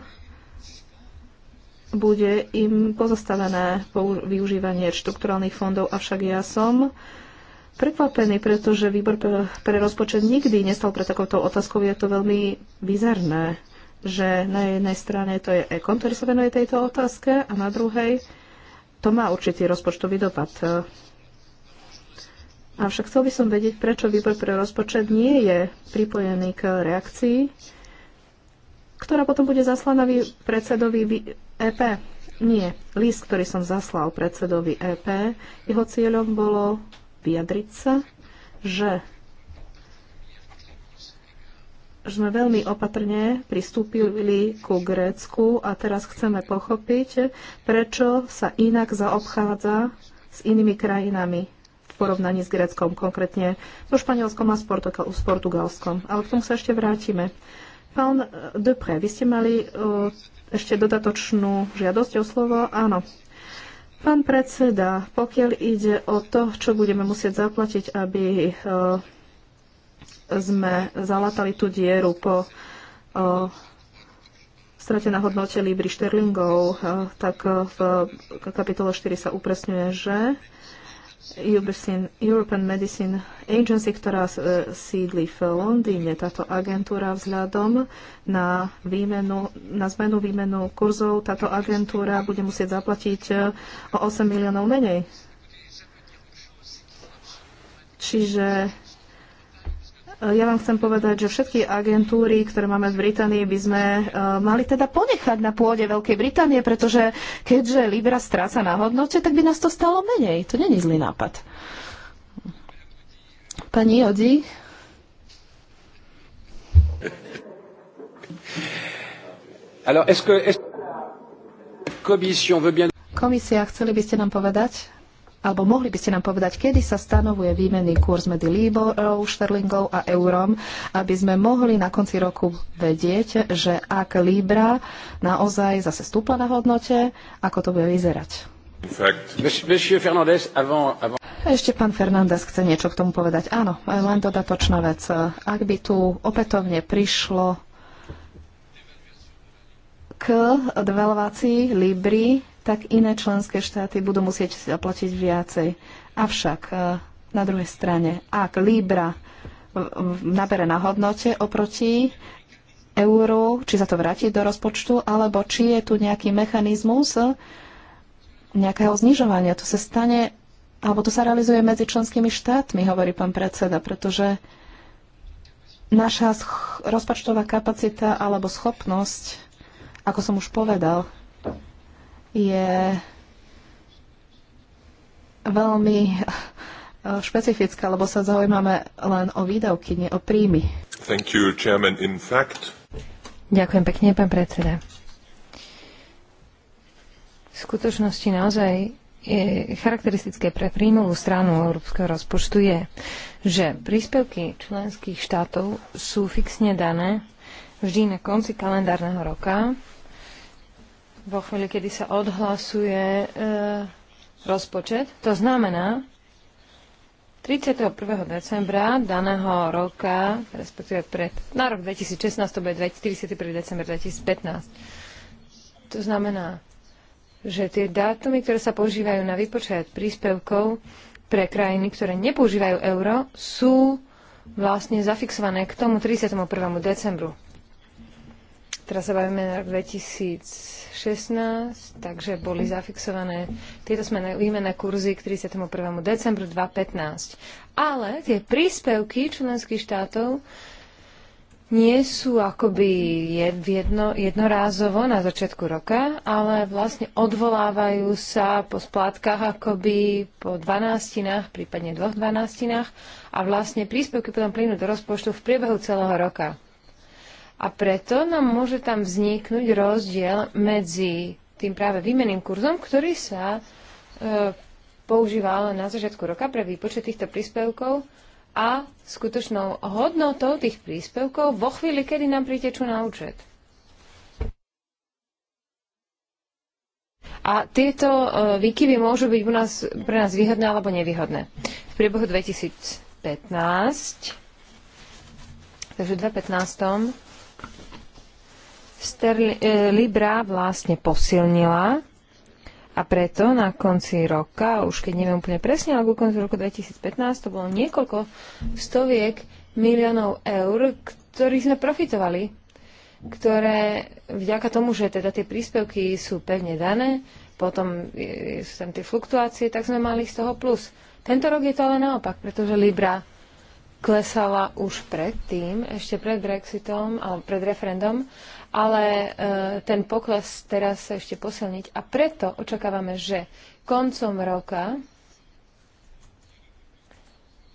bude im pozostavené využívanie štrukturálnych fondov, avšak ja som prekvapený, pretože výbor pre rozpočet nikdy nestal pre takouto otázkou. Je to veľmi bizarné, že na jednej strane to je Ekon, ktorý sa venuje tejto otázke a na druhej to má určitý rozpočtový dopad. Avšak chcel by som vedieť, prečo výbor pre rozpočet nie je pripojený k reakcii, ktorá potom bude zaslaná predsedovi EP. Nie, list, ktorý som zaslal predsedovi EP, jeho cieľom bolo vyjadriť sa, že sme veľmi opatrne pristúpili ku Grécku a teraz chceme pochopiť, prečo sa inak zaobchádza s inými krajinami v porovnaní s Gréckom, konkrétne so Španielskom a s Portugalskom. Ale k tomu sa ešte vrátime. Pán Depre, vy ste mali ešte dodatočnú žiadosť o slovo? Áno. Pán predseda, pokiaľ ide o to, čo budeme musieť zaplatiť, aby sme zalatali tú dieru po strate na hodnote Libri Šterlingov, tak v kapitole 4 sa upresňuje, že European Medicine Agency, ktorá e, sídli v Londýne, táto agentúra vzhľadom na, výmenu, na zmenu výmenu kurzov, táto agentúra bude musieť zaplatiť e, o 8 miliónov menej. Čiže ja vám chcem povedať, že všetky agentúry, ktoré máme v Británii, by sme e, mali teda ponechať na pôde Veľkej Británie, pretože keďže Libra stráca na hodnote, tak by nás to stalo menej. To není zlý nápad. Pani Jodi? Alors, est-ce que, est-ce Komisia, chceli by ste nám povedať? alebo mohli by ste nám povedať, kedy sa stanovuje výmenný kurz medzi Liborou, šterlingou a eurom, aby sme mohli na konci roku vedieť, že ak Libra naozaj zase stúpla na hodnote, ako to bude vyzerať. Ešte pán Fernández chce niečo k tomu povedať. Áno, len dodatočná vec. Ak by tu opätovne prišlo k devalvácii Libry, tak iné členské štáty budú musieť zaplatiť viacej. Avšak e, na druhej strane, ak Libra nabere na hodnote oproti euru, či sa to vráti do rozpočtu, alebo či je tu nejaký mechanizmus e, nejakého znižovania. To sa stane, alebo to sa realizuje medzi členskými štátmi, hovorí pán predseda, pretože naša rozpočtová kapacita alebo schopnosť, ako som už povedal, je veľmi špecifická, lebo sa zaujímame len o výdavky, nie o príjmy. Thank you, chairman, in fact. Ďakujem pekne, pán predseda. V skutočnosti naozaj je charakteristické pre príjmovú stranu európskeho rozpočtu je, že príspevky členských štátov sú fixne dané vždy na konci kalendárneho roka vo chvíli, kedy sa odhlasuje e, rozpočet. To znamená, 31. decembra daného roka, respektíve pred, na rok 2016, to bude 31. december 2015. To znamená, že tie dátumy, ktoré sa používajú na vypočet príspevkov pre krajiny, ktoré nepoužívajú euro, sú vlastne zafixované k tomu 31. decembru. Teraz sa bavíme na rok 2016, takže boli zafixované tieto sme výmené kurzy k 31. decembru 2015. Ale tie príspevky členských štátov nie sú akoby jedno, jednorázovo na začiatku roka, ale vlastne odvolávajú sa po splátkach akoby po dvanáctinách, prípadne dvoch dvanáctinách a vlastne príspevky potom plynú do rozpočtu v priebehu celého roka. A preto nám môže tam vzniknúť rozdiel medzi tým práve výmenným kurzom, ktorý sa e, používal na začiatku roka pre výpočet týchto príspevkov a skutočnou hodnotou tých príspevkov vo chvíli, kedy nám pritečú na účet. A tieto e, výkyvy môžu byť u nás, pre nás výhodné alebo nevýhodné. V priebehu 2015, takže v 2015 Sterli, e, Libra vlastne posilnila a preto na konci roka, už keď neviem úplne presne, ale ku koncu roku 2015 to bolo niekoľko stoviek miliónov eur, ktorých sme profitovali, ktoré vďaka tomu, že teda tie príspevky sú pevne dané, potom sú tam tie fluktuácie, tak sme mali z toho plus. Tento rok je to ale naopak, pretože Libra klesala už predtým, ešte pred Brexitom alebo pred referendom ale e, ten pokles teraz sa ešte posilniť a preto očakávame, že koncom roka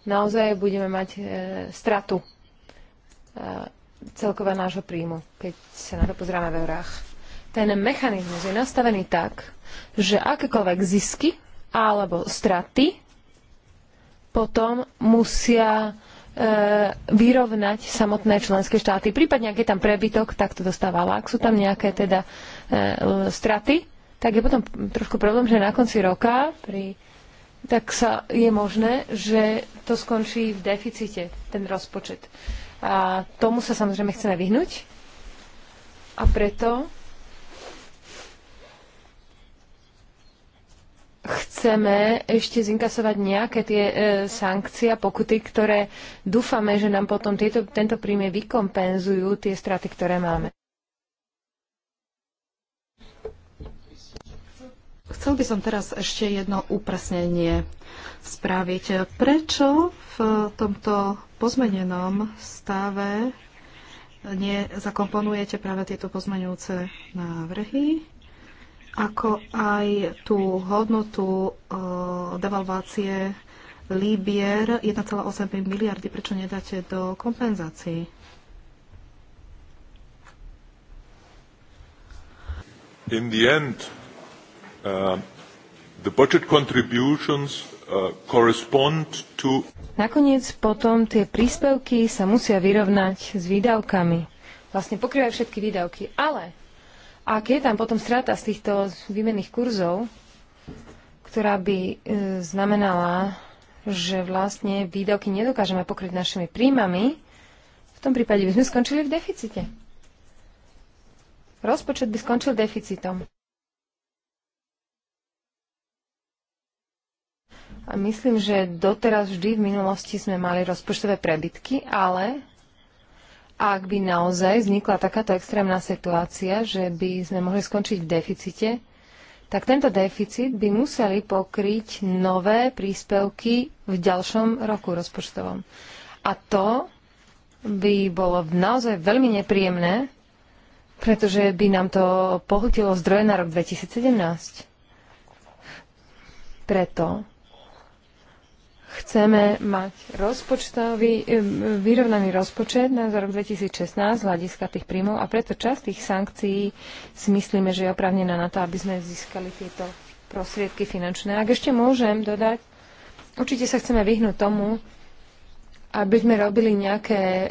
naozaj budeme mať e, stratu e, celkové nášho príjmu, keď sa na to pozráme v eurách. Ten mechanizmus je nastavený tak, že akékoľvek zisky alebo straty potom musia E, vyrovnať samotné členské štáty. Prípadne, ak je tam prebytok, tak to dostávala. Ak sú tam nejaké teda e, straty, tak je potom trošku problém, že na konci roka pri tak sa je možné, že to skončí v deficite, ten rozpočet. A tomu sa samozrejme chceme vyhnúť. A preto chceme ešte zinkasovať nejaké tie e, sankcie a pokuty, ktoré dúfame, že nám potom tieto, tento príjme vykompenzujú tie straty, ktoré máme. Chcel by som teraz ešte jedno upresnenie spraviť. Prečo v tomto pozmenenom stave nezakomponujete práve tieto pozmenujúce návrhy? ako aj tú hodnotu e, devalvácie Líbier 1,8 miliardy, prečo nedáte do kompenzácií? In the end, uh, the budget contributions uh, correspond to... Nakoniec potom tie príspevky sa musia vyrovnať s výdavkami. Vlastne pokrývajú všetky výdavky, ale a keď je tam potom strata z týchto výmenných kurzov, ktorá by e, znamenala, že vlastne výdavky nedokážeme pokryť našimi príjmami, v tom prípade by sme skončili v deficite. Rozpočet by skončil deficitom. A myslím, že doteraz vždy v minulosti sme mali rozpočtové prebytky, ale ak by naozaj vznikla takáto extrémna situácia, že by sme mohli skončiť v deficite, tak tento deficit by museli pokryť nové príspevky v ďalšom roku rozpočtovom. A to by bolo naozaj veľmi nepríjemné, pretože by nám to pohutilo zdroje na rok 2017. Preto chceme mať rozpočtový, e, vyrovnaný rozpočet na rok 2016 z hľadiska tých príjmov a preto časť tých sankcií si myslíme, že je opravnená na to, aby sme získali tieto prostriedky finančné. Ak ešte môžem dodať, určite sa chceme vyhnúť tomu, aby sme robili nejaké e,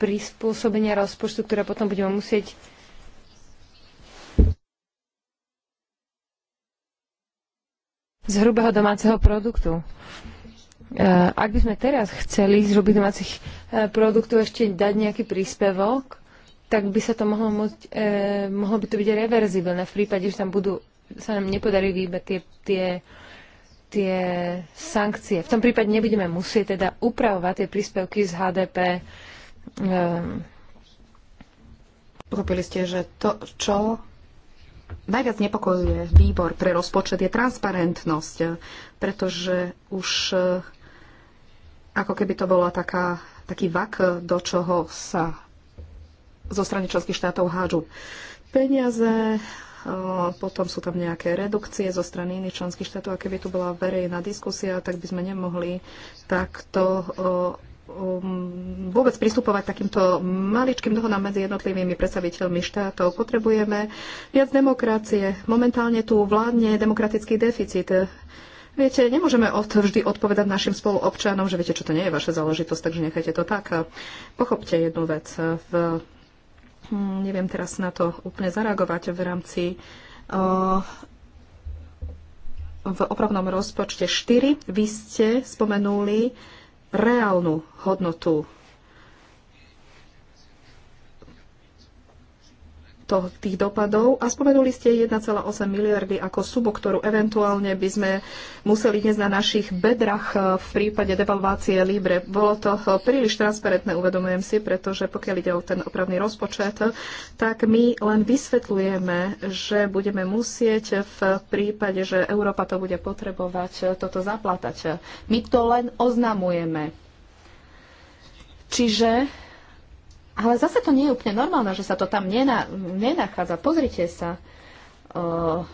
prispôsobenia rozpočtu, ktoré potom budeme musieť z hrubého domáceho produktu. Eh, ak by sme teraz chceli z hrubých domácich eh, produktov ešte dať nejaký príspevok, tak by sa to mohlo, môcť, e, mohlo by to byť reverzibilné v prípade, že tam budú, sa nám nepodarí vybať tie, tie, tie sankcie. V tom prípade nebudeme musieť teda upravovať tie príspevky z HDP. Um, Pochopili ste, že to, čo najviac nepokojuje výbor pre rozpočet, je transparentnosť, pretože už ako keby to bola taká, taký vak, do čoho sa zo strany členských štátov hádžu peniaze, potom sú tam nejaké redukcie zo strany iných členských štátov a keby tu bola verejná diskusia, tak by sme nemohli takto um, vôbec pristupovať takýmto maličkým dohodám medzi jednotlivými predstaviteľmi štátov. Potrebujeme viac demokracie. Momentálne tu vládne demokratický deficit. Viete, nemôžeme od, vždy odpovedať našim spoluobčanom, že viete, čo to nie je vaša záležitosť, takže nechajte to tak. Pochopte jednu vec. V, hm, neviem teraz na to úplne zareagovať v rámci o, v opravnom rozpočte 4 vy ste spomenuli reálnu hodnotu to, tých dopadov a spomenuli ste 1,8 miliardy ako sumu, ktorú eventuálne by sme museli dnes na našich bedrach eh, v prípade devalvácie Libre. Bolo to eh, príliš transparentné, uvedomujem si, pretože pokiaľ ide o ten opravný rozpočet, eh, tak my len vysvetlujeme, že budeme musieť v prípade, že Európa to bude potrebovať, toto zaplatať. My to len oznamujeme. Čiže ale zase to nie je úplne normálne, že sa to tam nena, nenachádza. Pozrite sa. o,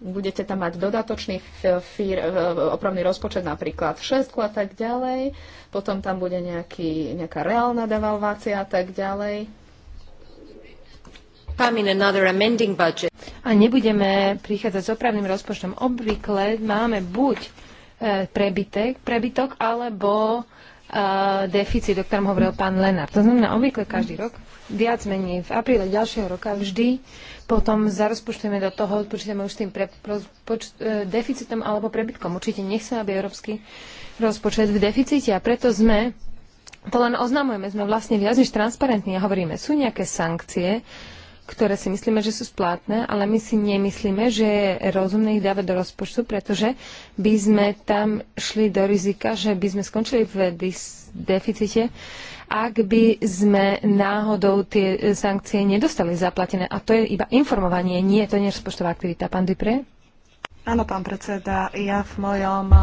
budete tam mať dodatočný fír, e, opravný rozpočet, napríklad šestku a tak ďalej, potom tam bude nejaký, nejaká reálna devalvácia a tak ďalej. A nebudeme prichádzať s opravným rozpočtom. Obvykle máme buď e, prebytek, prebytok alebo deficit, o ktorom hovoril pán Lenár. To znamená, obvykle každý rok, viac menej v apríle ďalšieho roka vždy potom zarozpočtujeme do toho, počítame už s tým pre, poč, e, deficitom alebo prebytkom. Určite nechceme, aby európsky rozpočet v deficite a preto sme, to len oznamujeme, sme vlastne viac než transparentní a hovoríme, sú nejaké sankcie, ktoré si myslíme, že sú splátne, ale my si nemyslíme, že je rozumné ich dávať do rozpočtu, pretože by sme tam šli do rizika, že by sme skončili v deficite, ak by sme náhodou tie e, sankcie nedostali zaplatené. A to je iba informovanie, nie je to nerozpočtová aktivita. Pán Dupré? Áno, pán predseda, ja v mojom e,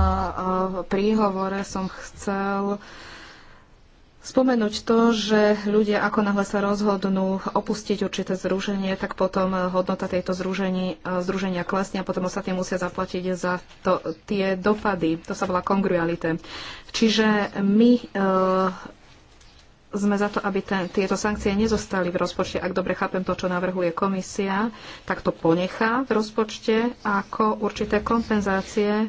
príhovore som chcel uh, spomenúť to, že ľudia ako náhle sa rozhodnú opustiť určité zruženie, tak potom hodnota tejto zružení, e, zruženia klesne a potom ostatní musia zaplatiť za to, tie dopady. To sa volá kongrualite. Čiže my e, sme za to, aby ten, tieto sankcie nezostali v rozpočte. Ak dobre chápem to, čo navrhuje komisia, tak to ponechá v rozpočte ako určité kompenzácie e,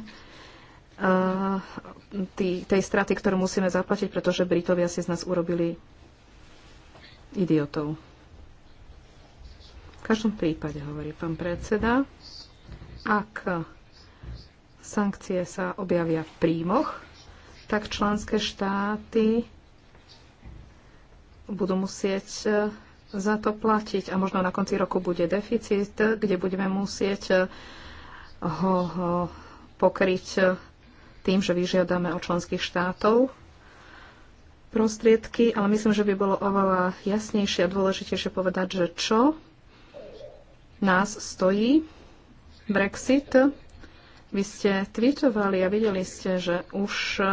tý, tej straty, ktorú musíme zaplatiť, pretože Britovia si z nás urobili idiotov. V každom prípade, hovorí pán predseda, ak sankcie sa objavia v príjmoch, tak členské štáty budú musieť e, za to platiť a možno na konci roku bude deficit, kde budeme musieť e, ho, ho pokryť e, tým, že vyžiadame od členských štátov prostriedky, ale myslím, že by bolo oveľa jasnejšie a dôležitejšie povedať, že čo nás stojí Brexit. Vy ste tweetovali a videli ste, že už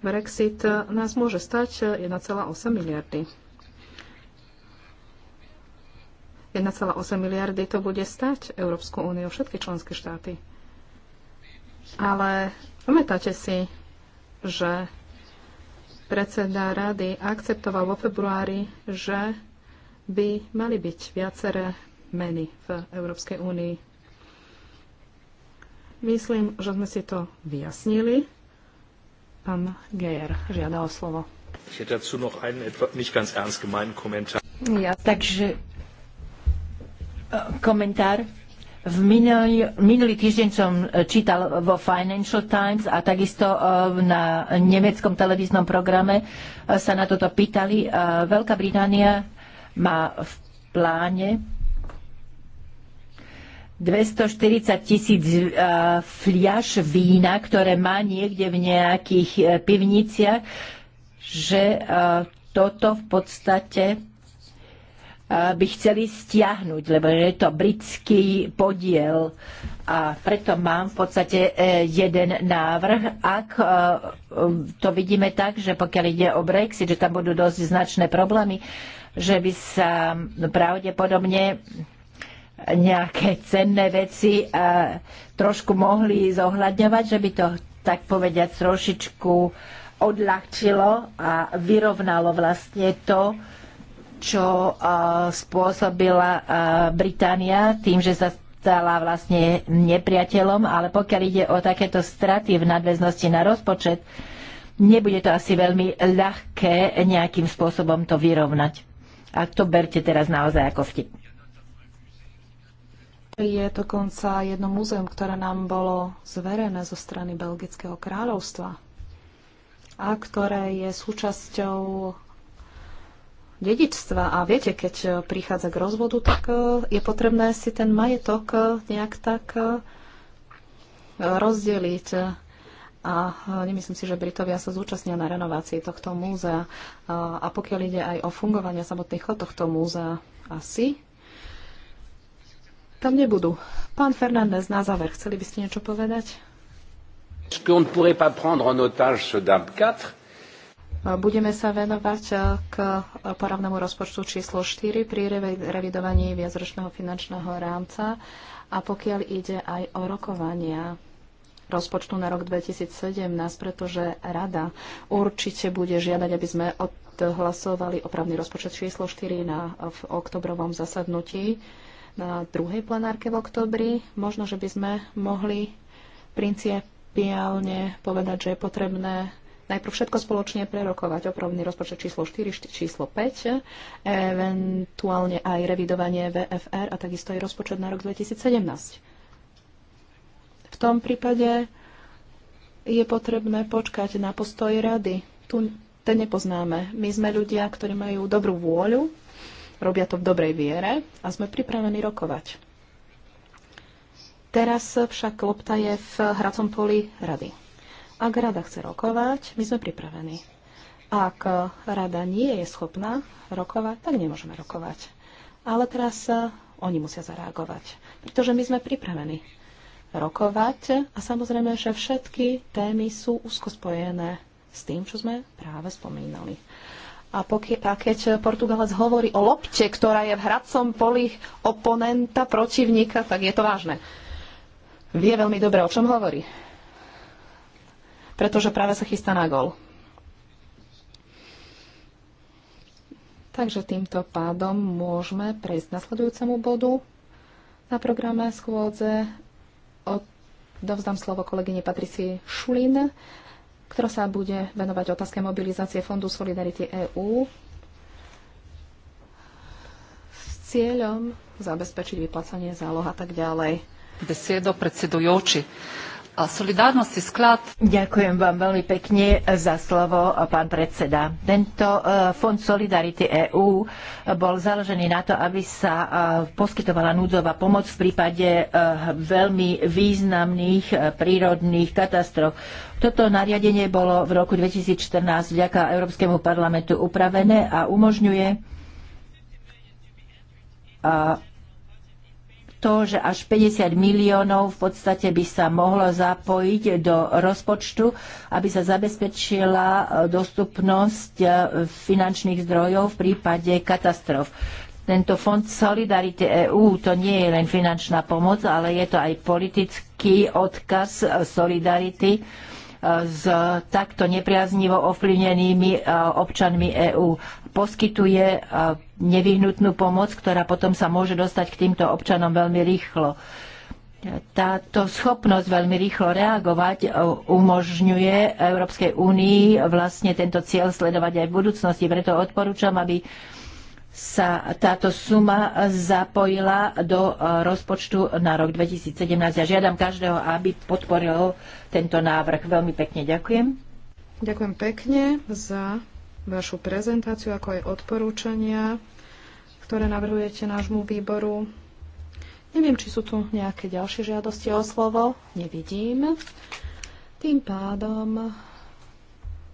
Brexit nás môže stať 1,8 miliardy. 1,8 miliardy to bude stať Európsku úniu, všetky členské štáty. Ale Pamätáte si, že predseda rady akceptoval vo februári, že by mali byť viaceré meny v Európskej únii. Myslím, že sme si to vyjasnili. Pán Gejer žiada o slovo. Ja, takže e, komentár v minulý, minulý týždeň som e, čítal vo Financial Times a takisto e, na nemeckom televíznom programe e, sa na toto pýtali. Veľká Británia má v pláne 240 tisíc fliaš vína, ktoré má niekde v nejakých pivniciach, že toto v podstate Eh, by chceli stiahnuť, lebo je to britský podiel. A preto mám v podstate eh, jeden návrh. Ak eh, to vidíme tak, že pokiaľ ide o Brexit, že tam budú dosť značné problémy, že by sa pravdepodobne nejaké cenné veci trošku mohli zohľadňovať, že by to tak povediať trošičku odľahčilo a vyrovnalo vlastne to, čo eh, spôsobila eh, Británia tým, že sa stala vlastne nepriateľom, ale pokiaľ ide o takéto straty v nadväznosti na rozpočet, nebude to asi veľmi ľahké nejakým spôsobom to vyrovnať. A to berte teraz naozaj ako vtip. Je dokonca jedno múzeum, ktoré nám bolo zverené zo strany Belgického kráľovstva a ktoré je súčasťou dedičstva. A viete, keď e, prichádza k rozvodu, tak e, je potrebné si ten majetok e, nejak tak rozdeliť. A nemyslím si, že Britovia sa zúčastnia na renovácii tohto múzea. A pokiaľ ide aj o fungovanie samotných chod tohto múzea, asi tam nebudú. Pán Fernández, na záver, chceli by ste niečo povedať? ce qu'on ne pourrait pas prendre en otage ce DAB 4 Budeme sa venovať e, k poravnému rozpočtu číslo 4 pri revidovaní viacročného finančného rámca a pokiaľ ide aj o rokovania rozpočtu na rok 2017, pretože rada určite bude žiadať, aby sme odhlasovali opravný rozpočet číslo 4 na, v oktobrovom zasadnutí na druhej plenárke v oktobri. Možno, že by sme mohli principiálne povedať, že je potrebné najprv všetko spoločne prerokovať. Opravný rozpočet číslo 4, číslo 5, eventuálne aj revidovanie VFR a takisto aj rozpočet na rok 2017. V tom prípade je potrebné počkať na postoj rady. Tu ten nepoznáme. My sme ľudia, ktorí majú dobrú vôľu, robia to v dobrej viere a sme pripravení rokovať. Teraz však lopta je v hracom poli rady. Ak rada chce rokovať, my sme pripravení. Ak rada nie je schopná rokovať, tak nemôžeme rokovať. Ale teraz eh, oni musia zareagovať, pretože my sme pripravení rokovať a samozrejme, že všetky témy sú úzko spojené s tým, čo sme práve spomínali. A, pokie, a keď Portugalec hovorí o lopte, ktorá je v hradcom poli oponenta, protivníka, tak je to vážne. Vie veľmi dobre, o čom hovorí pretože práve sa chystá na gol. Takže týmto pádom môžeme prejsť k nasledujúcemu bodu na programe schôdze. dovzdám slovo kolegyne patrici Šulín, ktorá sa bude venovať otázke mobilizácie Fondu Solidarity EÚ s cieľom zabezpečiť vyplacanie záloh a tak ďalej. Besiedo predsedujúči solidárnosti sklad. Ďakujem vám veľmi pekne za slovo, pán predseda. Tento eh, fond Solidarity EÚ bol založený na to, aby sa eh, poskytovala núdzová pomoc v prípade eh, veľmi významných prírodných katastrof. Toto nariadenie bolo v roku 2014 vďaka Európskemu parlamentu upravené a umožňuje a to, že až 50 miliónov v podstate by sa mohlo zapojiť do rozpočtu, aby sa zabezpečila e, dostupnosť e, finančných zdrojov v prípade katastrof. Tento fond Solidarity EU to nie je len finančná pomoc, ale je to aj politický odkaz Solidarity e, s takto nepriaznivo ovplyvnenými občanmi EÚ poskytuje e, nevyhnutnú pomoc, ktorá potom sa môže dostať k týmto občanom veľmi rýchlo. Táto schopnosť veľmi rýchlo reagovať e, umožňuje Európskej únii vlastne tento cieľ sledovať aj v budúcnosti. Preto odporúčam, aby sa táto suma zapojila do e, rozpočtu na rok 2017. Ja žiadam každého, aby podporil tento návrh. Veľmi pekne ďakujem. Ďakujem pekne za vašu prezentáciu, ako aj odporúčania, ktoré navrhujete nášmu výboru. Neviem, či sú tu nejaké ďalšie žiadosti o slovo. Nevidím. Tým pádom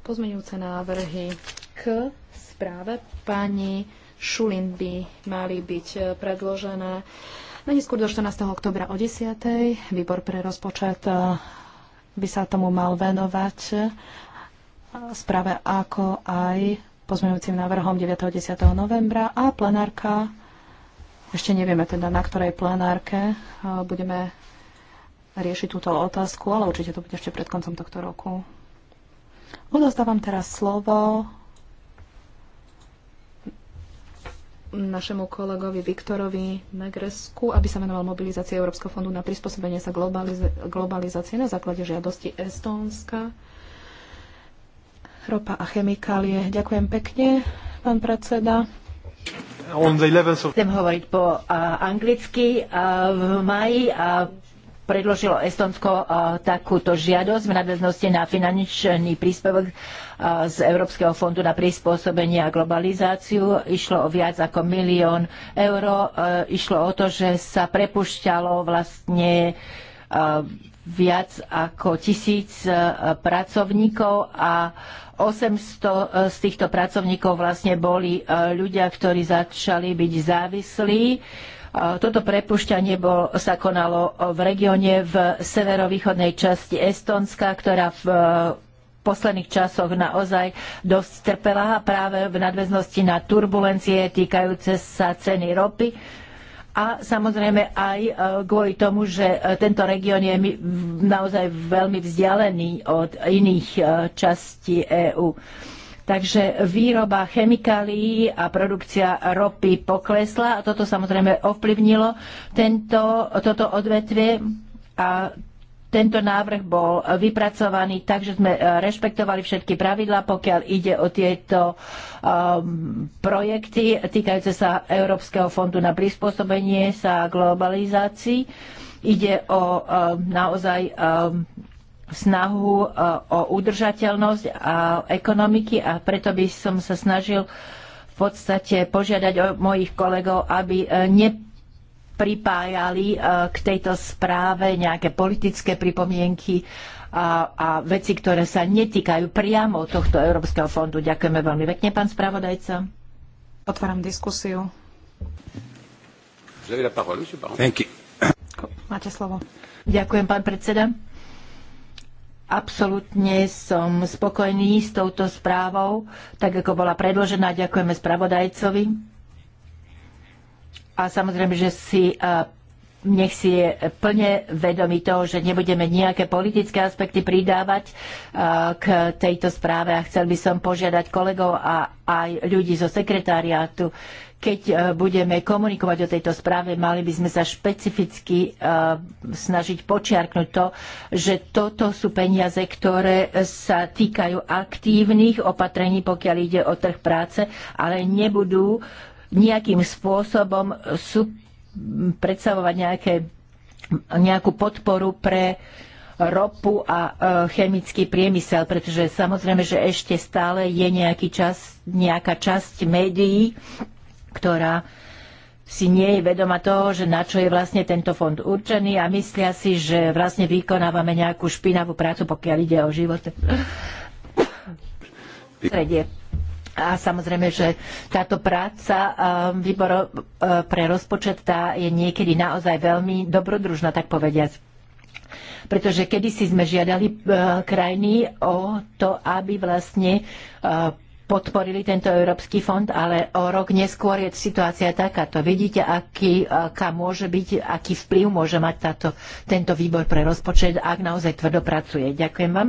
pozmeňujúce návrhy k správe pani Šulin by mali byť e, predložené najskôr do 14. oktobra o 10. Výbor pre rozpočet e, by sa tomu mal venovať správe, ako aj pozmeňujúcim návrhom 9. 10. novembra a plenárka, ešte nevieme teda na ktorej plenárke budeme riešiť túto otázku, ale určite to bude ešte pred koncom tohto roku. Odozdávam teraz slovo našemu kolegovi Viktorovi Negresku, aby sa venoval mobilizácii Európskeho fondu na prispôsobenie sa globaliz- globalizácie na základe žiadosti Estónska ropa a chemikálie. Ďakujem pekne, pán predseda. Chcem hovoriť po anglicky. v maji predložilo Estonsko takúto žiadosť v nadväznosti na finančný príspevok z Európskeho fondu na prispôsobenie a globalizáciu. Išlo o viac ako milión eur. Išlo o to, že sa prepušťalo vlastne viac ako tisíc pracovníkov a 800 e, z týchto pracovníkov vlastne boli e, ľudia, ktorí začali byť závislí. E, toto prepušťanie bol, sa konalo v regióne v severovýchodnej časti Estonska, ktorá v posledných časoch naozaj dosť trpela práve v nadväznosti na turbulencie týkajúce sa ceny ropy a samozrejme aj e, kvôli tomu, že e, tento región je naozaj veľmi vzdialený od iných e, častí EÚ. Takže výroba chemikálií a produkcia ropy poklesla a toto samozrejme ovplyvnilo tento, toto odvetvie a tento návrh bol vypracovaný tak, že sme eh, rešpektovali všetky pravidlá, pokiaľ ide o tieto um, projekty týkajúce sa Európskeho fondu na prispôsobenie sa globalizácii. Ide o um, naozaj um, snahu um, o udržateľnosť a ekonomiky a preto by som sa snažil v podstate požiadať o mojich kolegov, aby ne eh, pripájali e, k tejto správe nejaké politické pripomienky a, a veci, ktoré sa netýkajú priamo tohto Európskeho fondu. Ďakujeme veľmi pekne, pán spravodajca. Otváram diskusiu. Máte slovo. Ďakujem, pán predseda. Absolutne som spokojný s touto správou, tak ako bola predložená. Ďakujeme spravodajcovi a samozrejme, že si nech si je plne vedomý toho, že nebudeme nejaké politické aspekty pridávať k tejto správe a chcel by som požiadať kolegov a aj ľudí zo sekretariátu, keď e, budeme komunikovať o tejto správe, mali by sme sa špecificky e, snažiť počiarknúť to, že toto sú peniaze, ktoré sa týkajú aktívnych opatrení, pokiaľ ide o trh práce, ale nebudú nejakým spôsobom sú predstavovať nejaké, nejakú podporu pre ropu a e, chemický priemysel, pretože samozrejme, že ešte stále je nejaký čas, nejaká časť médií, ktorá si nie je vedoma toho, že na čo je vlastne tento fond určený a myslia si, že vlastne vykonávame nejakú špinavú prácu, pokiaľ ide o život. Sredie. A samozrejme, že táto práca eh, výboru eh, pre rozpočet tá je niekedy naozaj veľmi dobrodružná, tak povediať. Pretože kedysi sme žiadali eh, krajiny o to, aby vlastne podporili tento Európsky fond, ale o rok neskôr je situácia takáto. Vidíte, aký, aká môže byť, aký vplyv môže mať táto, tento výbor pre rozpočet, ak naozaj tvrdo pracuje. Ďakujem vám.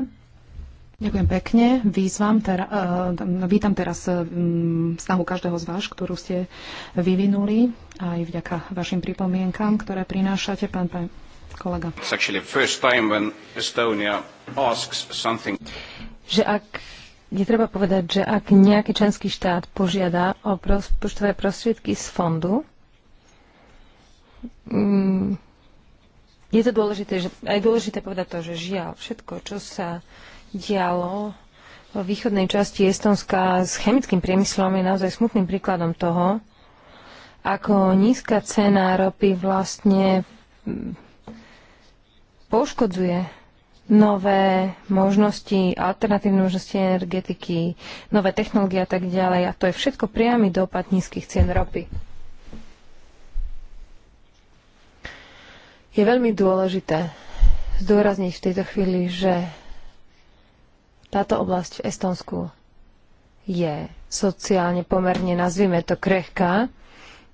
Ďakujem pekne. Výzvam tera, eh, vítam teraz eh, mm, snahu každého z vás, ktorú ste vyvinuli, aj vďaka vašim pripomienkám, ktoré prinášate, pán, pán kolega. Something... Že ak treba povedať, že ak nejaký členský štát požiada o poštové prostriedky z fondu, mm, je to dôležité, že, aj dôležité povedať to, že žiaľ, všetko, čo sa dialo v východnej časti Estonska s chemickým priemyslom je naozaj smutným príkladom toho, ako nízka cena ropy vlastne mm, poškodzuje nové možnosti, alternatívne možnosti energetiky, nové technológie a tak ďalej. A to je všetko priamy dopad nízkych cien ropy. Je veľmi dôležité zdôrazniť v tejto chvíli, že táto oblasť v Estonsku je sociálne pomerne, nazvime to, krehká.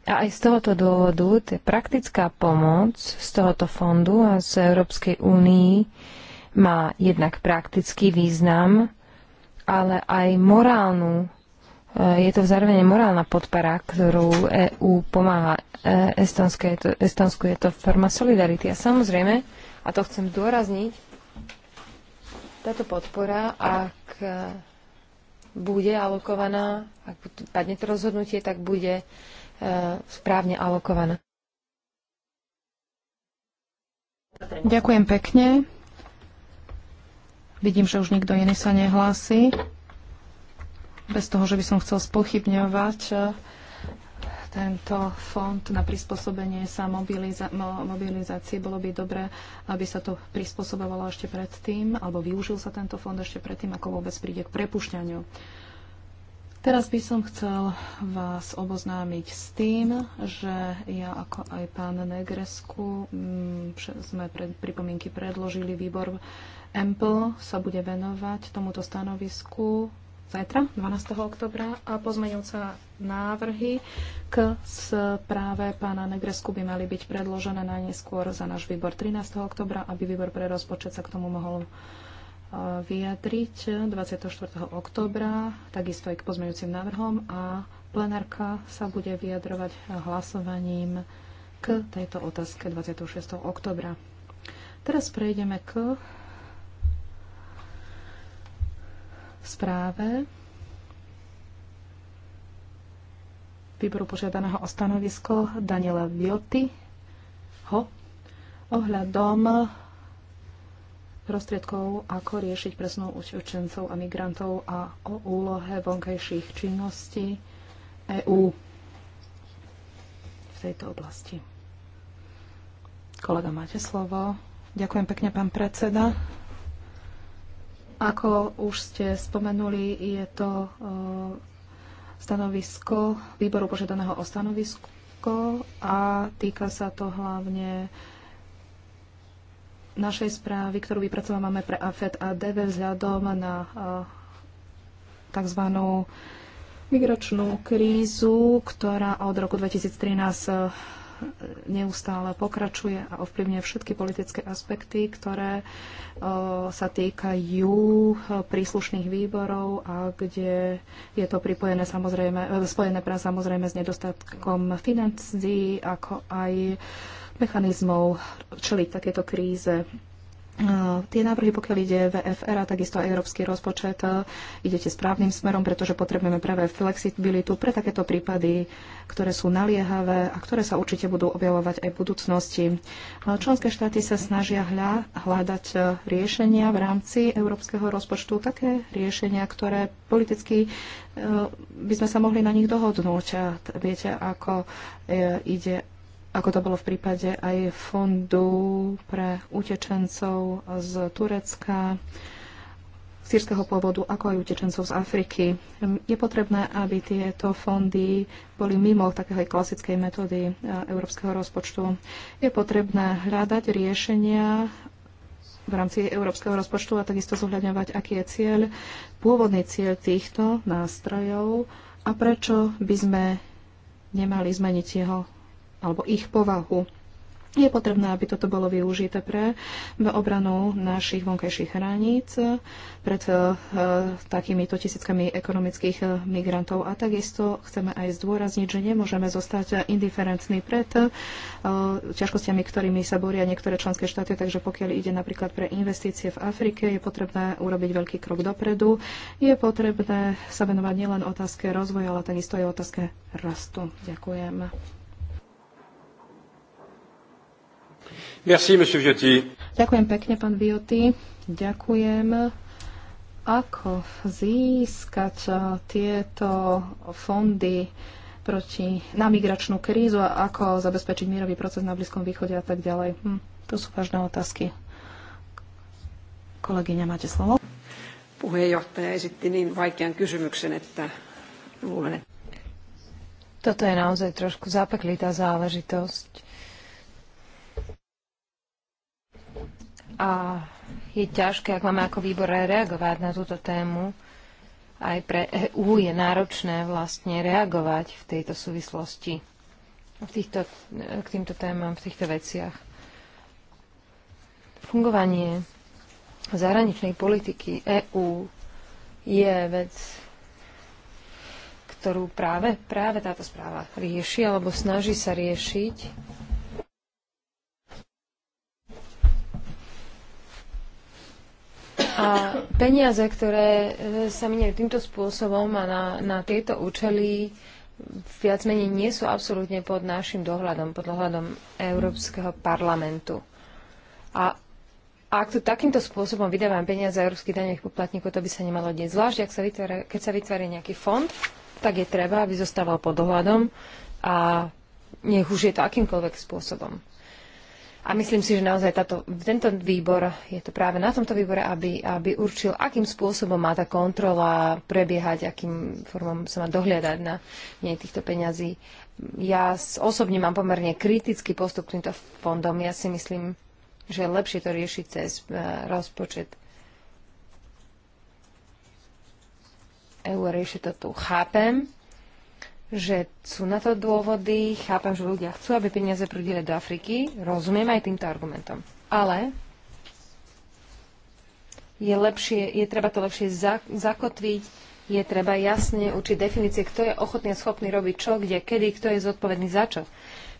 A aj z tohoto dôvodu tá praktická pomoc z tohoto fondu a z Európskej únii má jednak praktický význam, ale aj morálnu. Eh, je to zároveň morálna podpora, ktorú EÚ pomáha e, Estonsku. Je to, Estonsku je to forma solidarity. A samozrejme, a to chcem zdôrazniť, táto podpora, ak e, bude alokovaná, ak padne to rozhodnutie, tak bude e, správne alokovaná. Ďakujem pekne. Vidím, že už nikto iný sa nehlási. Bez toho, že by som chcel spochybňovať e, tento fond na prispôsobenie sa mobiliza- mobilizácie, bolo by dobre, aby sa to prispôsobovalo ešte predtým, alebo využil sa tento fond ešte predtým, ako vôbec príde k prepušťaniu. Teraz by som chcel vás oboznámiť s tým, že ja ako aj pán Negresku mm, sme pred, pripomienky predložili výbor EMPL sa bude venovať tomuto stanovisku zajtra, 12. oktobra, a pozmeňujúce návrhy k správe pána Negresku by mali byť predložené najneskôr za náš výbor 13. oktobra, aby výbor pre rozpočet sa k tomu mohol e, vyjadriť 24. oktobra, takisto aj k pozmeňujúcim návrhom a plenárka sa bude vyjadrovať hlasovaním k tejto otázke 26. oktobra. Teraz prejdeme k správe výboru požiadaného o stanovisko Daniela Vioty ho ohľadom prostriedkov, ako riešiť presnú učencov a migrantov a o úlohe vonkajších činností EÚ v tejto oblasti. Kolega, máte slovo. Ďakujem pekne, pán predseda. Ako už ste spomenuli, je to e, stanovisko výboru požiadaného o stanovisko a týka sa to hlavne našej správy, ktorú vypracovávame pre AFED a DV vzhľadom na e, tzv. migračnú krízu, ktorá od roku 2013 e, neustále pokračuje a ovplyvňuje všetky politické aspekty, ktoré e, sa týkajú e, príslušných výborov a kde je to pripojené samozrejme, e, spojené pre samozrejme s nedostatkom financií, ako aj mechanizmov čeliť takéto kríze. Eh, tie návrhy, pokiaľ ide VFR a takisto aj európsky rozpočet, eh, idete správnym smerom, pretože potrebujeme práve flexibilitu pre takéto prípady, ktoré sú naliehavé a ktoré sa určite budú objavovať aj v budúcnosti. Eh, členské štáty sa snažia hľadať riešenia v rámci európskeho rozpočtu, také riešenia, ktoré politicky by sme sa mohli na nich dohodnúť. A viete, ako ide ako to bolo v prípade aj fondu pre utečencov z Turecka, sírskeho pôvodu, ako aj utečencov z Afriky. Je potrebné, aby tieto fondy boli mimo takéhoj klasickej metódy e, európskeho rozpočtu. Je potrebné hľadať riešenia v rámci európskeho rozpočtu a takisto zohľadňovať, aký je cieľ, pôvodný cieľ týchto nástrojov a prečo by sme nemali zmeniť jeho alebo ich povahu. Je potrebné, aby toto bolo využité pre obranu našich vonkajších hraníc pred uh, takýmito tisíckami ekonomických eh, migrantov. A takisto chceme aj zdôrazniť, že nemôžeme zostať indiferentní pred uh, ťažkosťami, ktorými sa boria niektoré členské štáty. Takže pokiaľ ide napríklad pre investície v Afrike, je potrebné urobiť veľký krok dopredu. Je potrebné sa venovať nielen otázke rozvoja, ale takisto aj otázke rastu. Ďakujem. Merci, monsieur Viotti. Ďakujem pekne, pán Viotti. Ďakujem. Ako získať eh, tieto fondy proti, na migračnú krízu a ako zabezpečiť mírový proces na Blízkom východe a tak ďalej? Hm, to sú vážne otázky. Kolegyňa, máte slovo. Puheenjohtaja esitti niin vaikean kysymyksen, että luulen, että... Toto je naozaj trošku zapeklitá záležitosť. A je ťažké, ak máme ako výbor reagovať na túto tému. Aj pre EU je náročné vlastne reagovať v tejto súvislosti, v týchto, k týmto témam, v týchto veciach. Fungovanie zahraničnej politiky EÚ je vec, ktorú práve, práve táto správa rieši alebo snaží sa riešiť A peniaze, ktoré e, sa minuli týmto spôsobom a na, na tieto účely viac menej nie sú absolútne pod našim dohľadom, pod dohľadom Európskeho parlamentu. A a ak tu takýmto spôsobom vydávame peniaze európskych daňových poplatníkov, to by sa nemalo deť. Zvlášť, ak sa vytvára, keď sa vytvára nejaký fond, tak je treba, aby zostával pod dohľadom a nech už je to akýmkoľvek spôsobom. A myslím si, že naozaj táto, tento výbor, je to práve na tomto výbore, aby, aby určil, akým spôsobom má tá kontrola prebiehať, akým formom sa má dohliadať na nie týchto peňazí. Ja osobne mám pomerne kritický postup k týmto fondom. Ja si myslím, že je lepšie to riešiť cez eh, rozpočet EU riešiť to tu. Chápem, že sú na to dôvody, chápem, že ľudia chcú, aby peniaze prúdili do Afriky, rozumiem aj týmto argumentom. Ale je, lepšie, je treba to lepšie zakotviť, je treba jasne určiť definície, kto je ochotný a schopný robiť čo, kde, kedy, kto je zodpovedný za čo.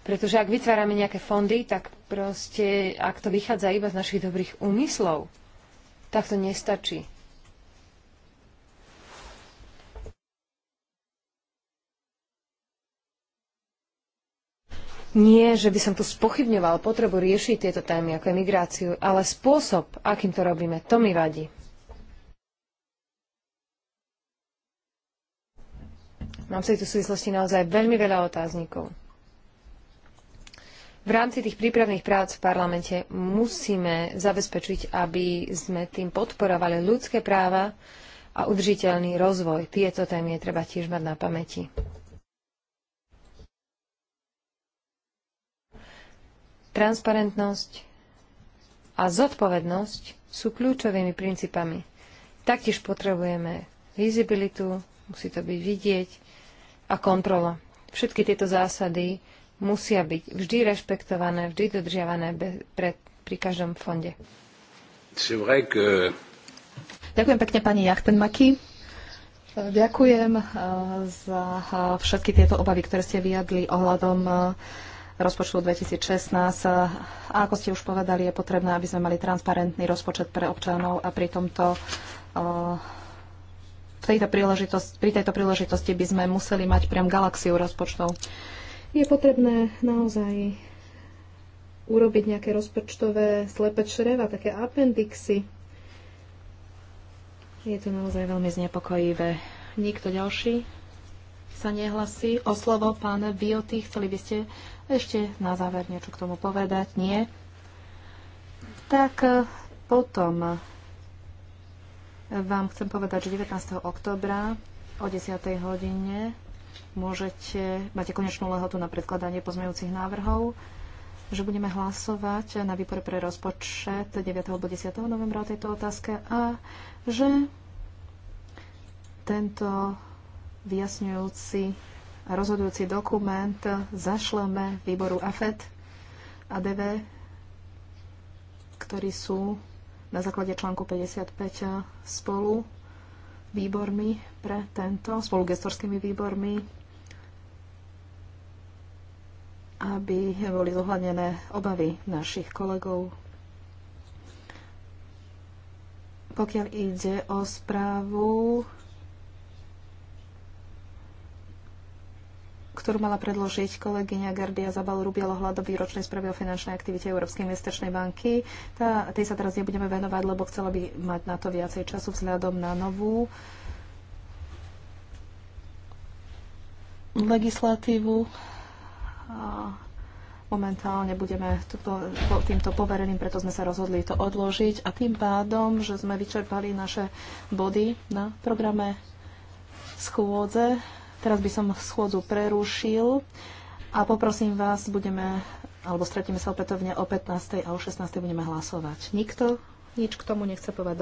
Pretože ak vytvárame nejaké fondy, tak proste, ak to vychádza iba z našich dobrých úmyslov, tak to nestačí. Nie, že by som tu spochybňoval potrebu riešiť tieto témy ako emigráciu, ale spôsob, akým to robíme, to mi vadí. Mám v tejto súvislosti naozaj veľmi veľa otáznikov. V rámci tých prípravných prác v parlamente musíme zabezpečiť, aby sme tým podporovali ľudské práva a udržiteľný rozvoj. Tieto témy je treba tiež mať na pamäti. transparentnosť a zodpovednosť sú kľúčovými princípami. Taktiež potrebujeme vizibilitu, musí to byť vidieť a kontrola. Všetky tieto zásady musia byť vždy rešpektované, vždy dodržiavané pri každom fonde. Ďakujem pekne pani Jachtenmaki. Ďakujem eh, za eh, všetky tieto obavy, ktoré ste vyjadli ohľadom eh, rozpočtu 2016. A ako ste už povedali, je potrebné, aby sme mali transparentný rozpočet pre občanov a pri tomto eh, v tejto príležitosti, pri tejto príležitosti by sme museli mať priam galaxiu rozpočtov. Je potrebné naozaj urobiť nejaké rozpočtové slepe čreva, také appendixy. Je to naozaj veľmi znepokojivé. Nikto ďalší sa nehlasí. O slovo, pán Bioty, chceli by ste ešte na záver niečo k tomu povedať? Nie? Tak e, potom e, vám chcem povedať, že 19. oktobra o 10. hodine môžete, máte konečnú lehotu na predkladanie pozmejúcich návrhov, že budeme hlasovať na výpor pre rozpočet 9. alebo 10. novembra o tejto otázke a že tento vyjasňujúci rozhodujúci dokument zašleme výboru AFED a DV, ktorí sú na základe článku 55 spolu výbormi pre tento, spolu gestorskými výbormi, aby boli zohľadnené obavy našich kolegov. Pokiaľ ide o správu ktorú mala predložiť kolegyňa Gardia Zabal rubialo ohľadom výročnej správy o finančnej aktivite Európskej investičnej banky. Tá, tej sa teraz nebudeme venovať, lebo chcela by mať na to viacej času vzhľadom na novú legislatívu. A momentálne budeme tuto, týmto povereným, preto sme sa rozhodli to odložiť a tým pádom, že sme vyčerpali naše body na programe schôdze, Teraz by som schôdzu prerušil a poprosím vás, budeme, alebo stretíme sa opätovne o 15. a o 16. budeme hlasovať. Nikto nič k tomu nechce povedať.